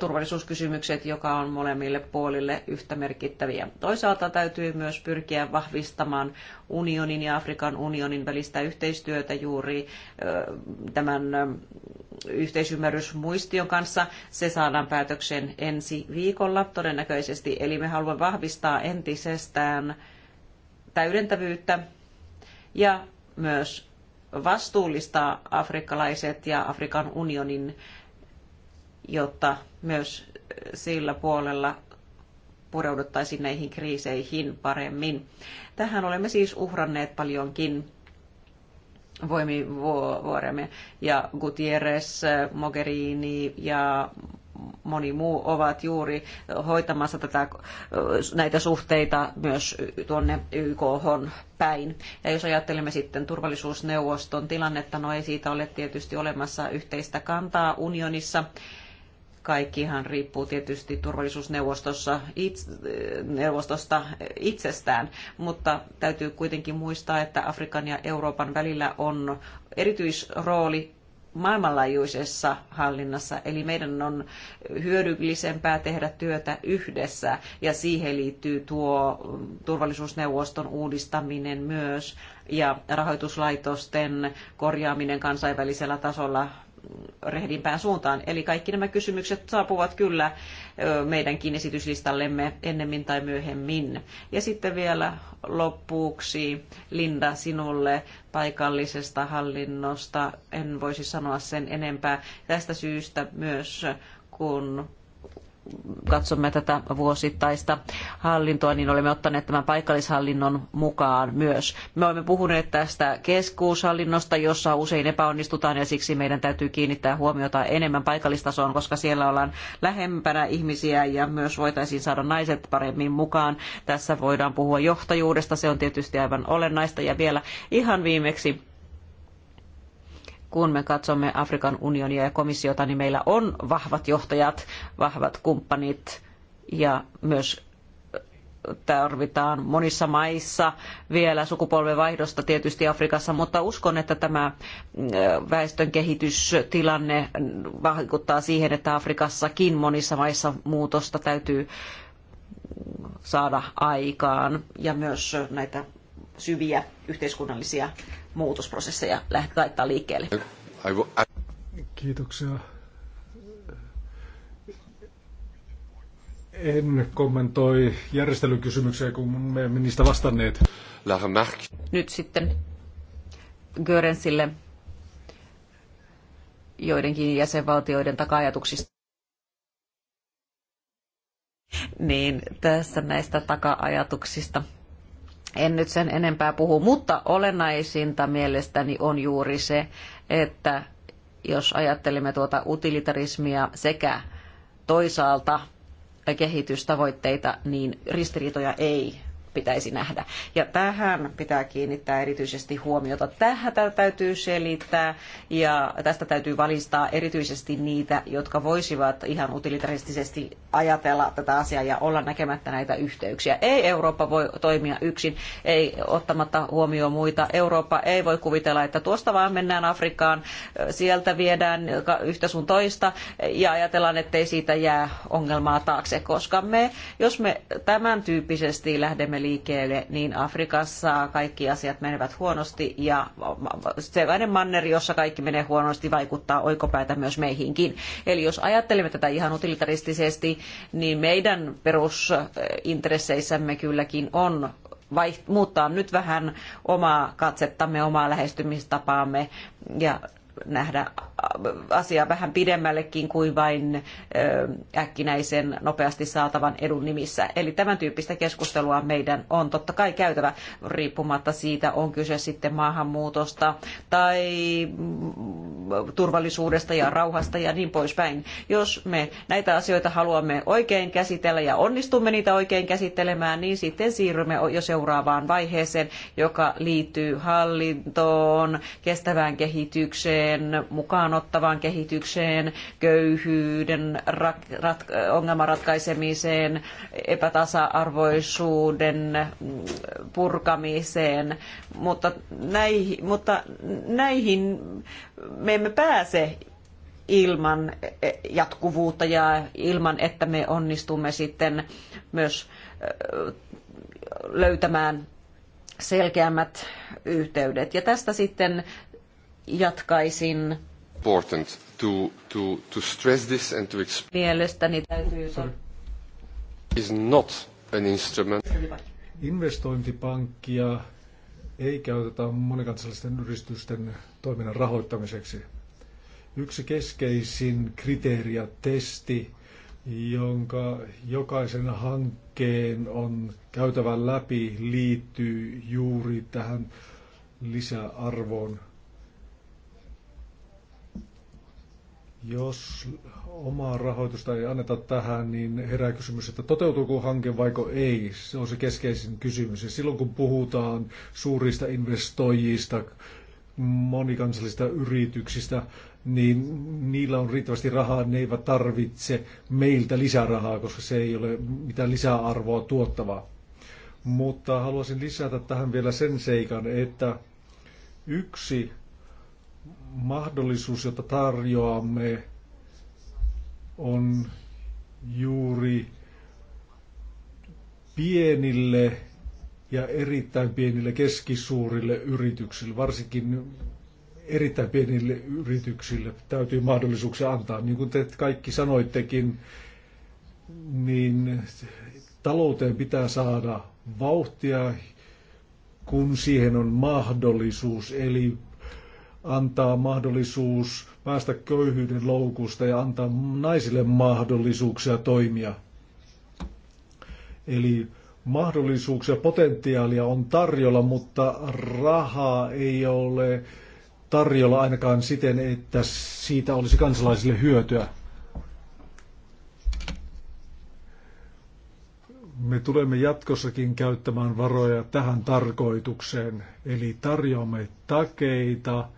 turvallisuuskysymykset, joka on molemmille puolille yhtä merkittäviä. Toisaalta täytyy myös pyrkiä vahvistamaan unionin ja Afrikan unionin välistä yhteistyötä juuri tämän yhteisymmärrysmuistion kanssa. Se saadaan päätöksen ensi viikolla todennäköisesti, eli me haluamme vahvistaa entisestään täydentävyyttä ja myös vastuullistaa afrikkalaiset ja Afrikan unionin jotta myös eh, sillä puolella pureuduttaisiin näihin kriiseihin paremmin. Tähän olemme siis uhranneet paljonkin voimivuoremme. Ja Gutierrez, eh, Mogherini ja moni muu ovat juuri hoitamassa tätä, eh, näitä suhteita myös tuonne YK päin. Ja jos ajattelemme sitten turvallisuusneuvoston tilannetta, no ei siitä ole tietysti olemassa yhteistä kantaa unionissa Kaikkihan riippuu tietysti turvallisuusneuvostossa itse, neuvostosta itsestään, mutta täytyy kuitenkin muistaa, että Afrikan ja Euroopan välillä on erityisrooli maailmanlaajuisessa hallinnassa, eli meidän on hyödyllisempää tehdä työtä yhdessä, ja siihen liittyy tuo turvallisuusneuvoston uudistaminen myös, ja rahoituslaitosten korjaaminen kansainvälisellä tasolla rehdimpään suuntaan. Eli kaikki nämä kysymykset saapuvat kyllä meidänkin esityslistallemme ennemmin tai myöhemmin. Ja sitten vielä lopuksi Linda sinulle paikallisesta hallinnosta. En voisi sanoa sen enempää. Tästä syystä myös kun katsomme tätä vuosittaista hallintoa, niin olemme ottaneet tämän paikallishallinnon mukaan myös. Me olemme puhuneet tästä keskushallinnosta, jossa usein epäonnistutaan ja siksi meidän täytyy kiinnittää huomiota enemmän paikallistasoon, koska siellä ollaan lähempänä ihmisiä ja myös voitaisiin saada naiset paremmin mukaan. Tässä voidaan puhua johtajuudesta, se on tietysti aivan olennaista ja vielä ihan viimeksi kun me katsomme Afrikan unionia ja komissiota, niin meillä on vahvat johtajat, vahvat kumppanit ja myös tarvitaan monissa maissa vielä sukupolvenvaihdosta tietysti Afrikassa, mutta uskon, että tämä väestön kehitystilanne vaikuttaa siihen, että Afrikassakin monissa maissa muutosta täytyy saada aikaan ja myös näitä syviä yhteiskunnallisia muutosprosesseja laittaa liikkeelle. Kiitoksia. En kommentoi järjestelykysymyksiä, kun me emme niistä vastanneet. Nyt sitten Görensille joidenkin jäsenvaltioiden takajatuksista. Niin, tässä näistä takaajatuksista. ajatuksista en nyt sen enempää puhu, mutta olennaisinta mielestäni on juuri se, että jos ajattelemme tuota utilitarismia sekä toisaalta kehitystavoitteita, niin ristiriitoja ei pitäisi nähdä. Ja tähän pitää kiinnittää erityisesti huomiota. Tähän täytyy selittää ja tästä täytyy valistaa erityisesti niitä, jotka voisivat ihan utilitaristisesti ajatella tätä asiaa ja olla näkemättä näitä yhteyksiä. Ei Eurooppa voi toimia yksin, ei ottamatta huomioon muita. Eurooppa ei voi kuvitella, että tuosta vaan mennään Afrikkaan, sieltä viedään yhtä sun toista ja ajatellaan, ettei siitä jää ongelmaa taakse, koska me, jos me tämän tyyppisesti lähdemme liikkeelle, niin Afrikassa kaikki asiat menevät huonosti ja sellainen manneri, jossa kaikki menee huonosti, vaikuttaa oikopäätä myös meihinkin. Eli jos ajattelemme tätä ihan utilitaristisesti, niin meidän perusintresseissämme kylläkin on vaiht- muuttaa nyt vähän omaa katsettamme, omaa lähestymistapaamme ja nähdä asiaa vähän pidemmällekin kuin vain äkkinäisen nopeasti saatavan edun nimissä. Eli tämän tyyppistä keskustelua meidän on totta kai käytävä riippumatta siitä, on kyse sitten maahanmuutosta tai mm, turvallisuudesta ja rauhasta ja niin poispäin. Jos me näitä asioita haluamme oikein käsitellä ja onnistumme niitä oikein käsittelemään, niin sitten siirrymme jo seuraavaan vaiheeseen, joka liittyy hallintoon, kestävään kehitykseen, mukaan vastaanottavaan kehitykseen, köyhyyden rat- rat- ongelman ratkaisemiseen, epätasa-arvoisuuden mm, purkamiseen, mutta näihin, mutta näihin me emme pääse ilman jatkuvuutta ja ilman, että me onnistumme sitten myös löytämään selkeämmät yhteydet. Ja tästä sitten jatkaisin important to, to, to stress this and to explain. Mielestäni täytyy is not an instrument. Investointipankkia ei käytetä monikansallisten yritysten toiminnan rahoittamiseksi. Yksi keskeisin kriteeri ja testi, jonka jokaisen hankkeen on käytävä läpi, liittyy juuri tähän lisäarvoon Jos omaa rahoitusta ei anneta tähän, niin herää kysymys, että toteutuuko hanke vaiko ei. Se on se keskeisin kysymys. Ja silloin kun puhutaan suurista investoijista, monikansallisista yrityksistä, niin niillä on riittävästi rahaa, ne eivät tarvitse meiltä lisärahaa, koska se ei ole mitään lisäarvoa tuottavaa. Mutta haluaisin lisätä tähän vielä sen seikan, että yksi mahdollisuus, jota tarjoamme, on juuri pienille ja erittäin pienille keskisuurille yrityksille, varsinkin erittäin pienille yrityksille täytyy mahdollisuuksia antaa. Niin kuin te kaikki sanoittekin, niin talouteen pitää saada vauhtia, kun siihen on mahdollisuus. Eli antaa mahdollisuus päästä köyhyyden loukusta ja antaa naisille mahdollisuuksia toimia. Eli mahdollisuuksia, potentiaalia on tarjolla, mutta rahaa ei ole tarjolla ainakaan siten, että siitä olisi kansalaisille hyötyä. Me tulemme jatkossakin käyttämään varoja tähän tarkoitukseen, eli tarjoamme takeita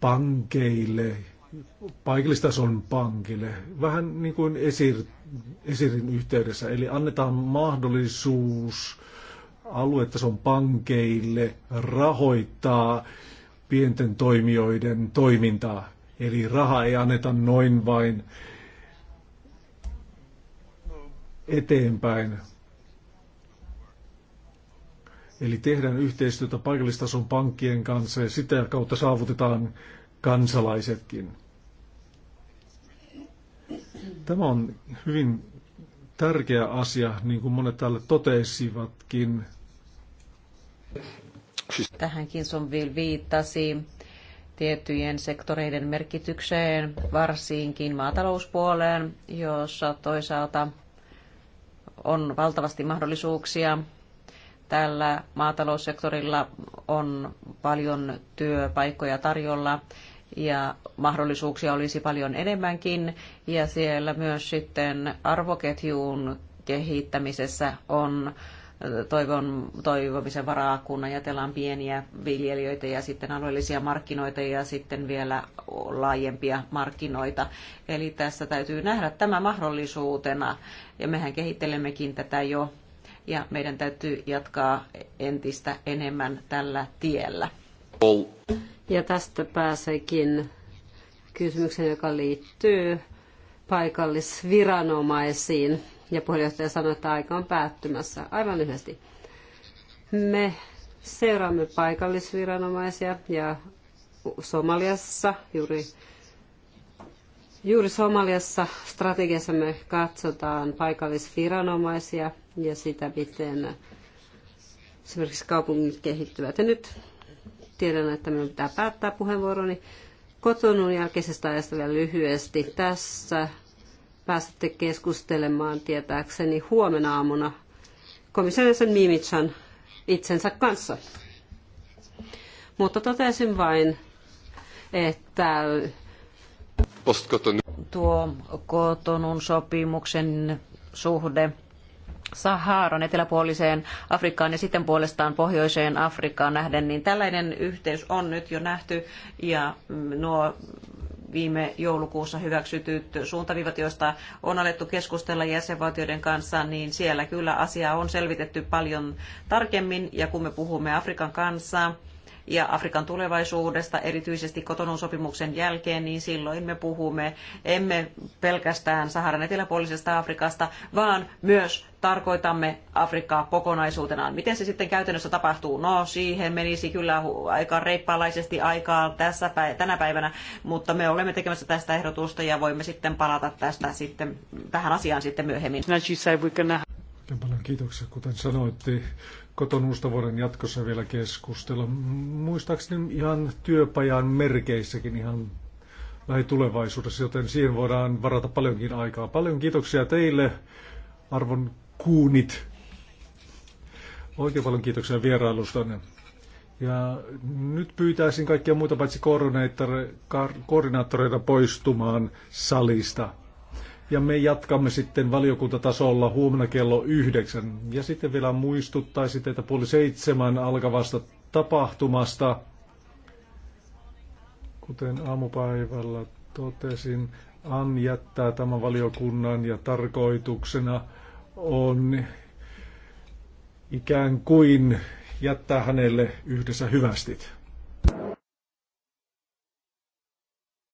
pankeille, paikallistason pankille, vähän niin kuin esir, esirin yhteydessä. Eli annetaan mahdollisuus aluetason pankeille rahoittaa pienten toimijoiden toimintaa. Eli raha ei anneta noin vain eteenpäin, Eli tehdään yhteistyötä paikallistason pankkien kanssa ja sitä kautta saavutetaan kansalaisetkin. Tämä on hyvin tärkeä asia, niin kuin monet täällä totesivatkin. Tähänkin Somville viittasi tiettyjen sektoreiden merkitykseen, varsinkin maatalouspuoleen, jossa toisaalta on valtavasti mahdollisuuksia Tällä maataloussektorilla on paljon työpaikkoja tarjolla ja mahdollisuuksia olisi paljon enemmänkin ja siellä myös sitten arvoketjuun kehittämisessä on toivon, toivomisen varaa, kun ajatellaan pieniä viljelijöitä ja sitten alueellisia markkinoita ja sitten vielä laajempia markkinoita. Eli tässä täytyy nähdä tämä mahdollisuutena ja mehän kehittelemmekin tätä jo ja meidän täytyy jatkaa entistä enemmän tällä tiellä. Ja tästä pääseekin kysymykseen, joka liittyy paikallisviranomaisiin. Ja puheenjohtaja sanoi, että aika on päättymässä. Aivan lyhyesti. Me seuraamme paikallisviranomaisia ja Somaliassa juuri Juuri Somaliassa me katsotaan paikallisviranomaisia ja sitä, miten esimerkiksi kaupungit kehittyvät. Ja nyt tiedän, että minun pitää päättää puheenvuoroni kotonun jälkeisestä ajasta vielä lyhyesti. Tässä pääsette keskustelemaan tietääkseni huomenna aamuna komission jäsen Mimitsan itsensä kanssa. Mutta totesin vain, että tuo kotonun sopimuksen suhde Saharan eteläpuoliseen Afrikkaan ja sitten puolestaan pohjoiseen Afrikkaan nähden, niin tällainen yhteys on nyt jo nähty ja mm, nuo viime joulukuussa hyväksytyt suuntaviivat, joista on alettu keskustella jäsenvaltioiden kanssa, niin siellä kyllä asiaa on selvitetty paljon tarkemmin. Ja kun me puhumme Afrikan kanssa, ja Afrikan tulevaisuudesta, erityisesti kotonousopimuksen jälkeen, niin silloin me puhumme emme pelkästään Saharan eteläpuolisesta Afrikasta, vaan myös tarkoitamme Afrikkaa kokonaisuutenaan. Miten se sitten käytännössä tapahtuu? No, siihen menisi kyllä aika reippaalaisesti aikaa tässä tänä päivänä, mutta me olemme tekemässä tästä ehdotusta ja voimme sitten palata tästä sitten, tähän asiaan sitten myöhemmin. paljon kiitoksia, kuten sanoitte, kotonuusta voidaan jatkossa vielä keskustella. Muistaakseni ihan työpajan merkeissäkin ihan lähitulevaisuudessa, joten siihen voidaan varata paljonkin aikaa. Paljon kiitoksia teille, arvon kuunit. Oikein paljon kiitoksia vierailustanne. Ja nyt pyytäisin kaikkia muita paitsi koordinaattoreita poistumaan salista. Ja me jatkamme sitten valiokuntatasolla huomenna kello yhdeksän. Ja sitten vielä muistuttaisin että puoli seitsemän alkavasta tapahtumasta, kuten aamupäivällä totesin, An jättää tämän valiokunnan ja tarkoituksena on ikään kuin jättää hänelle yhdessä hyvästit.